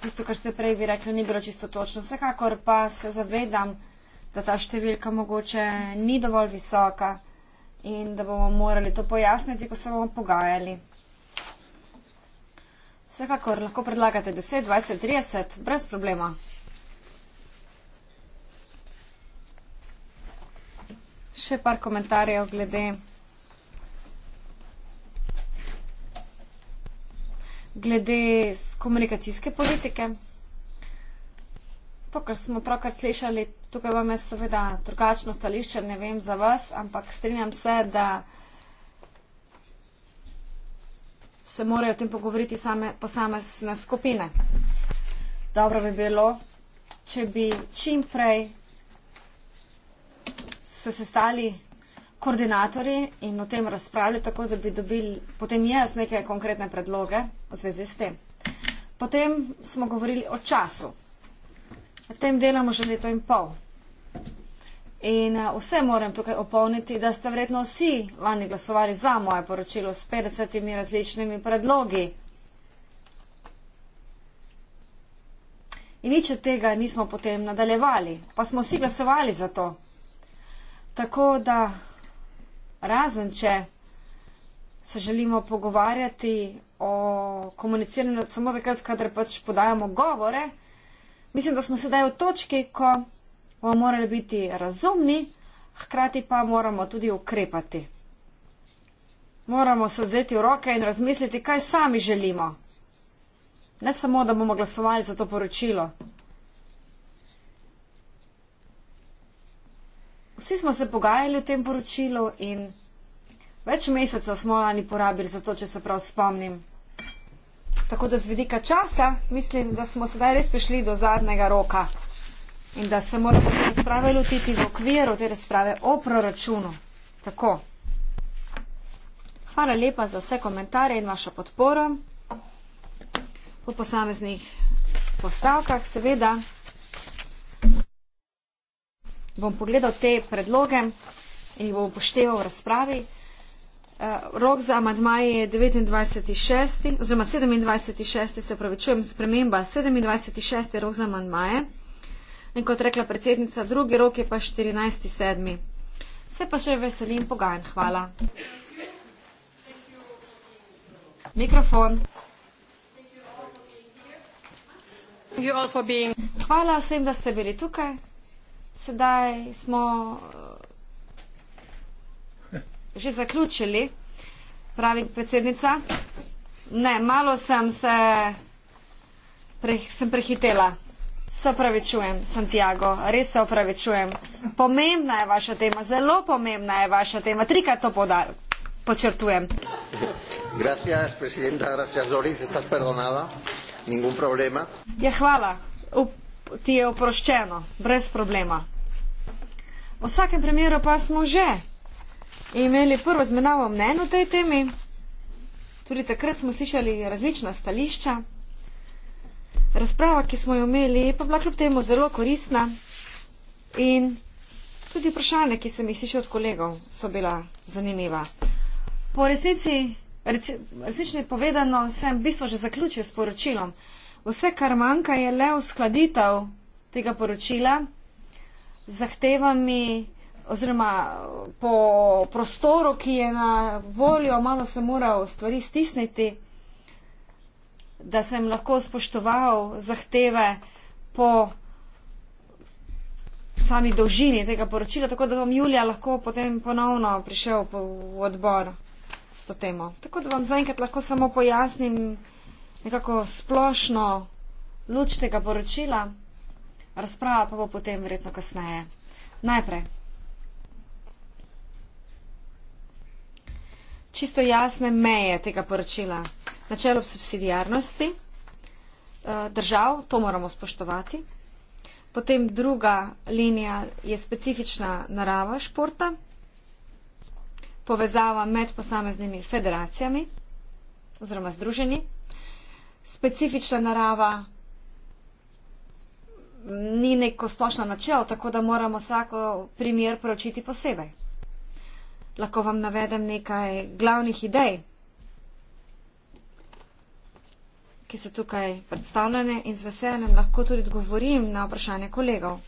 C: tisto, kar ste prej vi rekli, ni bilo čisto točno. Vsekakor pa se zavedam, da ta številka mogoče ni dovolj visoka in da bomo morali to pojasniti, ko se bomo pogajali. Vsekakor lahko predlagate 10, 20, 30, brez problema. Še par komentarjev glede. glede komunikacijske politike. To, kar smo pravkar slišali, tukaj vam je seveda drugačno stališče, ne vem za vas, ampak strinjam se, da se morajo o tem pogovoriti same, posamezne skupine. Dobro bi bilo, če bi čim prej se sestali koordinatorji in o tem razpravljajo, tako da bi dobili potem jaz neke konkretne predloge v zvezi s tem. Potem smo govorili o času. V tem delamo že leto in pol. In eh, vse moram tukaj opolniti, da ste vredno vsi lani glasovali za moje poročilo s 50 različnimi predlogi. In nič od tega nismo potem nadaljevali, pa smo vsi glasovali za to. Tako da razen če se želimo pogovarjati o komuniciranju samo takrat, kadar pač podajamo govore, mislim, da smo sedaj v točki, ko bomo morali biti razumni, hkrati pa moramo tudi ukrepati. Moramo se vzeti v roke in razmisliti, kaj sami želimo. Ne samo, da bomo glasovali za to poročilo. vsi smo se pogajali o tem poročilu in več mesecev smo lani porabili za to, če se prav spomnim. Tako da z vidika časa mislim, da smo sedaj res prišli do zadnjega roka in da se moramo te razprave lotiti v okviru te razprave o proračunu. Tako. Hvala lepa za vse komentarje in vašo podporo po posameznih postavkah, seveda bom pogledal te predloge in jih bom upošteval v razpravi. Eh, rok za amadmaje je 29.6. oziroma 27.6. se opravičujem, sprememba 27.6. rok za amadmaje. In kot rekla predsednica, drugi rok je pa 14.7. Se pa še veselim pogajan. Hvala. Mikrofon. Hvala vsem, da ste bili tukaj sedaj smo eh, že zaključili, pravi predsednica. Ne, malo sem se pre, sem prehitela. Se opravičujem, Santiago, res se opravičujem. Pomembna je vaša tema, zelo pomembna je vaša tema. Trikrat to podar, počrtujem.
D: Gracias, presidenta, gracias, Doris, estás perdonada. Ningún problema.
C: Ja, hvala ti je oproščeno, brez problema. V vsakem primeru pa smo že imeli prvo zmenavo mnen o tej temi, tudi takrat smo slišali različna stališča. Razprava, ki smo jo imeli, pa bila kljub temu zelo koristna in tudi vprašanje, ki sem jih slišal od kolegov, so bila zanimiva. Po resnici, resnični povedano, sem v bistvu že zaključil s poročilom. Vse, kar manjka, je le uskladitev tega poročila z zahtevami oziroma po prostoru, ki je na voljo, malo sem moral stvari stisniti, da sem lahko spoštoval zahteve po sami dolžini tega poročila, tako da bom julija lahko potem ponovno prišel v odbor s to temo. Tako da vam zaenkrat lahko samo pojasnim, nekako splošno luč tega poročila, razprava pa bo potem verjetno kasneje. Najprej. Čisto jasne meje tega poročila. Načelo subsidijarnosti eh, držav, to moramo spoštovati. Potem druga linija je specifična narava športa, povezava med posameznimi federacijami oziroma združenji specifična narava, ni neko splošno načelo, tako da moramo vsako primer preučiti posebej. Lahko vam navedem nekaj glavnih idej, ki so tukaj predstavljene in z veseljem lahko tudi odgovorim na vprašanje kolegov.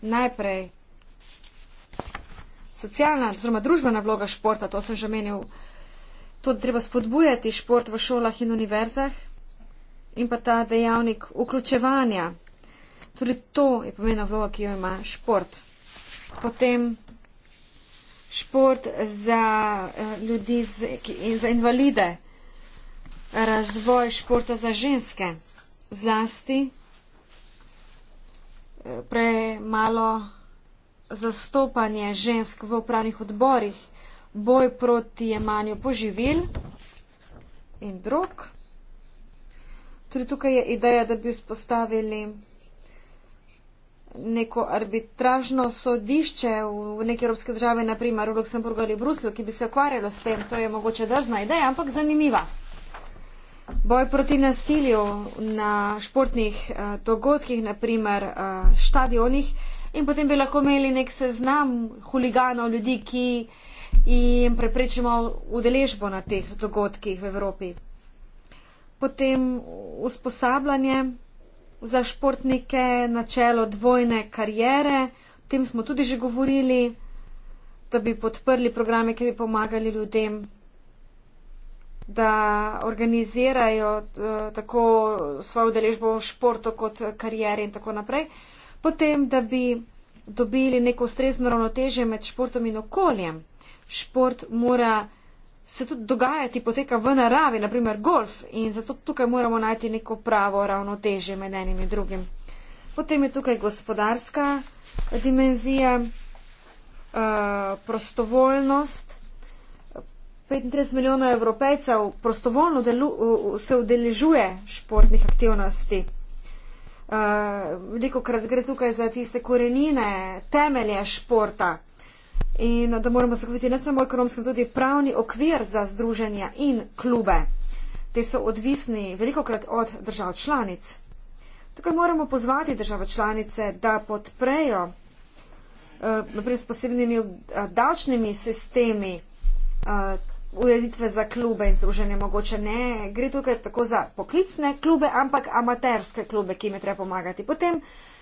C: Najprej, socialna oziroma družbena vloga športa, to sem že menil, to treba spodbujati šport v šolah in univerzah in pa ta dejavnik vključevanja. Tudi to je pomena vloga, ki jo ima šport. Potem šport za eh, ljudi in za invalide, razvoj športa za ženske, zlasti eh, premalo zastopanje žensk v upravnih odborih boj proti jemanju poživil in drog. Tudi tukaj je ideja, da bi vzpostavili neko arbitražno sodišče v neki evropske države, naprimer v Luksemburgu ali Bruslju, ki bi se ukvarjalo s tem. To je mogoče drzna ideja, ampak zanimiva. Boj proti nasilju na športnih eh, dogodkih, naprimer eh, štadionih, in potem bi lahko imeli nek seznam huliganov, ljudi, ki eh, in preprečimo udeležbo na teh dogodkih v Evropi. Potem usposabljanje za športnike, načelo dvojne karijere, o tem smo tudi že govorili, da bi podprli programe, ki bi pomagali ljudem, da organizirajo eh, tako svojo udeležbo v športu kot karijere in tako naprej. Potem, da bi dobili neko ustrezno ravnoteže med športom in okoljem šport mora se tudi dogajati, poteka v naravi, naprimer golf in zato tukaj moramo najti neko pravo ravnoteže med enim in drugim. Potem je tukaj gospodarska dimenzija, eh, prostovoljnost. 35 milijonov evropejcev prostovoljno delu, se udeležuje športnih aktivnosti. Eh, Veliko krat gre tukaj za tiste korenine, temelje športa, in da moramo zagotoviti ne samo ekonomski, tudi pravni okvir za združenja in klube. Te so odvisni velikokrat od držav članic. Tukaj moramo pozvati države članice, da podprejo eh, naprej s posebnimi eh, davčnimi sistemi eh, ureditve za klube in združenje. Mogoče ne gre tukaj tako za poklicne klube, ampak amaterske klube, ki jim je treba pomagati. Potem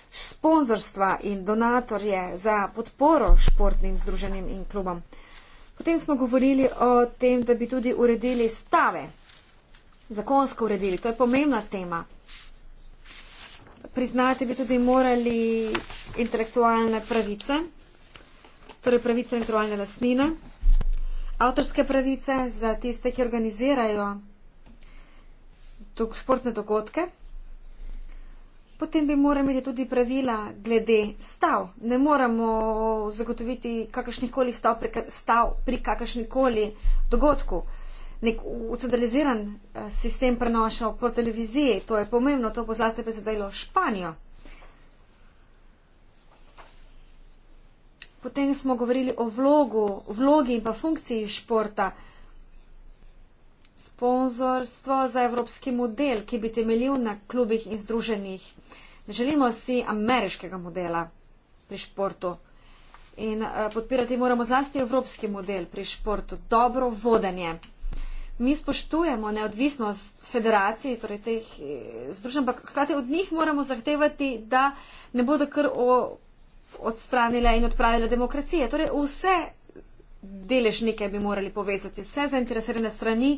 C: sponzorstva in donatorje za podporo športnim združenim in klubom. Potem smo govorili o tem, da bi tudi uredili stave, zakonsko uredili, to je pomembna tema. Priznati bi tudi morali intelektualne pravice, torej pravice intelektualne lasnine, avtorske pravice za tiste, ki organizirajo tuk športne dogodke potem bi morali imeti tudi pravila glede stav. Ne moramo zagotoviti kakršnikoli stav pri, stav pri kakršnikoli dogodku. Nek centraliziran eh, sistem prenoša po televiziji, to je pomembno, to poznate pa sedaj v Španijo. Potem smo govorili o vlogu, vlogi in pa funkciji športa. Uh, sponzorstvo za evropski model, ki bi temeljil na klubih in združenih. Ne želimo si ameriškega modela pri športu. In eh, podpirati moramo zlasti evropski model pri športu, dobro vodenje. Mi spoštujemo neodvisnost federacij, torej teh eh, združen, ampak hkrati od njih moramo zahtevati, da ne bodo kar odstranile in odpravile demokracije. Torej vse delež nekaj bi morali povezati. Vse zainteresirane strani,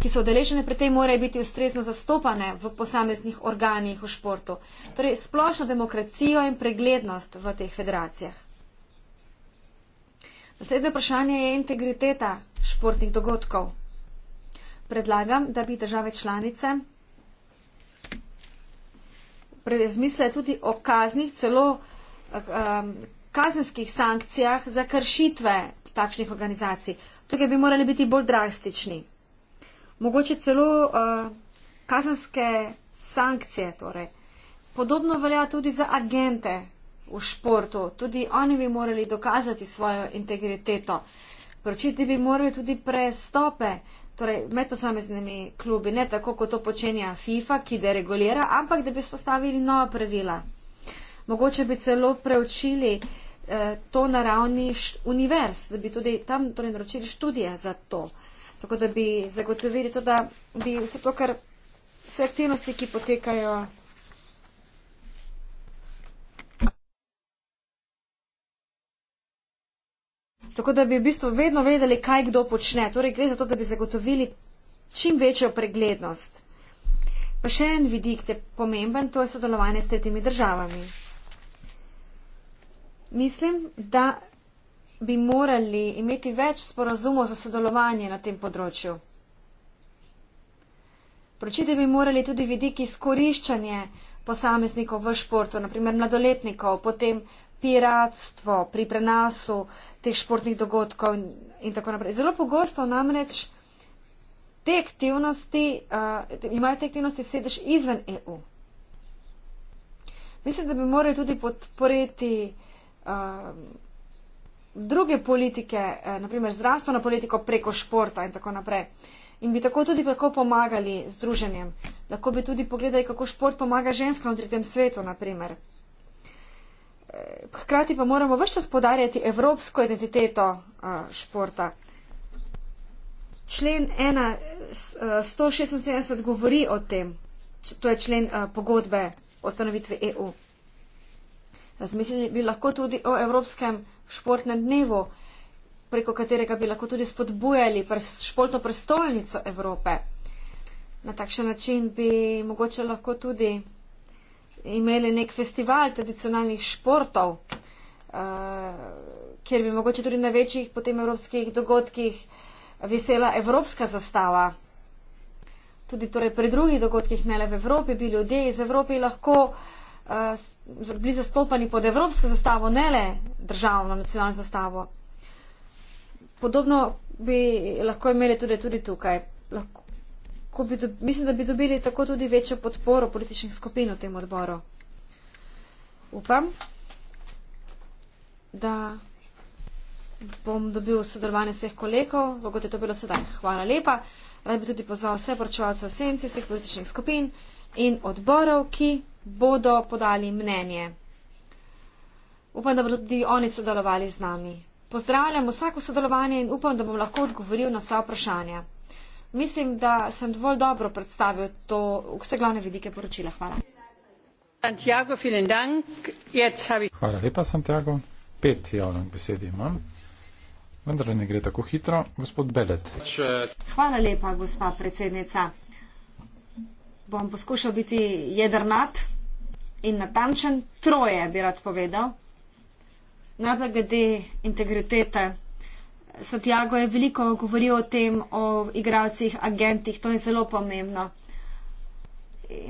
C: ki so odeležene pri tem, morajo biti ustrezno zastopane v posameznih organih v športu. Torej, splošno demokracijo in preglednost v teh federacijah. Naslednje vprašanje je integriteta športnih dogodkov. Predlagam, da bi države članice razmislile tudi o kaznih, celo um, kazenskih sankcijah za kršitve takšnih organizacij. Tukaj bi morali biti bolj drastični. Mogoče celo uh, kazenske sankcije. Torej. Podobno velja tudi za agente v športu. Tudi oni bi morali dokazati svojo integriteto. Pročiti bi morali tudi prestope torej med posameznimi klubi, ne tako, kot to počenja FIFA, ki deregulira, ampak da bi spostavili nova pravila mogoče bi celo preučili eh, to na ravni univerz, da bi tudi tam torej, naročili študije za to. Tako da bi zagotovili to, da bi vse to, kar vse aktivnosti, ki potekajo. Tako da bi v bistvu vedno vedeli, kaj kdo počne. Torej gre za to, da bi zagotovili čim večjo preglednost. Pa še en vidik, ki je pomemben, to je sodelovanje s tretjimi državami mislim, da bi morali imeti več sporazumov za sodelovanje na tem področju. Pročiti bi morali tudi vidiki izkoriščanje posameznikov v športu, naprimer mladoletnikov, potem piratstvo pri prenasu teh športnih dogodkov in tako naprej. Zelo pogosto namreč te aktivnosti, uh, imajo te aktivnosti sedež izven EU. Mislim, da bi morali tudi podporiti uh, uh, druge politike, uh, eh, naprimer zdravstveno politiko preko športa in tako naprej. In bi tako tudi lahko pomagali združenjem. Lahko bi tudi pogledali, kako šport pomaga ženskam v tretjem svetu, naprimer. Eh, hkrati pa moramo vse čas podarjati evropsko identiteto uh, športa. Člen 1, uh, 176 govori o tem, to je člen uh, pogodbe o stanovitvi EU. Razmisliti bi lahko tudi o Evropskem športnem dnevu, preko katerega bi lahko tudi spodbujali športno prestolnico Evrope. Na takšen način bi mogoče lahko tudi imeli nek festival tradicionalnih športov, eh, kjer bi mogoče tudi na večjih potem evropskih dogodkih vesela evropska zastava. Tudi torej pri drugih dogodkih, ne le v Evropi, bi ljudje iz Evropi lahko Eh, bili zastopani pod evropsko zastavo, ne le državno nacionalno zastavo. Podobno bi lahko imeli tudi, tudi tukaj. Lahko, ko bi, mislim, da bi dobili tako tudi večjo podporo političnih skupin v tem odboru. Upam, da bom dobil sodelovanje vseh kolegov, kot je to bilo sedaj. Hvala lepa. Rad bi tudi pozval vse poročevalce v senci, vseh političnih skupin in odborov, ki bodo podali mnenje. Upam, da bodo tudi oni sodelovali z nami. Pozdravljam vsako sodelovanje in upam, da bom lahko odgovoril na vsa vprašanja. Mislim, da sem dovolj dobro predstavil to vse glavne vidike poročila. Hvala.
B: Santiago,
D: Hvala lepa, Santiago. Pet javnih besed imam. Vendar ne gre tako hitro. Gospod Belet.
C: Hvala lepa, gospa predsednica. Bom poskušal biti jedrnat in natančen, troje bi rad povedal. Najprej glede integritete. Santiago je veliko govoril o tem, o igralcih, agentih, to je zelo pomembno.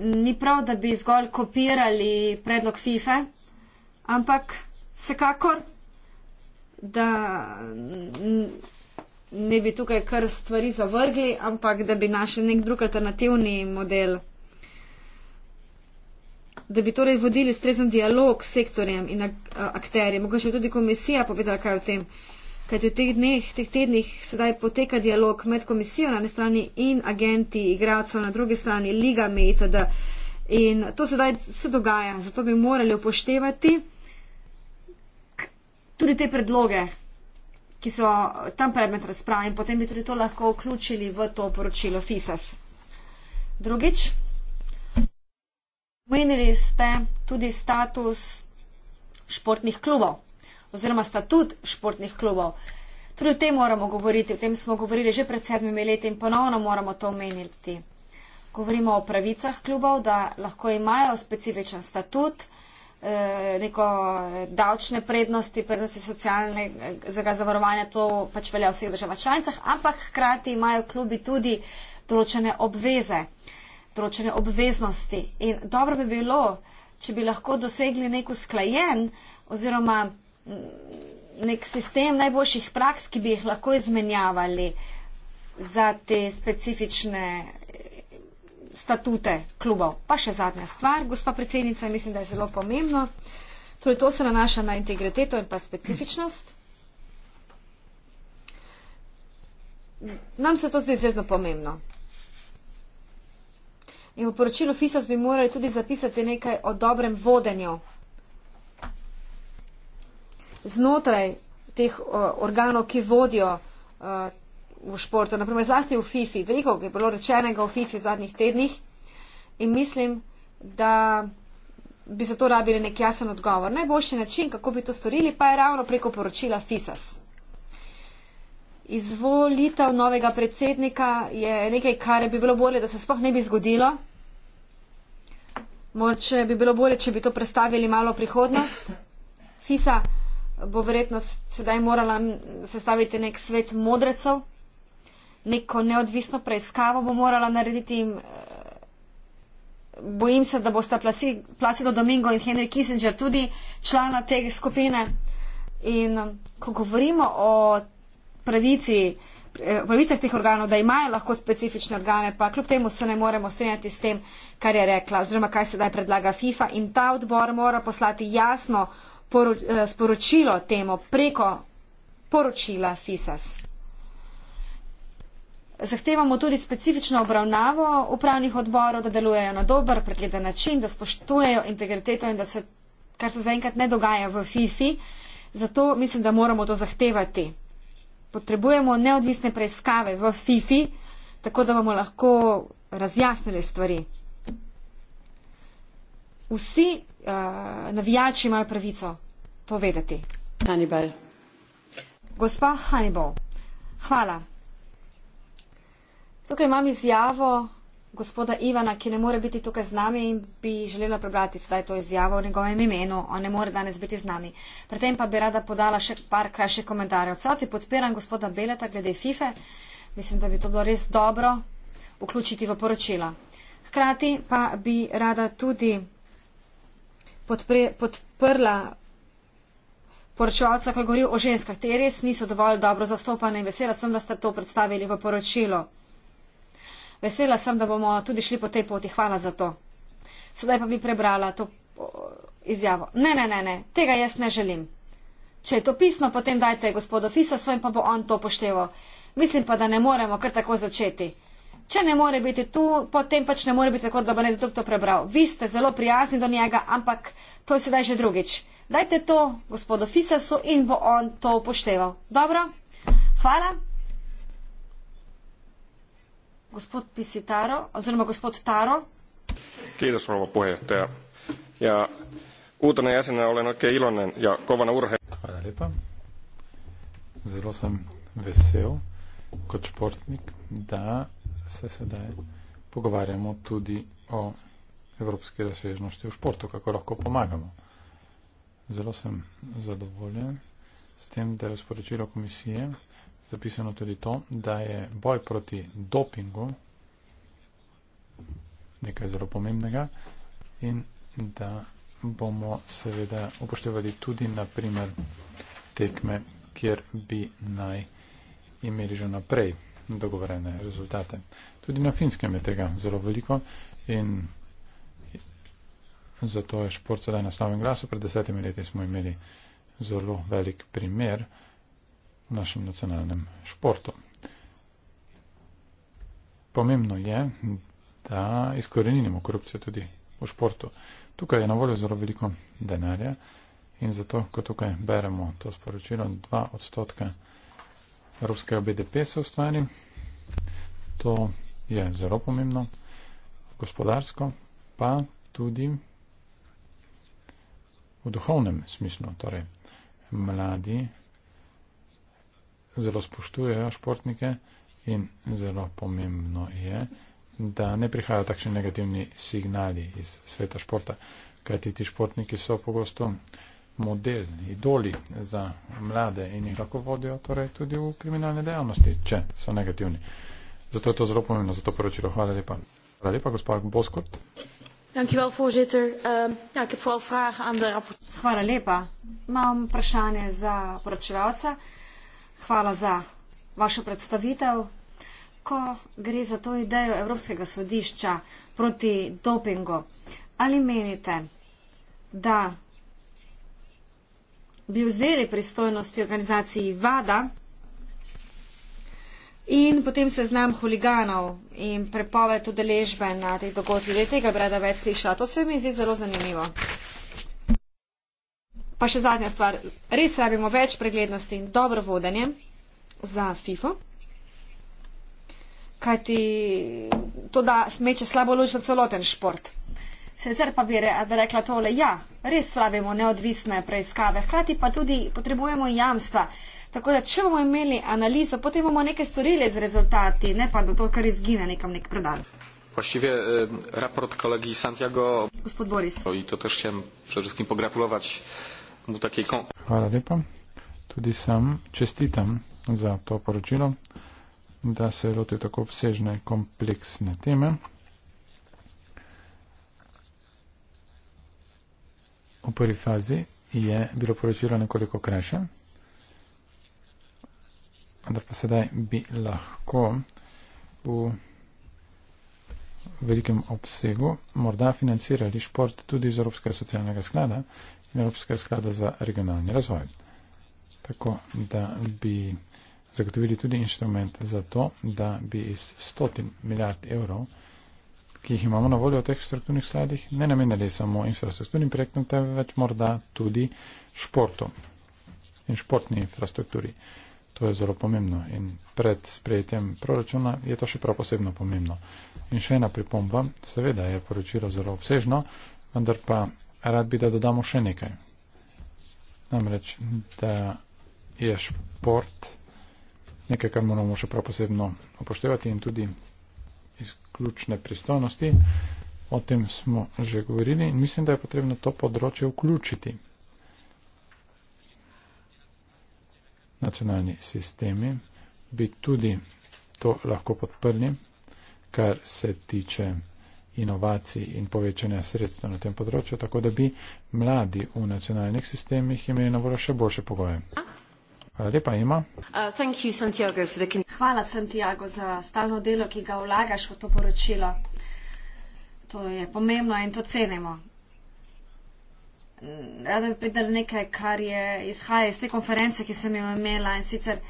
C: Ni prav, da bi zgolj kopirali predlog FIFA, e, ampak vsekakor, da ne bi tukaj kar stvari zavrgli, ampak da bi našli nek drug alternativni model da bi torej vodili strezen dialog s sektorjem in akterjem. Mogoče bi tudi komisija povedala kaj o tem, kajti v teh dneh, teh tednih sedaj poteka dialog med komisijo na eni strani in agenti, igralcev na drugi strani, ligami e itd. In to sedaj se dogaja, zato bi morali upoštevati tudi te predloge, ki so tam predmet razprave in potem bi tudi to lahko vključili v to poročilo FISAS. Drugič. Omenili ste tudi status športnih klubov oziroma statut športnih klubov. Tudi o tem moramo govoriti, o tem smo govorili že pred sedmimi leti in ponovno moramo to omeniti. Govorimo o pravicah klubov, da lahko imajo specifičen statut, eh, neko davčne prednosti, prednosti socialnega zavarovanja, to pač velja v vseh državah članicah, ampak hkrati imajo klubi tudi določene obveze določene obveznosti. In dobro bi bilo, če bi lahko dosegli nek usklajen oziroma mm, nek sistem najboljših praks, ki bi jih lahko izmenjavali za te specifične statute klubov. Pa še zadnja stvar, gospa predsednica, mislim, da je zelo pomembno. Torej, to se nanaša na integriteto in pa specifičnost. Nam se to zdi izredno pomembno. In v poročilu FISAS bi morali tudi zapisati nekaj o dobrem vodenju znotraj teh organov, ki vodijo v športu, naprimer zlasti v FIFI. Veliko je bilo rečenega v FIFI v zadnjih tednih in mislim, da bi za to rabili nek jasen odgovor. Najboljši način, kako bi to storili, pa je ravno preko poročila FISAS. Izvolitev novega predsednika je nekaj, kar bi bilo bolje, da se sploh ne bi zgodilo. Moče bi bilo bolje, če bi to predstavili malo prihodnost. Fisa bo verjetno sedaj morala sestaviti nek svet modrecev, neko neodvisno preiskavo bo morala narediti in eh, bojim se, da bosta Placido Domingo in Henry Kissinger tudi člana te skupine. In ko govorimo o pravici, Eh, volitvah teh organov, da imajo lahko specifične organe, pa kljub temu se ne moremo strinjati s tem, kar je rekla, oziroma kaj sedaj predlaga FIFA in ta odbor mora poslati jasno eh, sporočilo temu preko poročila FISAS. Zahtevamo tudi specifično obravnavo upravnih odborov, da delujejo na dober, pregleden način, da spoštujejo integriteto in da se, kar se zaenkrat ne dogaja v FIFI, zato mislim, da moramo to zahtevati potrebujemo neodvisne preiskave v FIFI, tako da bomo lahko razjasnili stvari. Vsi uh, navijači imajo pravico to vedeti. Hannibal. Gospa Hannibal, hvala. Tukaj imam izjavo gospoda Ivana, ki ne more biti tukaj z nami in bi želela prebrati sedaj to izjavo v njegovem imenu. On ne more danes biti z nami. Predtem pa bi rada podala še par krajših komentarjev. Celoti podpiram gospoda Beleta glede FIFE. Mislim, da bi to bilo res dobro vključiti v poročila. Hkrati pa bi rada tudi podpre, podprla poročevalca, ko je govoril o ženskah. Te res niso dovolj dobro zastopane in vesela sem, da ste to predstavili v poročilo. Vesela sem, da bomo tudi šli po tej poti. Hvala za to. Sedaj pa bi prebrala to izjavo. Ne, ne, ne, ne, tega jaz ne želim. Če je to pisno, potem dajte gospodu Fisa svojim, pa bo on to pošteval. Mislim pa, da ne moremo kar tako začeti. Če ne more biti tu, potem pač ne more biti tako, da bo nekdo to prebral. Vi ste zelo prijazni do njega, ampak to je sedaj že drugič. Dajte to gospodu Fisasu in bo on to upošteval. Dobro? Hvala. Gospod Pisitaro, oziroma gospod Taro.
D: Kiitos rouva puheenjohtaja. Ja uutena jäsenä olen oikein iloinen ja kovana urhe. Hvala Zelo sem vesel kot športnik, da se sedaj pogovarjamo tudi o evropski razsežnosti v športu, kako lahko pomagamo. Zelo sem zadovoljen s tem, da je v sporočilo komisije zapisano tudi to, da je boj proti dopingu nekaj zelo pomembnega in da bomo seveda upoštevali tudi naprimer tekme, kjer bi naj imeli že naprej dogovorene rezultate. Tudi na finskem je tega zelo veliko in zato je šport sedaj na slavnem glasu. Pred desetimi leti smo imeli zelo velik primer našem nacionalnem športu. Pomembno je, da izkoreninimo korupcijo tudi v športu. Tukaj je na voljo zelo veliko denarja in zato, ko tukaj beremo to sporočilo, 2 odstotka evropskega BDP se ustvari. To je zelo pomembno. Gospodarsko pa tudi v duhovnem smislu. Torej, mladi zelo spoštujejo ja, športnike in zelo pomembno je, da ne prihajajo takšni negativni signali iz sveta športa, kajti ti športniki so pogosto model, idoli za mlade in jih lahko vodijo torej, tudi v kriminalne dejavnosti, če so negativni. Zato je to zelo pomembno, zato poročilo. Hvala lepa. Hvala lepa, gospod Boskort.
C: Dankjewel, voorzitter. Uh, ja, ik heb vooral vragen aan de rapporteur. Hvala lepa. Imam vprašanje za poročevalca. Uh, Hvala za vašo predstavitev. Ko gre za to idejo Evropskega sodišča proti dopingu, ali menite, da bi vzeli pristojnosti organizaciji VADA in potem seznam huliganov in prepoved udeležbe na teh dogodkih? Tega bi rada več slišala. To se mi zdi zelo zanimivo. Pa še zadnja stvar. Res rabimo več preglednosti in dobro vodenje za FIFO. Kaj ti to da smeče slabo luč na celoten šport? Sicer pa bi rekla tole, ja, res slabimo neodvisne preiskave, hkrati pa tudi potrebujemo jamstva. Tako da, če bomo imeli analizo, potem bomo nekaj storili z rezultati, ne pa da to kar izgine nekam nek predal.
D: Vlastivě eh, raport kolegy Santiago. Gospod Boris. To, to tež chcem především pogratulovat v taki kamp. Hvala lepa. Tudi sam čestitam za to poročilo, da se loti tako obsežne kompleksne teme. V prvi fazi je bilo poročilo nekoliko krajše, vendar pa sedaj bi lahko v velikem obsegu morda financirali šport tudi iz Evropskega socialnega sklada, Evropskega sklada za regionalni razvoj. Tako da bi zagotovili tudi inštrument za to, da bi iz 100 milijard evrov, ki jih imamo na voljo v teh strukturnih skladih, ne namenjali samo infrastrukturnim projektom, temveč morda tudi športu in športni infrastrukturi. To je zelo pomembno in pred sprejetjem proračuna je to še prav posebno pomembno. In še ena pripomba, seveda je poročilo zelo obsežno, vendar pa rad bi, da dodamo še nekaj. Namreč, da je šport nekaj, kar moramo še prav posebno upoštevati in tudi izključne pristojnosti. O tem smo že govorili in mislim, da je potrebno to področje vključiti. Nacionalni sistemi bi tudi to lahko podprli, kar se tiče inovacij in povečanja sredstva na tem področju, tako da bi mladi v nacionalnih sistemih imeli na voljo še boljše pogoje. Hvala lepa, Ima.
C: Uh, Hvala, Santiago, za stalno delo, ki ga vlagaš v to poročilo. To je pomembno in to cenimo. Rada bi pridala nekaj, kar je izhaja iz te konference, ki sem jo imela in sicer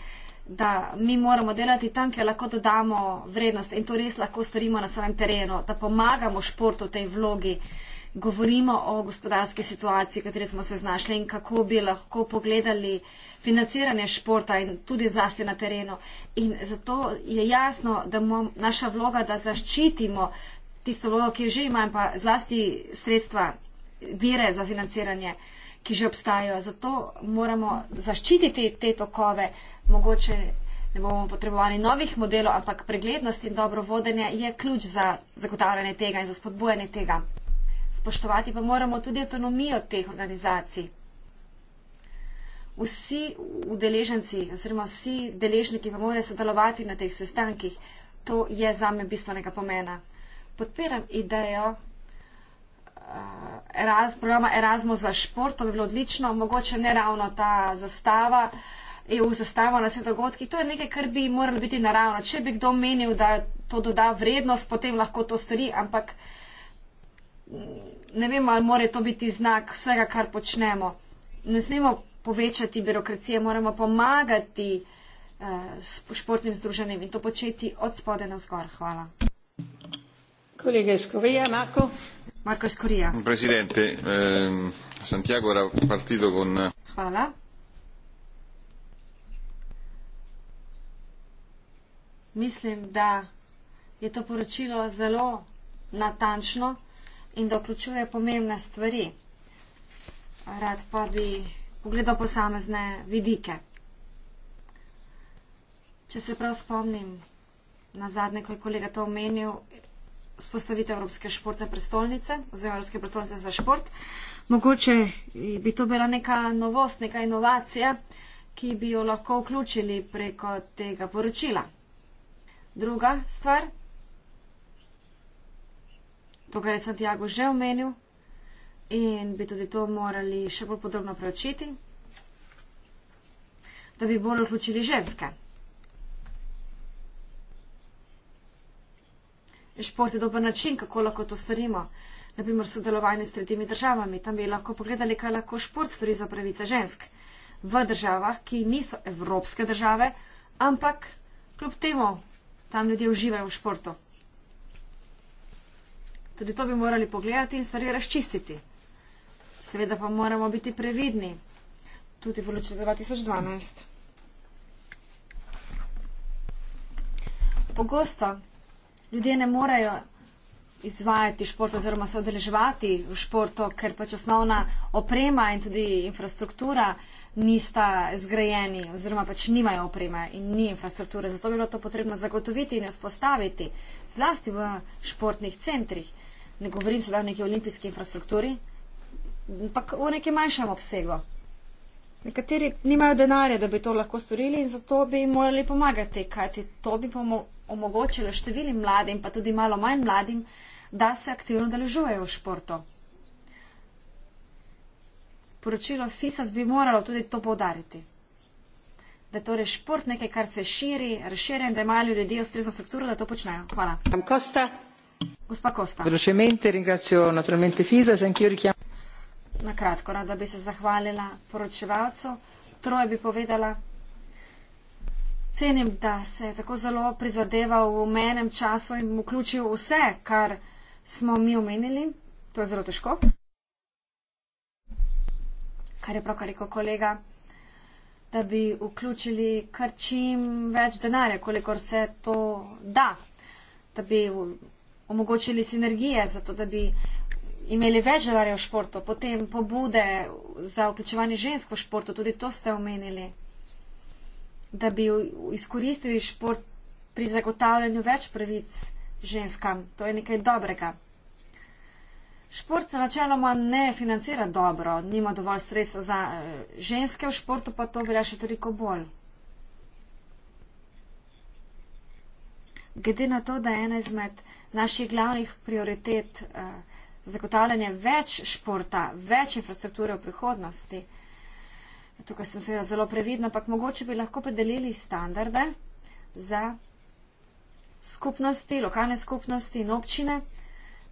C: da mi moramo delati tam, kjer lahko dodamo vrednost in to res lahko storimo na svojem terenu, da pomagamo športu v tej vlogi. Govorimo o gospodarski situaciji, v kateri smo se znašli in kako bi lahko pogledali financiranje športa in tudi zasti na terenu. In zato je jasno, da je naša vloga, da zaščitimo tisto vlogo, ki že ima in pa zlasti sredstva, vire za financiranje, ki že obstajajo. Zato moramo zaščititi te tokove, mogoče ne bomo potrebovali novih modelov, ampak preglednost in dobro vodenje je ključ za zagotavljanje tega in za spodbujanje tega. Spoštovati pa moramo tudi avtonomijo teh organizacij. Vsi udeleženci oziroma vsi deležniki pa morajo sodelovati na teh sestankih. To je zame bistvenega pomena. Podpiram idejo eh, Erasmus, programa Erasmus za šport, to bi bilo odlično, mogoče ne ravno ta zastava, EU zastavo na vse dogodki. To je nekaj, kar bi moralo biti naravno. Če bi kdo menil, da to doda vrednost, potem lahko to stori, ampak ne vem, ali more to biti znak vsega, kar počnemo. Ne smemo povečati birokracije, moramo pomagati eh, športnim združenjem in to početi od spode na
B: zgor. Hvala. Kolega Skovija, Marko. Marko Skovija.
D: Presidente, eh, Santiago era partito con.
B: Hvala.
C: mislim, da je to poročilo zelo natančno in da vključuje pomembne stvari. Rad pa bi pogledal posamezne vidike. Če se prav spomnim na zadnje, ko je kolega to omenil, spostavite Evropske športne prestolnice oziroma Evropske prestolnice za šport. Mogoče bi to bila neka novost, neka inovacija, ki bi jo lahko vključili preko tega poročila. Druga stvar, to, kar je Santiago že omenil in bi tudi to morali še bolj podrobno preočiti, da bi bolj vključili ženske. Šport je dober način, kako lahko to storimo. Naprimer, sodelovanje s tretjimi državami. Tam bi lahko pogledali, kaj lahko šport stori za pravice žensk v državah, ki niso evropske države, ampak kljub temu tam ljudje uživajo v športu. Tudi to bi morali pogledati in stvari razčistiti. Seveda pa moramo biti previdni. Tudi v luči 2012. Pogosto ljudje ne morejo izvajati športa oziroma se odeleževati v športu, ker pač osnovna oprema in tudi infrastruktura uh, nista zgrajeni oziroma pač nimajo opreme in ni infrastrukture. Zato bi bilo to potrebno zagotoviti in vzpostaviti, zlasti v športnih centrih. Ne govorim sedaj o neki olimpijski infrastrukturi, ampak v nekem manjšem obsegu. Nekateri nimajo denarja, da bi to lahko storili in zato bi morali pomagati, kajti to bi omogočilo številim mladim, pa tudi malo manj mladim, da se aktivno deležujejo v športu poročilo FISAS bi moralo tudi to povdariti. Da je torej šport nekaj, kar se širi, razširja in da imajo ljudje ustrezno strukturo, da to počnejo. Hvala. Kosta. Gospa Kosta. Veločemente,
A: ringrazio naturalmente FISAS in kjer kjer.
C: Na kratko, rada bi se zahvalila poročevalcu. Troje bi povedala. Cenim, da se je tako zelo prizadeval v menem času in vključil vse, kar smo mi omenili. To je zelo težko kar je pravkar rekel kolega, da bi vključili kar čim več denarja, kolikor se to da, da bi omogočili sinergije, zato da bi imeli več denarja v športu, potem pobude za vključevanje žensk v športu, tudi to ste omenili, da bi izkoristili šport pri zagotavljanju več pravic ženskam. To je nekaj dobrega. Šport se načeloma ne financira dobro, nima dovolj sredstev za eh, ženske v športu, pa to velja še toliko bolj. Glede na to, da je ena izmed naših glavnih prioritet eh, zagotavljanje več športa, več infrastrukture v prihodnosti, tukaj sem seveda zelo previdna, ampak mogoče bi lahko predelili standarde za skupnosti, lokalne skupnosti in občine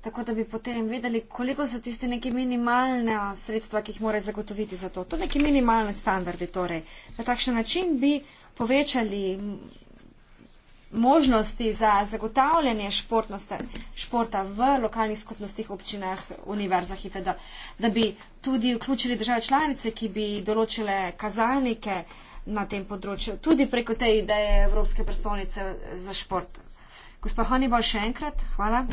C: tako da bi potem vedeli, koliko so tiste neke minimalne sredstva, ki jih mora zagotoviti za to. To neke minimalne standarde torej. Na takšen način bi povečali možnosti za zagotavljanje športa v lokalnih skupnostih, občinah, univerzah itd. Da bi tudi vključili države članice, ki bi določile kazalnike na tem področju, tudi preko te ideje Evropske prestolnice za šport. Gospod Honibal, še enkrat, hvala.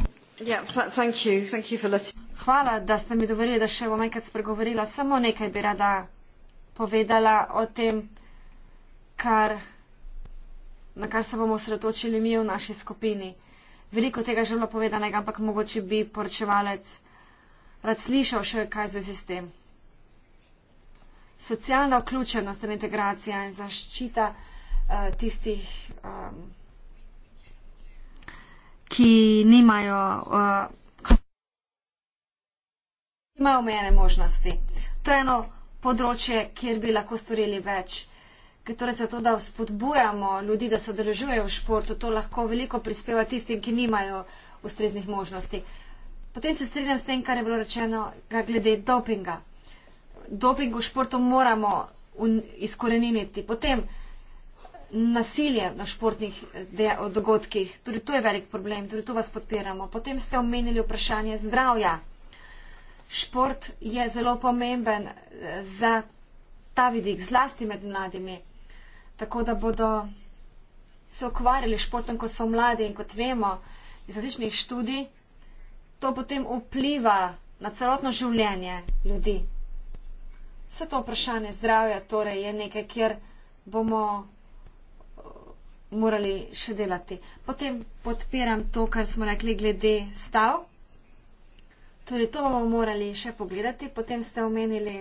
C: Ja, thank you. Thank you for letting... Hvala, da ste mi dovolili, da še bom enkrat spregovorila. Samo nekaj bi rada povedala o tem, kar, na kar se bomo osredotočili mi v naši skupini. Veliko tega je že bilo povedanega, ampak mogoče bi poročevalec rad slišal še kaj zvezi s tem. Socialna vključenost in integracija in zaščita uh, tistih. Um, ki nimajo. Uh, imajo omejene možnosti. To je eno področje, kjer bi lahko storili več. Torej, zato, da spodbujamo ljudi, da se odrežujejo v športu, to lahko veliko prispeva tistim, ki nimajo ustreznih možnosti. Potem se strinjam s tem, kar je bilo rečeno glede dopinga. Doping v športu moramo izkoreniniti. Potem, nasilje na športnih dogodkih. Tudi to je velik problem, tudi to vas podpiramo. Potem ste omenili vprašanje zdravja. Šport je zelo pomemben eh, za ta vidik, zlasti med mladimi. Tako da bodo se ukvarjali športom, ko so mladi in kot vemo iz različnih študij, to potem vpliva na celotno življenje ljudi. Vse to vprašanje zdravja torej je nekaj, kjer bomo morali še delati. Potem podpiram to, kar smo rekli glede stav. Torej, to bomo morali še pogledati. Potem ste omenili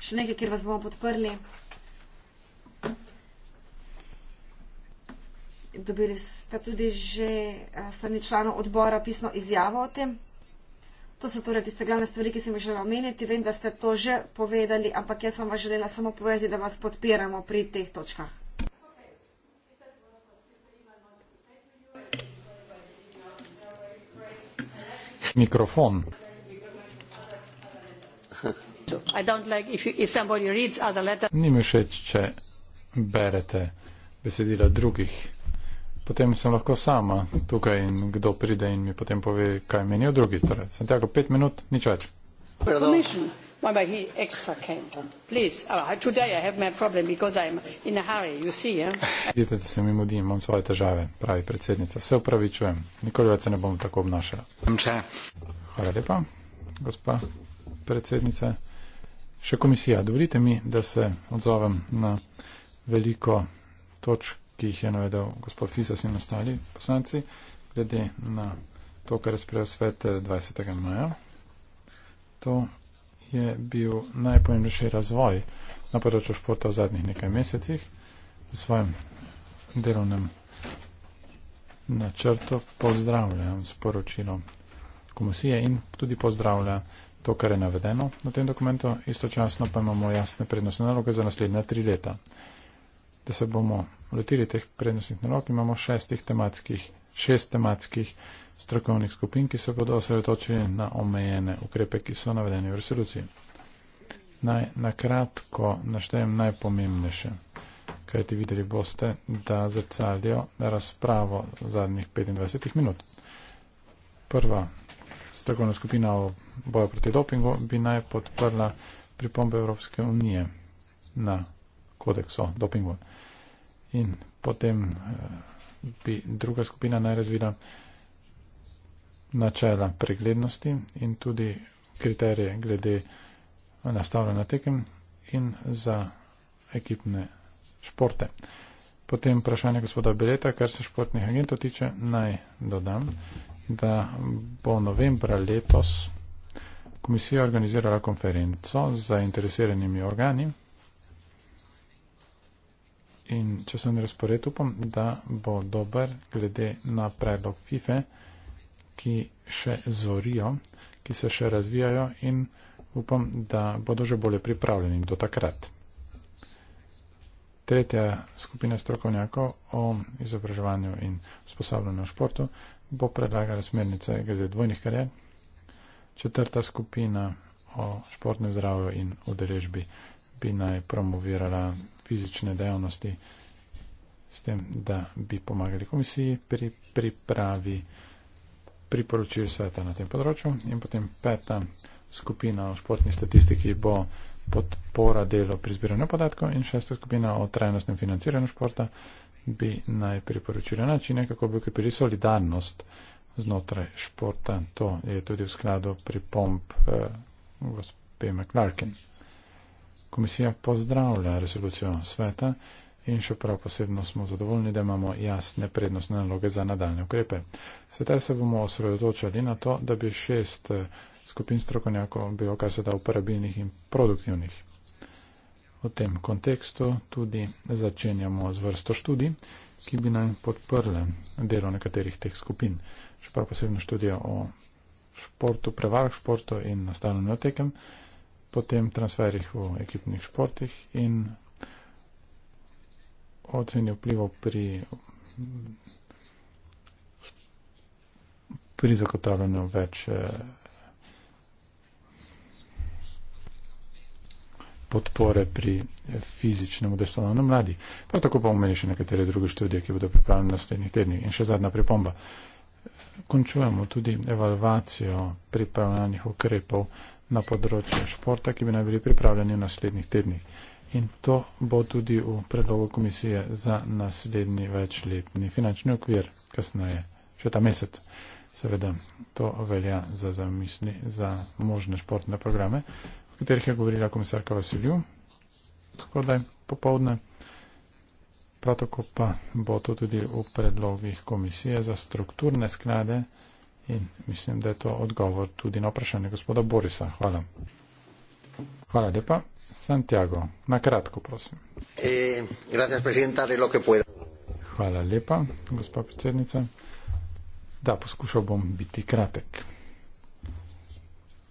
C: še nekaj, kjer vas bomo podprli. Dobili ste tudi že eh, strani članov odbora pisno izjavo o tem. To so torej tiste glavne stvari, ki sem jih želela omeniti. Vem, da ste to že povedali, ampak jaz sem vam želela samo povedati, da vas podpiramo pri teh točkah.
D: mikrofon. Ni mi všeč, če berete besedila drugih. Potem sem lahko sama tukaj in kdo pride in mi potem pove, kaj menijo drugi. Torej, sem tako pet minut, nič več.
B: Pardon. Well, but he extra came. Please, oh, today I have my problem because I'm in a hurry, you see. Eh?
D: Vidite, da se mi mudim, imam svoje težave, pravi predsednica. Se upravičujem, nikoli več se ne bom tako obnašala. Če. Hvala lepa, gospa predsednica. Še komisija, dovolite mi, da se odzovem na veliko točk, ki jih je navedel gospod Fisas in ostali poslanci, glede na to, kar je sprejel svet 20. Eh, maja. To je bil najpomembnejši razvoj na področju športa v zadnjih nekaj mesecih v svojem delovnem načrtu. Pozdravljam sporočilo komisije in tudi pozdravlja to, kar je navedeno na tem dokumentu. Istočasno pa imamo jasne prednostne naloge za naslednja tri leta. Da se bomo lotili teh prednostnih nalog, imamo šestih tematskih, šest tematskih strokovnih skupin, ki se bodo osredotočili na omejene ukrepe, ki so navedeni v resoluciji. Naj nakratko naštejem najpomembnejše, kajti videli boste, da zrcalijo razpravo zadnjih 25 minut. Prva strokovna skupina o boju proti dopingu bi naj podprla pripombe Evropske unije na kodeks o dopingu. In potem eh, bi druga skupina naj razvila načela preglednosti in tudi kriterije glede nastavljanja tekem in za ekipne športe. Potem vprašanje gospoda Beleta, kar se športnih agentov tiče, naj dodam, da bo novembra letos komisija organizirala konferenco z zainteresiranimi organi in če sem razpored upam, da bo dober glede na predlog FIFA e ki še zorijo, ki se še razvijajo in upam, da bodo že bolje pripravljeni do takrat. Tretja skupina strokovnjakov o izobraževanju in usposabljanju v športu bo predlagala smernice glede dvojnih karier. Četrta skupina o športnem zdravju in udeležbi bi naj promovirala fizične dejavnosti s tem, da bi pomagali komisiji pri pripravi priporočil sveta na tem področju in potem peta skupina o športni statistiki bo podpora delo pri zbiranju podatkov in šesta skupina o trajnostnem financiranju športa bi naj priporočila načine, kako bi ukrepili solidarnost znotraj športa. To je tudi v skladu pri pomp eh, gospe McLarkin. Komisija pozdravlja resolucijo sveta in še prav posebno smo zadovoljni, da imamo jasne prednostne naloge za nadaljne ukrepe. Sedaj se bomo osredotočali na to, da bi šest eh, skupin strokovnjakov bilo kar se da uporabilnih in produktivnih. V tem kontekstu tudi začenjamo z vrsto študij, ki bi naj podprle delo nekaterih teh skupin. Še prav posebno študijo o športu, prevarah športu in nastavljanju tekem, potem transferih v ekipnih športih in ocenje vplivov pri, pri zagotavljanju več eh, podpore pri fizičnem udestovanju na mladi. Prav tako pa omeni še nekatere druge študije, ki bodo pripravljene v naslednjih tednih. In še zadnja pripomba. Končujemo tudi evalvacijo pripravljanih ukrepov na področju športa, ki bi naj bili pripravljeni v naslednjih tednih in to bo tudi v predlogu komisije za naslednji večletni finančni okvir, kasneje, še ta mesec. Seveda, to velja za zamisli za možne športne programe, o katerih je govorila komisarka Vasilju, tako da je popovdne. Prav tako pa bo to tudi v predlogih komisije za strukturne sklade in mislim, da je to odgovor tudi na vprašanje gospoda Borisa. Hvala. Hvala lepa. Santiago, na kratko, prosim. Eh, Hvala lepa, gospa predsednica. Da, poskušal bom biti kratek.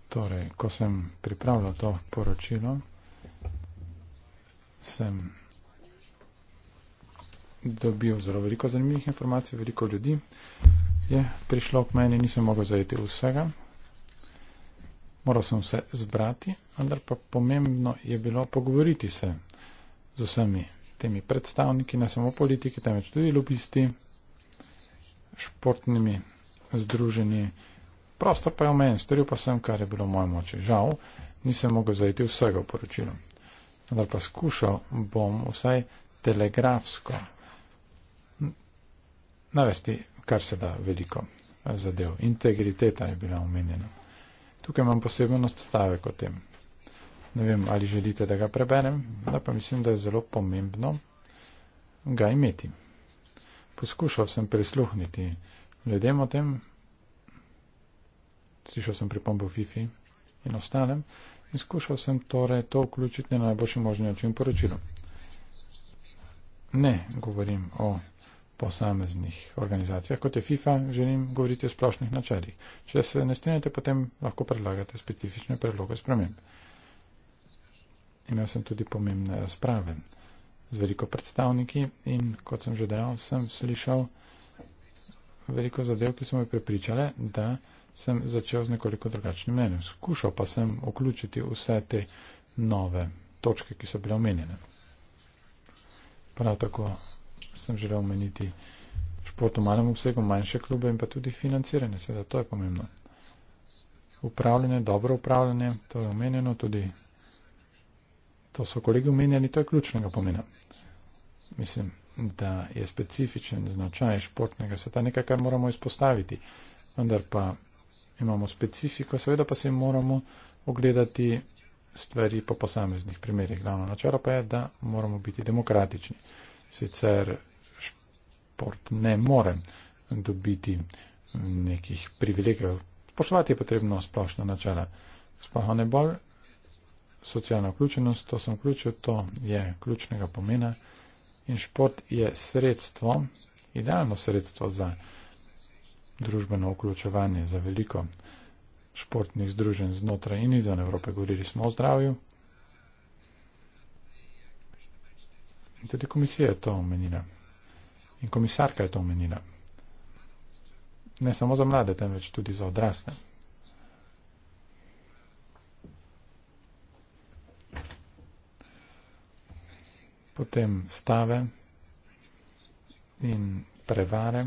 D: Torej, ko sem pripravljal to poročilo, sem dobil zelo veliko zanimivih informacij, veliko ljudi je prišlo k meni, nisem mogel zajeti vsega, Moral sem se zbrati, vendar pa pomembno je bilo pogovoriti se z vsemi temi predstavniki, ne samo politiki, temveč tudi lobisti, športnimi združenji. Prostor pa je omejen, storil pa sem, kar je bilo moje moče. Žal, nisem mogel zajeti vsega v poročilu. Vendar pa skušal bom vsaj telegrafsko navesti kar se da veliko zadev. Integriteta je bila omenjena. Tukaj imam poseben odstavek o tem. Ne vem, ali želite, da ga preberem, da pa mislim, da je zelo pomembno ga imeti. Poskušal sem prisluhniti ljudem o tem, slišal sem pripombo FIFI in ostalem in skušal sem torej to vključiti na najboljši možni način poročilo. Ne govorim o posameznih organizacijah, kot je FIFA, želim govoriti o splošnih načelih. Če se ne strinjate, potem lahko predlagate specifične predloge sprememb. Imel sem tudi pomembne razprave z veliko predstavniki in kot sem že dejal, sem slišal veliko zadev, ki so me prepričale, da sem začel z nekoliko drugačnim mnenjem. Skušal pa sem vključiti vse te nove točke, ki so bile omenjene. Prav tako sem želel omeniti šport v malem obsegu, manjše klube in pa tudi financiranje, seveda to je pomembno. Upravljanje, dobro upravljanje, to je omenjeno tudi, to so kolegi omenjali, to je ključnega pomena. Mislim, da je specifičen značaj športnega sveta nekaj, kar moramo izpostaviti, vendar pa imamo specifiko, seveda pa se moramo ogledati stvari po posameznih primerjih. Glavno načelo pa je, da moramo biti demokratični. Sicer šport ne more dobiti nekih privilegijev. Spoštovati je potrebno splošna načela. Splošno ne bolj socialna vključenost, to sem vključil, to je ključnega pomena. In šport je sredstvo, idealno sredstvo za družbeno vključevanje, za veliko športnih združenj znotraj in izven Evrope. Govorili smo o zdravju. In tudi komisija je to omenila. In komisarka je to omenila. Ne samo za mlade, temveč tudi za odrasle. Potem stave in prevare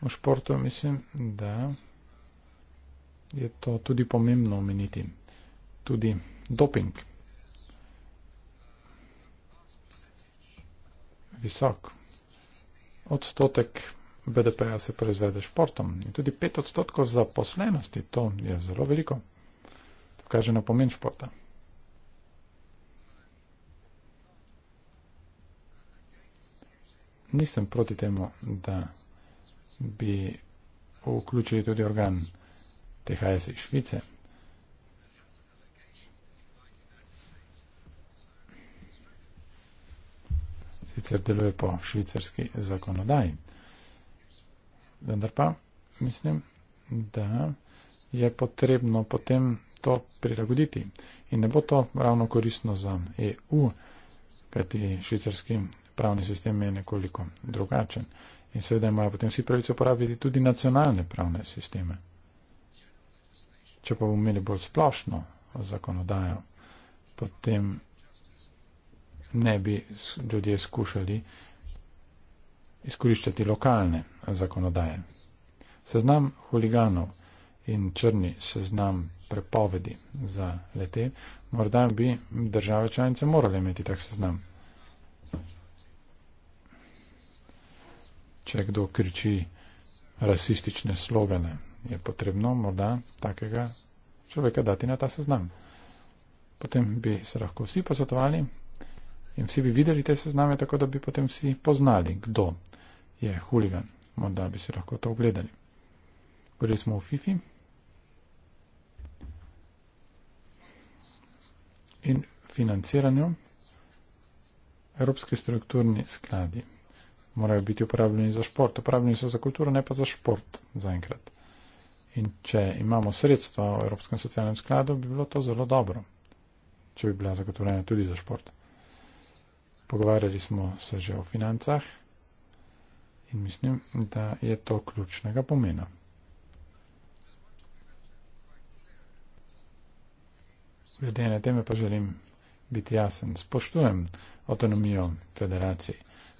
D: v športu, mislim, da je to tudi pomembno omeniti. Tudi doping. Visok odstotek BDP-ja se proizvede športom. In tudi pet odstotkov zaposlenosti, to je zelo veliko. To kaže na pomen športa. Nisem proti temu, da bi vključili tudi organ THS iz Švice, sicer deluje po švicarski zakonodaji. Vendar pa mislim, da je potrebno potem to prilagoditi. In ne bo to ravno koristno za EU, kajti švicarski pravni sistem je nekoliko drugačen. In seveda imajo potem vsi pravico uporabiti tudi nacionalne pravne sisteme. Če pa bomo imeli bolj splošno zakonodajo, potem ne bi ljudje skušali izkoriščati lokalne zakonodaje. Seznam huliganov in črni seznam prepovedi za lete, morda bi države članice morale imeti tak seznam. Če kdo kriči rasistične slogane, je potrebno morda takega človeka dati na ta seznam. Potem bi se lahko vsi posvetovali, In vsi bi videli te sezname, tako da bi potem vsi poznali, kdo je huligan. Morda bi si lahko to ogledali. Govorili smo o FIFI. In financiranju. Evropski strukturni skladi morajo biti uporabljeni za šport. Uporabljeni so za kulturo, ne pa za šport zaenkrat. In če imamo sredstva v Evropskem socialnem skladu, bi bilo to zelo dobro, če bi bila zagotovljena tudi za šport. Pogovarjali smo se že o financah in mislim, da je to ključnega pomena. Glede na teme pa želim biti jasen. Spoštujem avtonomijo federacij,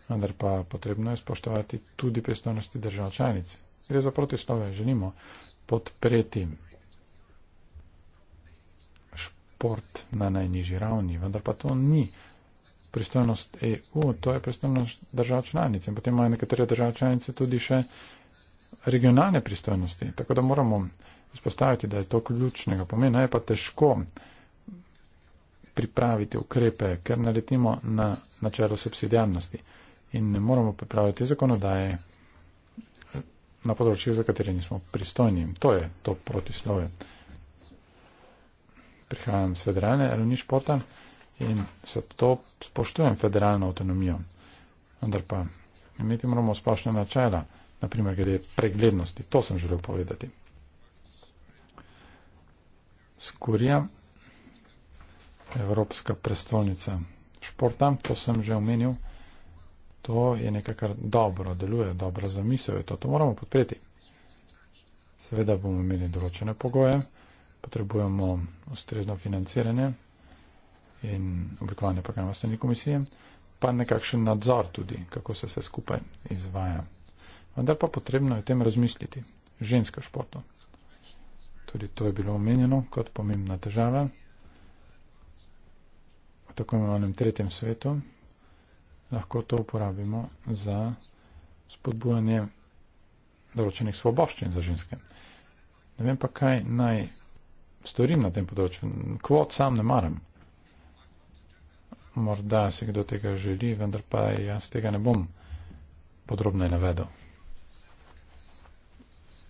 D: vendar pa potrebno je spoštovati tudi pristojnosti držav članic. Gre za protislove, želimo podpreti šport na najnižji ravni, vendar pa to ni pristojnost EU, to je pristojnost držav članice. Potem imajo nekatere držav članice tudi še regionalne pristojnosti. Tako da moramo izpostaviti, da je to ključnega pomena. Je pa težko pripraviti ukrepe, ker naletimo na načelo subsidijarnosti in ne moramo pripraviti zakonodaje na področjih, za katere nismo pristojni. To je to protislove. Prihajam s federalne ali ni športa. In zato spoštujem federalno avtonomijo. Vendar pa imeti moramo splošne načela, naprimer glede preglednosti. To sem želel povedati. Skurija, Evropska prestolnica športa, to sem že omenil, to je nekaj, kar dobro deluje, dobra zamisel je to, to moramo podpreti. Seveda bomo imeli določene pogoje, potrebujemo ustrezno financiranje, in oblikovanje programa strani komisije, pa nekakšen nadzor tudi, kako se vse skupaj izvaja. Vendar pa potrebno je o tem razmisliti. Ženska športo. Tudi to je bilo omenjeno kot pomembna težava v tako imenovanem tretjem svetu. Lahko to uporabimo za spodbujanje določenih svoboščin za ženske. Ne vem pa, kaj naj storim na tem področju. Kvot sam ne maram morda se kdo tega želi, vendar pa jaz tega ne bom podrobno navedel.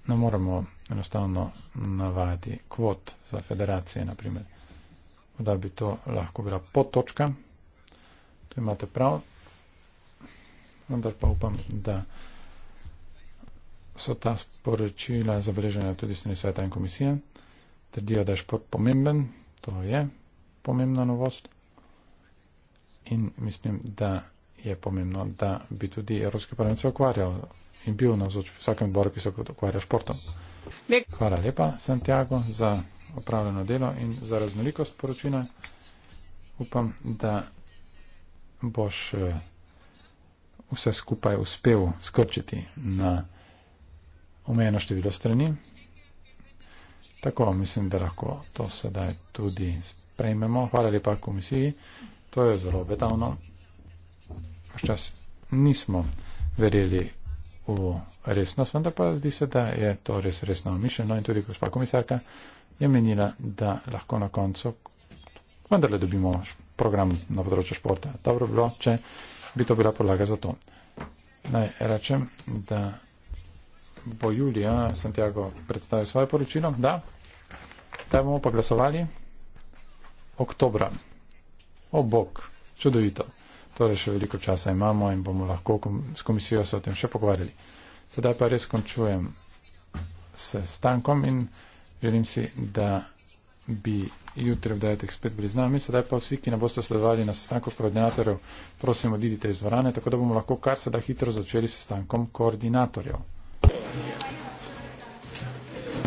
D: Ne moremo enostavno navajati kvot za federacije, naprimer. Da bi to lahko bila podtočka, to imate prav, vendar pa upam, da so ta sporočila zabeležena tudi strani sveta in komisije. Trdijo, da je šport pomemben, to je pomembna novost in mislim, da je pomembno, da bi tudi Evropski parlament se ukvarjal in bil na vzoč vsakem odboru, ki se ukvarja športom. Hvala lepa, Santiago, za opravljeno delo in za raznolikost poročina. Upam, da boš eh, vse skupaj uspel skrčiti na omejeno število strani. Tako mislim, da lahko to sedaj tudi sprejmemo. Hvala lepa komisiji. To je zelo obetavno. Včas nismo verjeli v resnost, vendar pa zdi se, da je to res resno omišljeno in tudi gospod komisarka je menila, da lahko na koncu vendarle dobimo program na področju športa. Dobro bi bilo, če bi to bila podlaga za to. Naj rečem, da bo Julija Santiago predstavil svoje poročilo, da, da bomo pa glasovali oktobra. O bog, čudovito. Torej še veliko časa imamo in bomo lahko s komisijo se o tem še pogovarjali. Sedaj pa res končujem s stankom in želim si, da bi jutri v dajetek spet bili z nami. Sedaj pa vsi, ki ne boste sledovali na sestanku koordinatorjev, prosim odidite iz dvorane, tako da bomo lahko kar sedaj hitro začeli s stankom koordinatorjev.
E: Yeah.